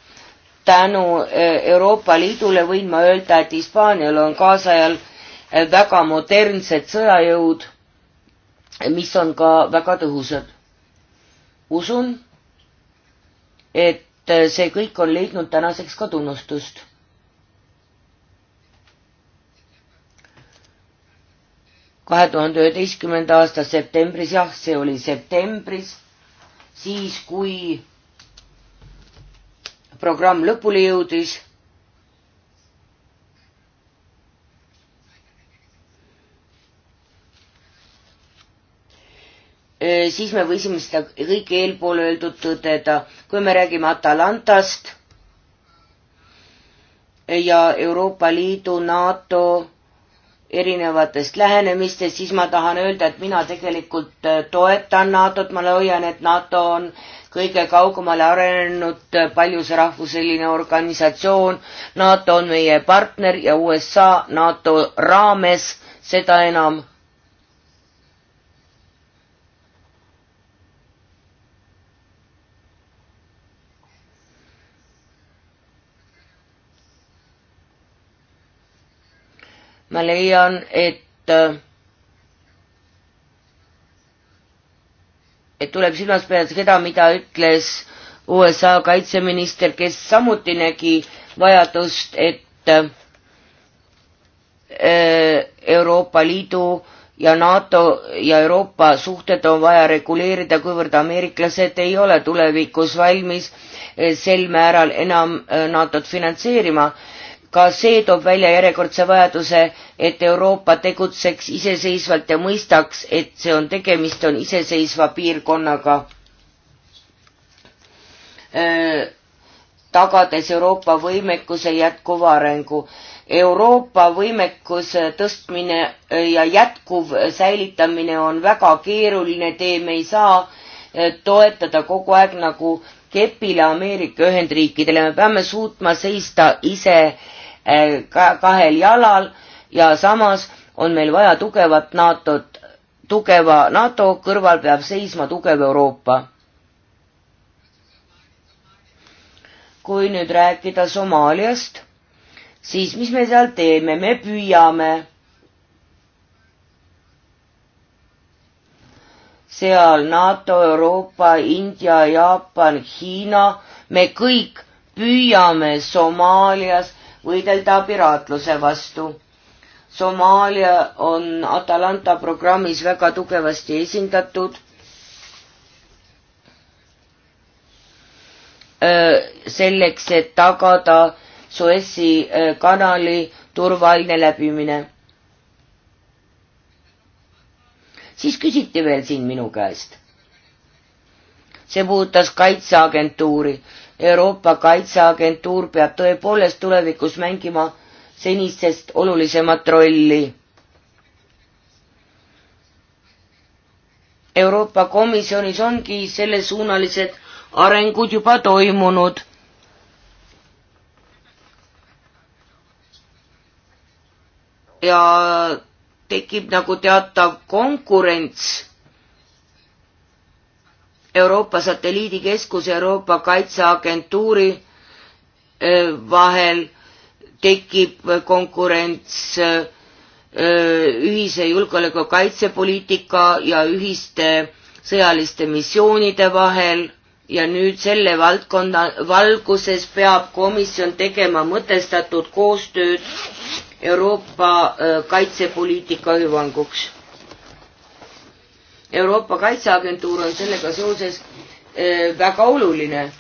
tänu e, Euroopa Liidule võin ma öelda, et Hispaanial on kaasajal e, väga modernsed sõjajõud, mis on ka väga tõhusad. usun, et e, see kõik on leidnud tänaseks ka tunnustust. kahe tuhande üheteistkümnenda aasta septembris, jah, see oli septembris, siis kui programm lõpule jõudis äh, siis me võisime seda kõike eelpool öeldud tõdeda. kui me räägime Atalantast ja Euroopa Liidu, NATO erinevatest lähenemistest, siis ma tahan öelda, et mina tegelikult äh, toetan NATO-t, ma hoian, et NATO on kõige kaugemale arenenud äh, paljusrahvuseline organisatsioon, NATO on meie partner ja USA NATO raames seda enam ma leian, et, äh, et tuleb silmas pidada seda, mida ütles USA kaitseminister, kes samuti nägi vajadust, et äh, äh, Euroopa Liidu ja NATO ja Euroopa suhted on vaja reguleerida, kuivõrd ameeriklased ei ole tulevikus valmis sel määral enam NATO-t finantseerima ka see toob välja järjekordse vajaduse, et Euroopa tegutseks iseseisvalt ja mõistaks, et see on, tegemist on iseseisva piirkonnaga äh,, tagades Euroopa võimekuse jätkuva arengu. Euroopa võimekuse tõstmine ja jätkuv säilitamine on väga keeruline tee, me ei saa toetada kogu aeg nagu kepile Ameerika Ühendriikidele, me peame suutma seista ise äh, Eh, kahel jalal ja samas on meil vaja tugevat NATO-t, tugeva NATO kõrval peab seisma tugev Euroopa. kui nüüd rääkida Somaaliast, siis mis me seal teeme, me püüame seal NATO, Euroopa, India, Jaapan, Hiina, me kõik püüame Somaalias võidelda piraatluse vastu. Somaalia on Atalanta programmis väga tugevasti esindatud. selleks, et tagada Suessi kanali turvaline läbimine. siis küsiti veel siin minu käest. see puudutas kaitseagentuuri Euroopa Kaitseagentuur peab tõepoolest tulevikus mängima senisest olulisemat rolli. Euroopa Komisjonis ongi sellesuunalised arengud juba toimunud ja tekib nagu teatav konkurents Euroopa satelliidikeskuse, Euroopa Kaitseagentuuri eh, vahel tekib konkurents eh, ühise julgeoleku kaitsepoliitika ja ühiste sõjaliste missioonide vahel ja nüüd selle valdkonna valguses peab komisjon tegema mõtestatud koostööd Euroopa eh, kaitsepoliitika hüvanguks Euroopa Kaitseagentuur on sellega seoses eh, väga oluline.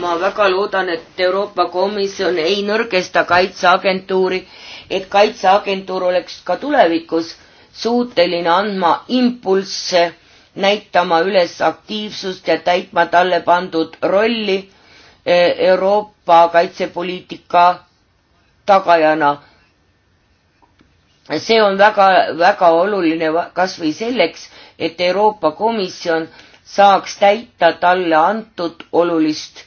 ma väga loodan, et Euroopa Komisjon ei nõrgesta Kaitseagentuuri, et Kaitseagentuur oleks ka tulevikus suuteline andma impulsse, näitama üles aktiivsust ja täitma talle pandud rolli eh, Euroopa kaitsepoliitika tagajana see on väga-väga oluline kas või selleks, et Euroopa Komisjon saaks täita talle antud olulist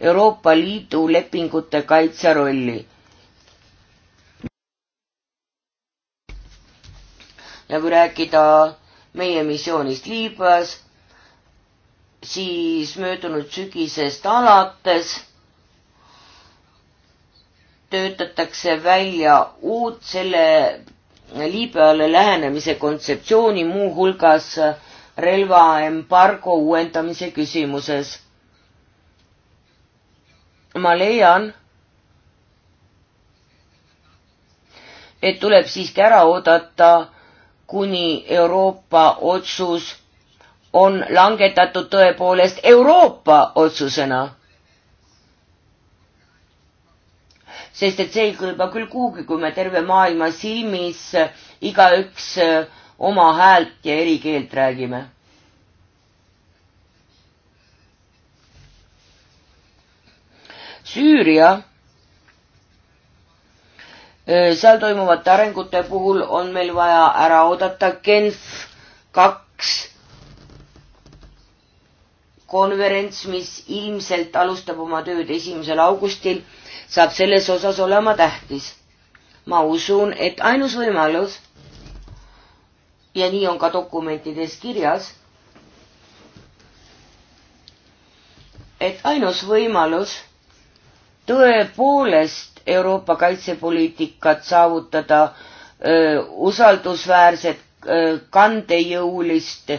Euroopa Liidu lepingute kaitse rolli. ja kui rääkida meie missioonist Liibüas, siis möödunud sügisest alates töötatakse välja uut selle Liibüale lähenemise kontseptsiooni, muuhulgas relvaembargo uuendamise küsimuses. ma leian, et tuleb siiski ära oodata, kuni Euroopa otsus on langetatud tõepoolest Euroopa otsusena sest et see ei kõlba küll kuhugi, kui me terve maailma silmis igaüks äh, oma häält ja eri keelt räägime. Süüria, äh, seal toimuvate arengute puhul on meil vaja ära oodata Genf kaks konverents, mis ilmselt alustab oma tööd esimesel augustil saab selles osas olema tähtis. ma usun, et ainus võimalus ja nii on ka dokumentides kirjas, et ainus võimalus tõepoolest Euroopa kaitsepoliitikat saavutada öö, usaldusväärset, kandejõulist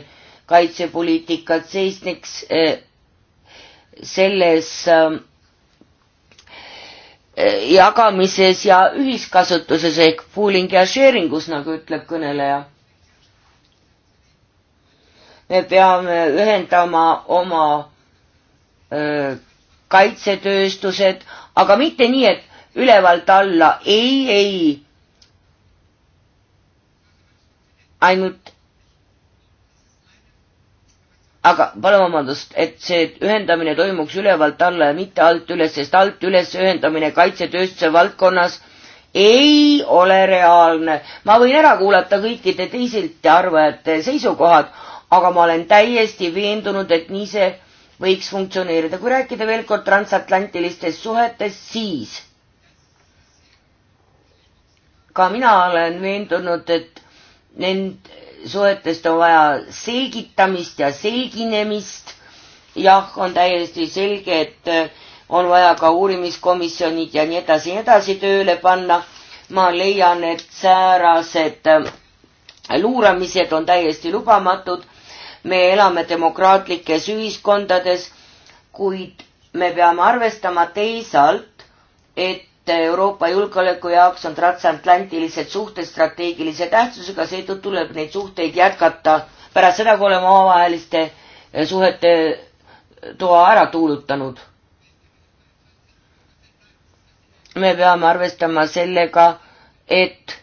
kaitsepoliitikat seisneks öö, selles öö, Eh, jagamises ja ühiskasutuses ehk pooling ja sharing us, nagu ütleb kõneleja. me peame ühendama oma öö, eh, kaitsetööstused, aga mitte nii, et ülevalt alla, ei, ei. ainult aga palun vabandust, et see ühendamine toimuks ülevalt alla ja mitte alt üles, sest alt üles ühendamine kaitsetööstuse valdkonnas ei ole reaalne. ma võin ära kuulata kõikide teisite arvajate seisukohad, aga ma olen täiesti veendunud, et nii see võiks funktsioneerida. kui rääkida veel kord transatlantilistest suhetest, siis ka mina olen veendunud, et nend-, suhetest on vaja selgitamist ja selginemist. jah, on täiesti selge, et eh, on vaja ka uurimiskomisjonid ja nii edasi, nii edasi tööle panna. ma leian, et säärased eh, luuramised on täiesti lubamatud. me elame demokraatlikes ühiskondades, kuid me peame arvestama teisalt, et et Euroopa julgeoleku jaoks on transatlantilised suhted strateegilise tähtsusega, seetõttu tuleb neid suhteid jätkata pärast seda, kui oleme omavaheliste eh, suhete eh, toa ära tuulutanud. me peame arvestama sellega, et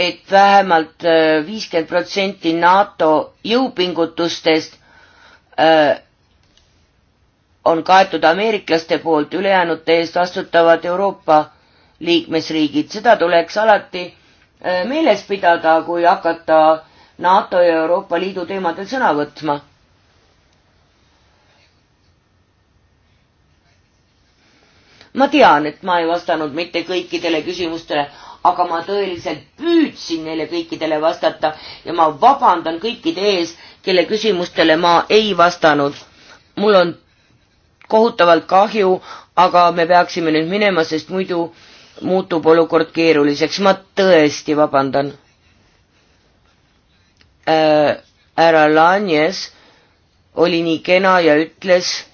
et vähemalt äh, viiskümmend protsenti NATO jõupingutustest äh, on kaetud ameeriklaste poolt, ülejäänute eest vastutavad Euroopa liikmesriigid, seda tuleks alati äh, meeles pidada, kui hakata NATO ja Euroopa Liidu teemadel sõna võtma ma tean, et ma ei vastanud mitte kõikidele küsimustele, aga ma tõeliselt püüdsin neile kõikidele vastata ja ma vabandan kõikide ees, kelle küsimustele ma ei vastanud. mul on kohutavalt kahju, aga me peaksime nüüd minema, sest muidu muutub olukord keeruliseks, ma tõesti vabandan äh,. härra Lanjes oli nii kena ja ütles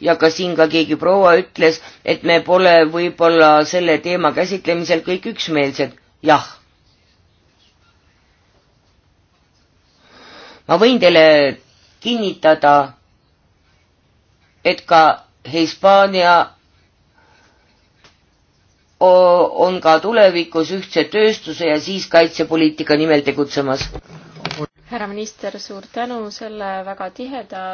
ja ka siin ka keegi proua ütles, et me pole võib-olla selle teema käsitlemisel kõik üksmeelsed. jah. ma võin teile kinnitada, et ka Hispaania on ka tulevikus ühtse tööstuse ja siis kaitsepoliitika nimel tegutsemas. härra minister, suur tänu selle väga tiheda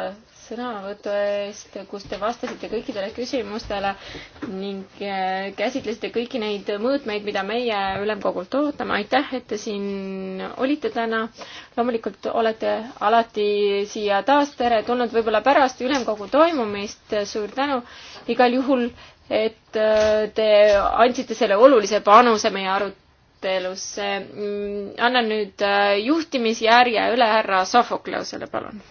sõnavõtu eest, kus te vastasite kõikidele küsimustele ning äh, käsitlesite kõiki neid mõõtmeid, mida meie ülemkogult ootame. aitäh, et te siin olite täna. loomulikult olete alati siia taas teretulnud, võib-olla pärast ülemkogu toimumist. suur tänu igal juhul, et äh, te andsite selle olulise panuse meie arutelusse. Mm, annan nüüd äh, juhtimisjärje üle härra Sofokleusele, palun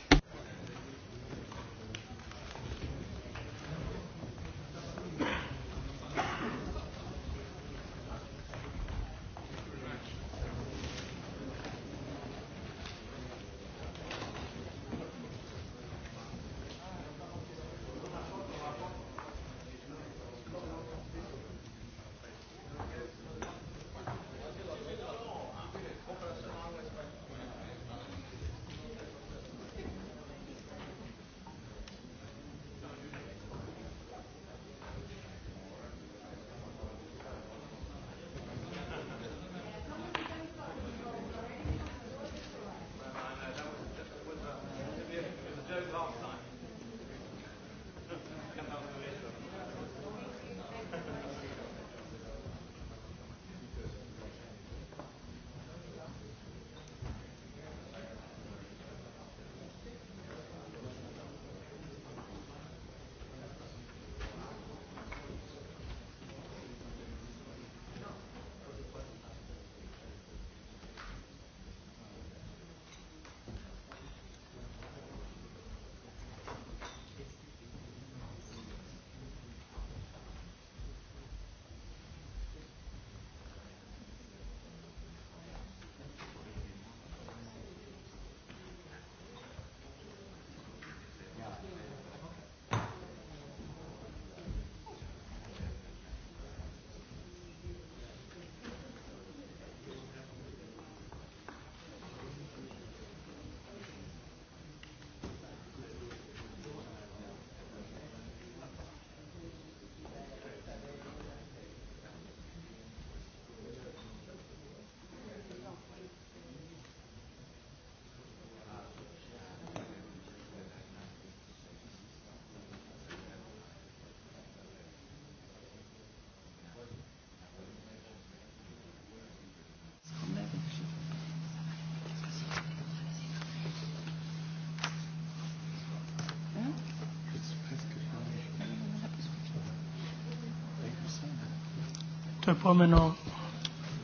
Το επόμενο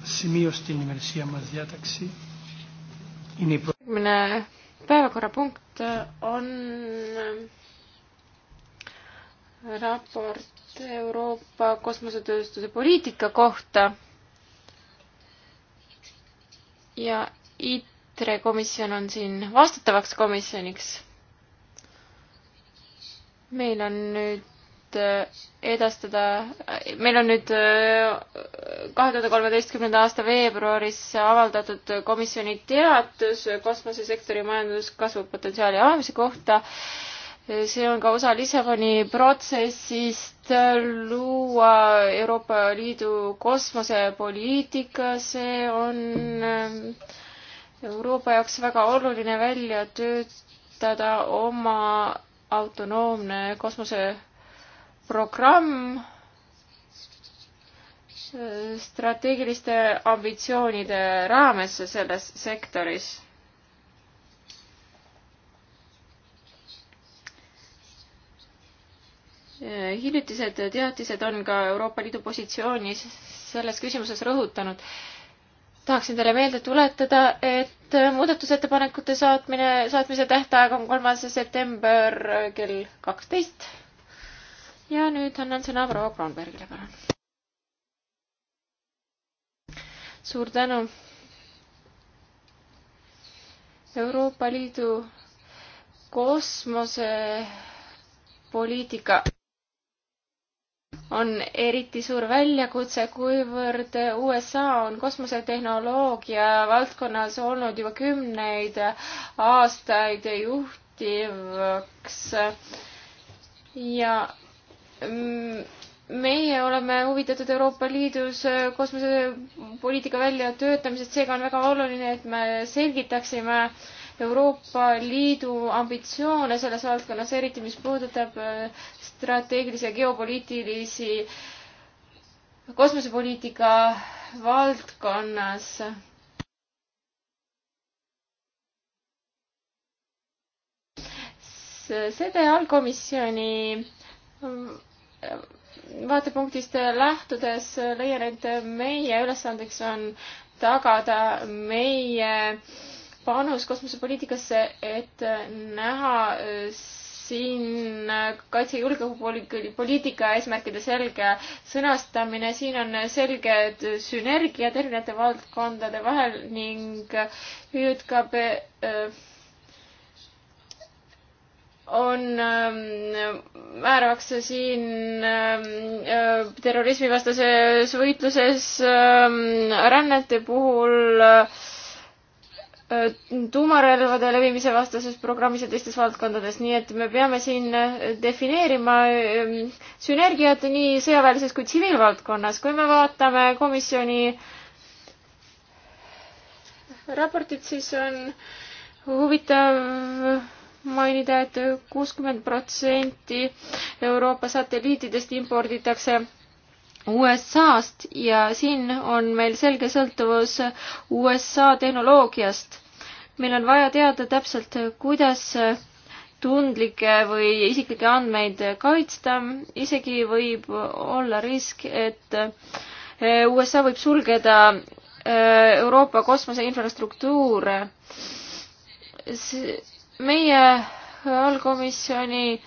σημείο στην ημερησία μας διάταξη είναι η προ... Mine päevakorrapunkt on raport Euroopa kosmosetööstuse poliitika kohta ja ITRE komisjon on siin vastutavaks komisjoniks. meil on nüüd Äh, edastada, meil on nüüd äh, kahe tuhande kolmeteistkümnenda aasta veebruaris avaldatud komisjoni teatus kosmosesektori majanduskasvu potentsiaali avamise kohta. see on ka osa Lissaboni protsessist luua Euroopa Liidu kosmosepoliitika, see on äh, Euroopa jaoks väga oluline välja töötada oma autonoomne kosmose programm äh, strateegiliste ambitsioonide raames selles sektoris. Äh, hiljutised teatised on ka Euroopa Liidu positsiooni selles küsimuses rõhutanud tahaksin teile meelde tuletada, et äh, muudatusettepanekute saatmine, saatmise tähtaeg on kolmas september kell kaksteist ja nüüd annan sõna proua Kroonbergile, palun. suur tänu. Euroopa Liidu kosmosepoliitika on eriti suur väljakutse, kuivõrd USA on kosmosetehnoloogia valdkonnas olnud juba kümneid aastaid juhtivaks ja Mm, meie oleme huvitatud Euroopa Liidus äh, kosmosepoliitika väljatöötamisest, seega on väga oluline, et me selgitaksime Euroopa Liidu ambitsioone selles valdkonnas, eriti mis puudutab äh, strateegilisi ja geopoliitilisi kosmosepoliitika valdkonnas sede allkomisjoni vaatepunktist lähtudes leian, et meie ülesandeks on tagada meie panus kosmosepoliitikasse, et näha siin kaitse- ja julgeolekupoliitika eesmärkide selge sõnastamine, siin on selged sünergiad erinevate valdkondade vahel ning ÜJKP äh, on ähm, määravaks siin ähm, äh, terrorismivastases võitluses ähm, rännete puhul äh, tuumarelvade levimise vastases programmis ja teistes valdkondades, nii et me peame siin äh, defineerima ähm, sünergiat nii sõjaväelises kui tsiviilvaldkonnas. kui me vaatame komisjoni raportit, siis on huvitav mainida et, et kuuskümmend protsenti Euroopa satelliitidest imporditakse USA-st ja siin on meil selge sõltuvus USA tehnoloogiast. meil on vaja teada täpselt, kuidas tundlikke või isiklikke andmeid kaitsta, isegi võib olla risk, et USA võib sulgeda äh, Euroopa kosmoseinfrastruktuure meie allkomisjoni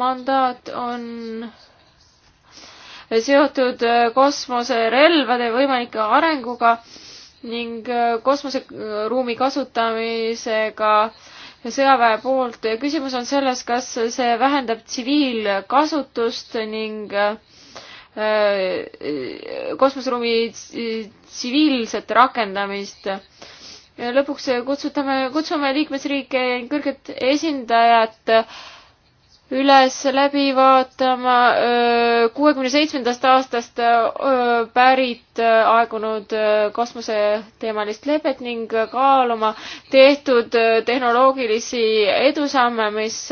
mandaat on seotud kosmoserelvade võimalike arenguga ning kosmoseruumi kasutamisega sõjaväe poolt. küsimus on selles, kas see vähendab tsiviilkasutust ning äh, kosmoseruumi tsiviilset rakendamist lõpuks kutsutame, kutsume liikmesriike kõrget esindajat üles läbi vaatama kuuekümne seitsmendast aastast pärit aegunud kosmoseteemalist lepet ning kaaluma tehtud tehnoloogilisi edusamme, mis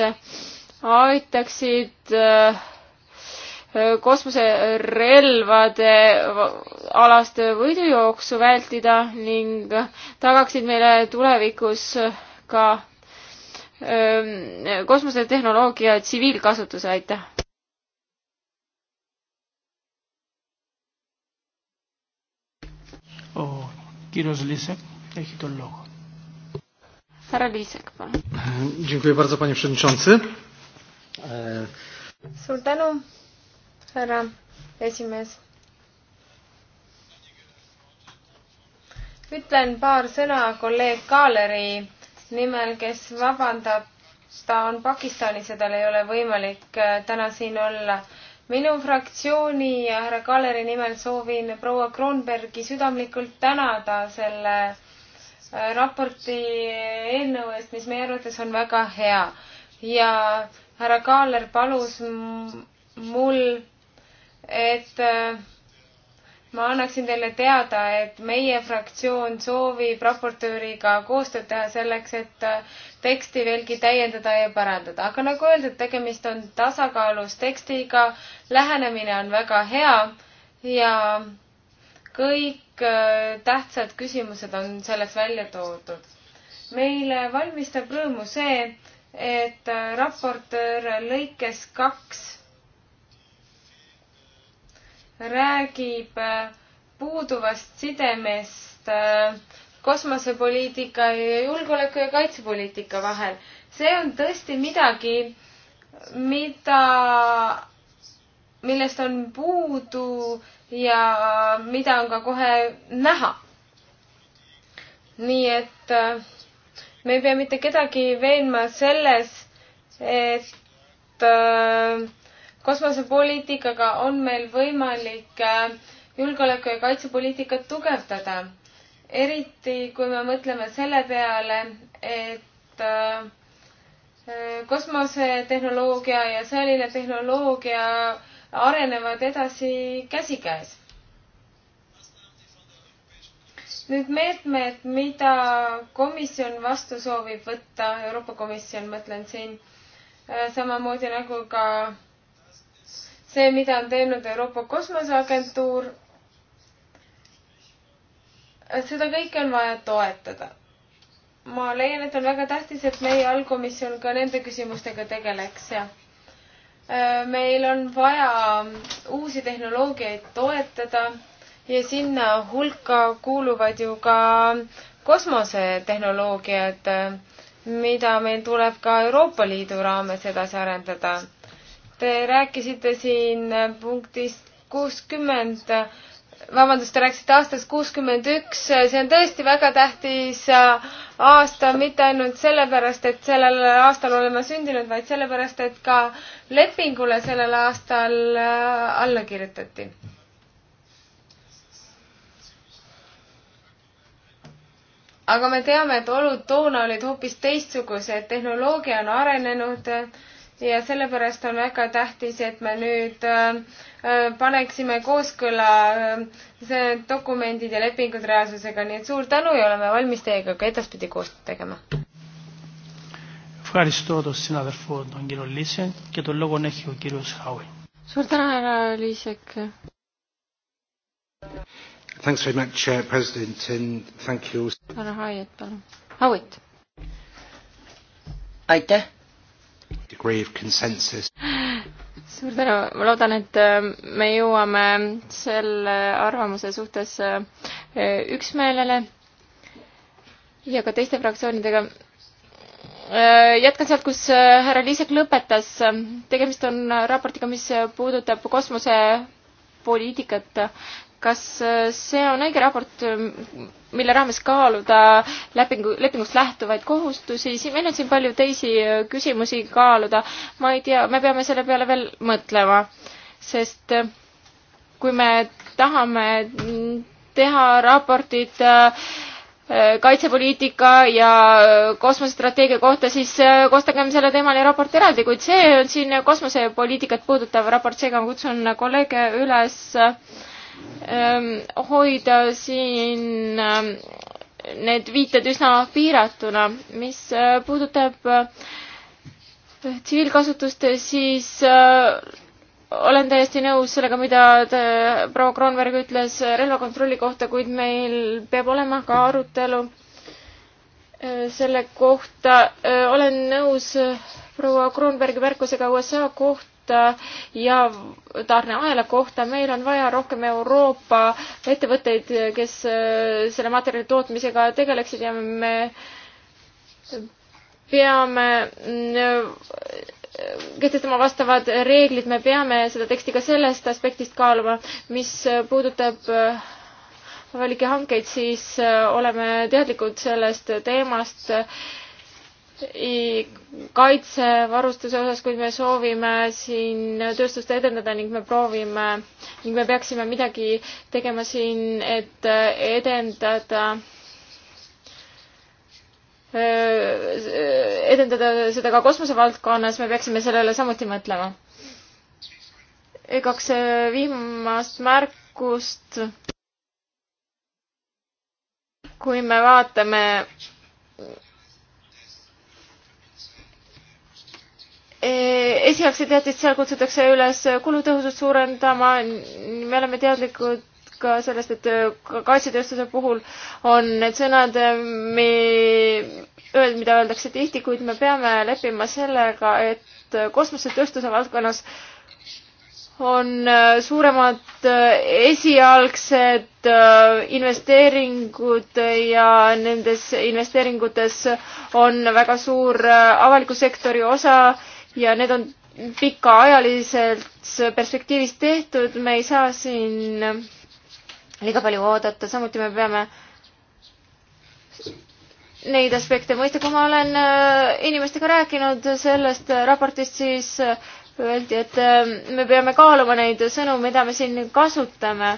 aitaksid kosmoserelvade alast võidujooksu vältida ning tagaksid meile tulevikus ka ähm, kosmosetehnoloogia tsiviilkasutuse, aitäh! ο κύριος Λίσεκ έχει τον λόγο. Άρα Λίσεκ, Dziękuję bardzo, panie przewodniczący. Suur tänu, härra esimees. ütlen paar sõna kolleeg Kaaleri nimel, kes vabandab, ta on Pakistanis ja tal ei ole võimalik äh, täna siin olla. minu fraktsiooni ja härra Kaaleri nimel soovin proua Kronbergi südamlikult tänada selle äh, raporti eelnõu eest, mis meie arvates on väga hea ja härra Kaaler palus mul et äh, ma annaksin teile teada, et meie fraktsioon soovib raportööriga koostööd teha selleks, et äh, teksti veelgi täiendada ja parandada. aga nagu öeldud, tegemist on tasakaalus tekstiga, lähenemine on väga hea ja kõik äh, tähtsad küsimused on selles välja toodud. meile valmistab rõõmu see, et raportöör lõikes kaks räägib äh, puuduvast sidemest äh, kosmosepoliitika ja julgeoleku ja kaitsepoliitika vahel. see on tõesti midagi, mida, millest on puudu ja mida on ka kohe näha. nii et äh, me ei pea mitte kedagi veenma selles, et äh, kosmosepoliitikaga on meil võimalik äh, julgeoleku ja kaitsepoliitikat tugevdada. eriti kui me mõtleme selle peale, et äh, äh, kosmosetehnoloogia ja sõjaline tehnoloogia arenevad edasi käsikäes nüüd meetmed, mida komisjon vastu soovib võtta, Euroopa Komisjon, mõtlen siin, samamoodi nagu ka see, mida on teinud Euroopa Kosmoseagentuur, seda kõike on vaja toetada. ma leian, et on väga tähtis, et meie allkomisjon ka nende küsimustega tegeleks ja äh, meil on vaja uusi tehnoloogiaid toetada ja sinna hulka kuuluvad ju ka kosmosetehnoloogiad, äh, mida meil tuleb ka Euroopa Liidu raames edasi arendada. Te rääkisite siin punktist kuuskümmend, vabandust, te rääkisite aastast kuuskümmend üks, see on tõesti väga tähtis aasta, mitte ainult sellepärast, et sellel aastal olen ma sündinud, vaid sellepärast, et ka lepingule sellel aastal alla kirjutati aga me teame, et olud toona olid hoopis teistsugused, tehnoloogia on arenenud ja sellepärast on väga tähtis, et me nüüd äh, äh, paneksime kooskõla äh, see dokumendid ja lepingud reaalsusega, nii et suur tänu ja oleme valmis teiega ka edaspidi koostööd tegema. suur tänu, härra Liisek. Thanks very much, uh, President, and thank you. härra Haiet, palun. Hauit. aitäh suur tänu, ma loodan, et äh, me jõuame selle arvamuse suhtes äh, üksmeelele ja ka teiste fraktsioonidega. Äh, jätkan sealt, kus härra Liisek lõpetas. tegemist on raportiga, mis puudutab kosmosepoliitikat kas äh, see on õige raport, mille raames kaaluda lepingu, lepingust lähtuvaid kohustusi, siin meil on siin palju teisi äh, küsimusi kaaluda. ma ei tea, me peame selle peale veel mõtlema, sest äh, kui me tahame teha raportit kaitsepoliitika ja kosmosestrateegia kohta, siis koostagem selle teemaline raport eraldi, kuid see on siin kosmosepoliitikat puudutav raport, seega ma kutsun kolleege üles äh, Ehm, hoida siin ehm, need viited üsna piiratuna, mis eh, puudutab eh, tsiviilkasutust, siis eh, olen täiesti nõus sellega, mida proua Kroonberg ütles relvakontrolli kohta, kuid meil peab olema ka arutelu selle kohta. olen nõus proua Kroonbergi märkusega USA kohta kohta äh, ja tarneahela kohta. meil on vaja rohkem Euroopa ettevõtteid, kes äh, selle materjali tootmisega tegeleksid ja me peame mm, äh, kehtestama vastavad reeglid, me peame seda teksti ka sellest aspektist kaaluma, mis puudutab avalikke hankeid, siis oleme teadlikud sellest teemast kaitsevarustuse osas, kuid me soovime siin tööstust edendada ning me proovime ning me peaksime midagi tegema siin, et edendada edendada seda ka kosmosevaldkonnas, me peaksime sellele samuti mõtlema. kaks viimast märkust. kui me vaatame Eh, esialgse teatist seal kutsutakse üles kulutõhusust suurendama, me oleme teadlikud ka sellest, et eh, kaitsetööstuse puhul on need sõnad, eh, mida öeldakse tihti, kuid me peame leppima sellega, et kosmosetööstuse valdkonnas on suuremad esialgsed investeeringud ja nendes investeeringutes on väga suur avaliku sektori osa ja need on pikaajaliselt perspektiivis tehtud, me ei saa siin liiga palju oodata, samuti me peame neid aspekte mõista, kui ma olen äh, inimestega rääkinud sellest raportist, siis äh, öeldi, et äh, me peame kaaluma neid sõnu, mida me siin kasutame.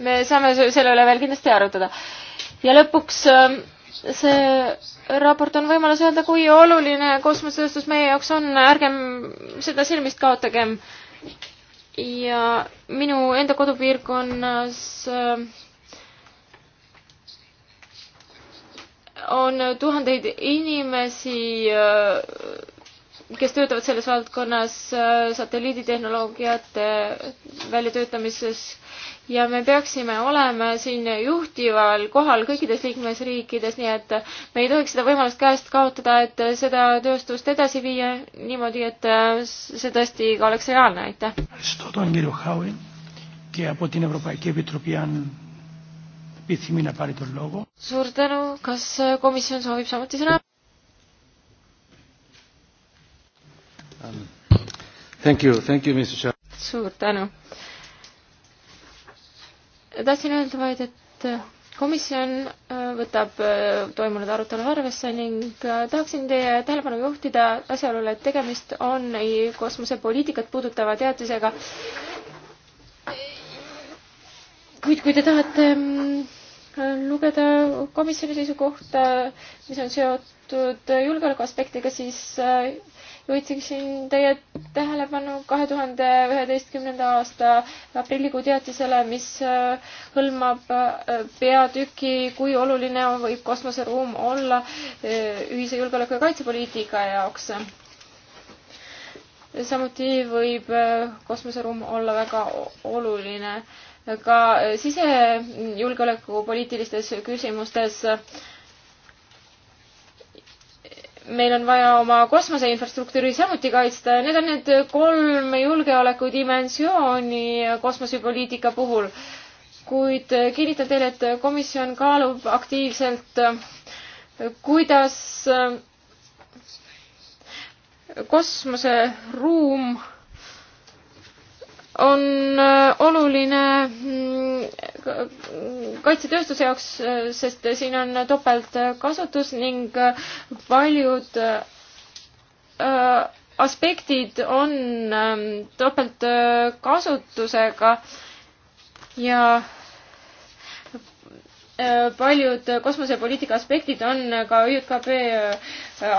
me saame selle üle veel kindlasti arutada. ja lõpuks see raport on võimalus öelda, kui oluline kosmosetööstus meie jaoks on, ärgem seda silmist kaotagem. ja minu enda kodupiirkonnas äh, on tuhandeid inimesi äh, kes töötavad selles valdkonnas äh, satelliiditehnoloogiate väljatöötamises ja me peaksime olema siin juhtival kohal kõikides liikmesriikides, nii et me ei tohiks seda võimalust käest kaotada, et seda tööstust edasi viia niimoodi, et äh, see tõesti ka oleks reaalne, aitäh. suur tänu, kas äh, komisjon soovib samuti sõna? Thank you, thank you, Mr Chair. suur tänu. tahtsin öelda vaid, et komisjon äh, võtab äh, toimunud arutelu arvesse ning äh, tahaksin teie tähelepanu juhtida asjaolule, et tegemist on kosmosepoliitikat puudutava teadusega. kuid kui te tahate mm, lugeda komisjoni seisukohta, mis on seotud julgeolekuaspektiga, siis juhitseksin teie tähelepanu kahe tuhande üheteistkümnenda aasta aprillikuu teatisele, mis äh, hõlmab äh, peatüki, kui oluline võib kosmoseruum olla äh, ühise julgeoleku ja kaitsepoliitika jaoks samuti võib kosmoseruum olla väga oluline ka sisejulgeoleku poliitilistes küsimustes meil on vaja oma kosmoseinfrastruktuuri samuti kaitsta ja need on need kolm julgeolekudimensiooni kosmosepoliitika puhul. kuid kinnitan teile, et komisjon kaalub aktiivselt, kuidas kosmoseruum on äh, oluline mm, kaitsetööstuse jaoks, äh, sest siin on topeltkasutus ning äh, paljud aspektid on ähm, topeltkasutusega ja paljud kosmosepoliitika aspektid on ka ÜKP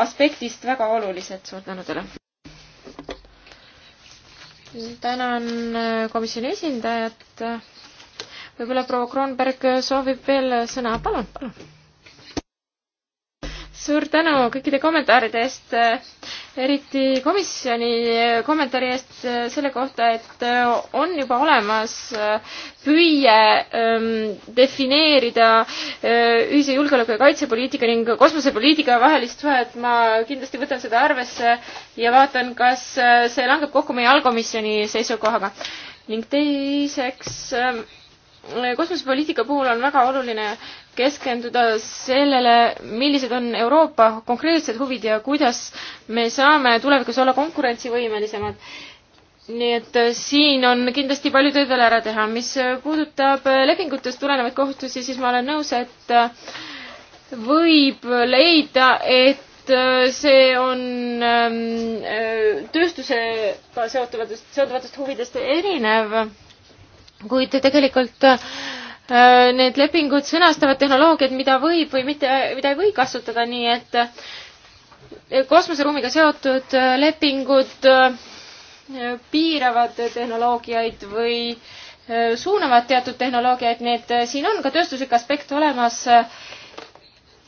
aspektist väga olulised. suur tänu teile! tänan äh, komisjoni esindajat. võib-olla proua Kronberg soovib veel äh, sõna, palun, palun suur tänu kõikide kommentaaride eest, eriti komisjoni kommentaari eest selle kohta, et on juba olemas püüe ähm, defineerida äh, ühise julgeoleku ja kaitsepoliitika ning kosmosepoliitika vahelist suhet. ma kindlasti võtan seda arvesse ja vaatan, kas äh, see langeb kokku meie allkomisjoni seisukohaga. ning teiseks äh, kosmosepoliitika puhul on väga oluline keskenduda sellele, millised on Euroopa konkreetsed huvid ja kuidas me saame tulevikus olla konkurentsivõimelisemad. nii et äh, siin on kindlasti palju tööd veel ära teha. mis äh, puudutab äh, lepingutest tulenevaid kohustusi, siis ma olen nõus, et võib leida, et see on ähm, tööstusega seotuvatest, seotuvatest huvidest erinev kuid tegelikult äh, need lepingud sõnastavad tehnoloogiad, mida võib või mitte, mida ei või kasutada, nii et äh, kosmoseruumiga seotud äh, lepingud piiravad tehnoloogiaid või suunavad teatud tehnoloogiaid, nii et siin on ka tööstuslik aspekt olemas.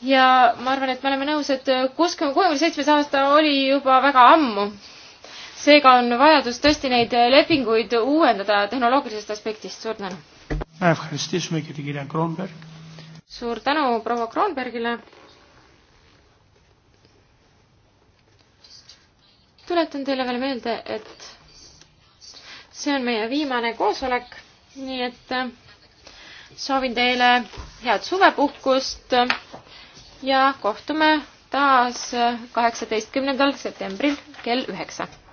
ja ma arvan, et me oleme nõus, et kuuskümmend, kuuekümne seitsmes aasta oli juba väga ammu seega on vajadus tõesti neid lepinguid uuendada tehnoloogilisest aspektist, suur tänu. suur tänu proua Kroonbergile. tuletan teile veel meelde, et see on meie viimane koosolek, nii et soovin teile head suvepuhkust ja kohtume taas kaheksateistkümnendal septembril kell üheksa.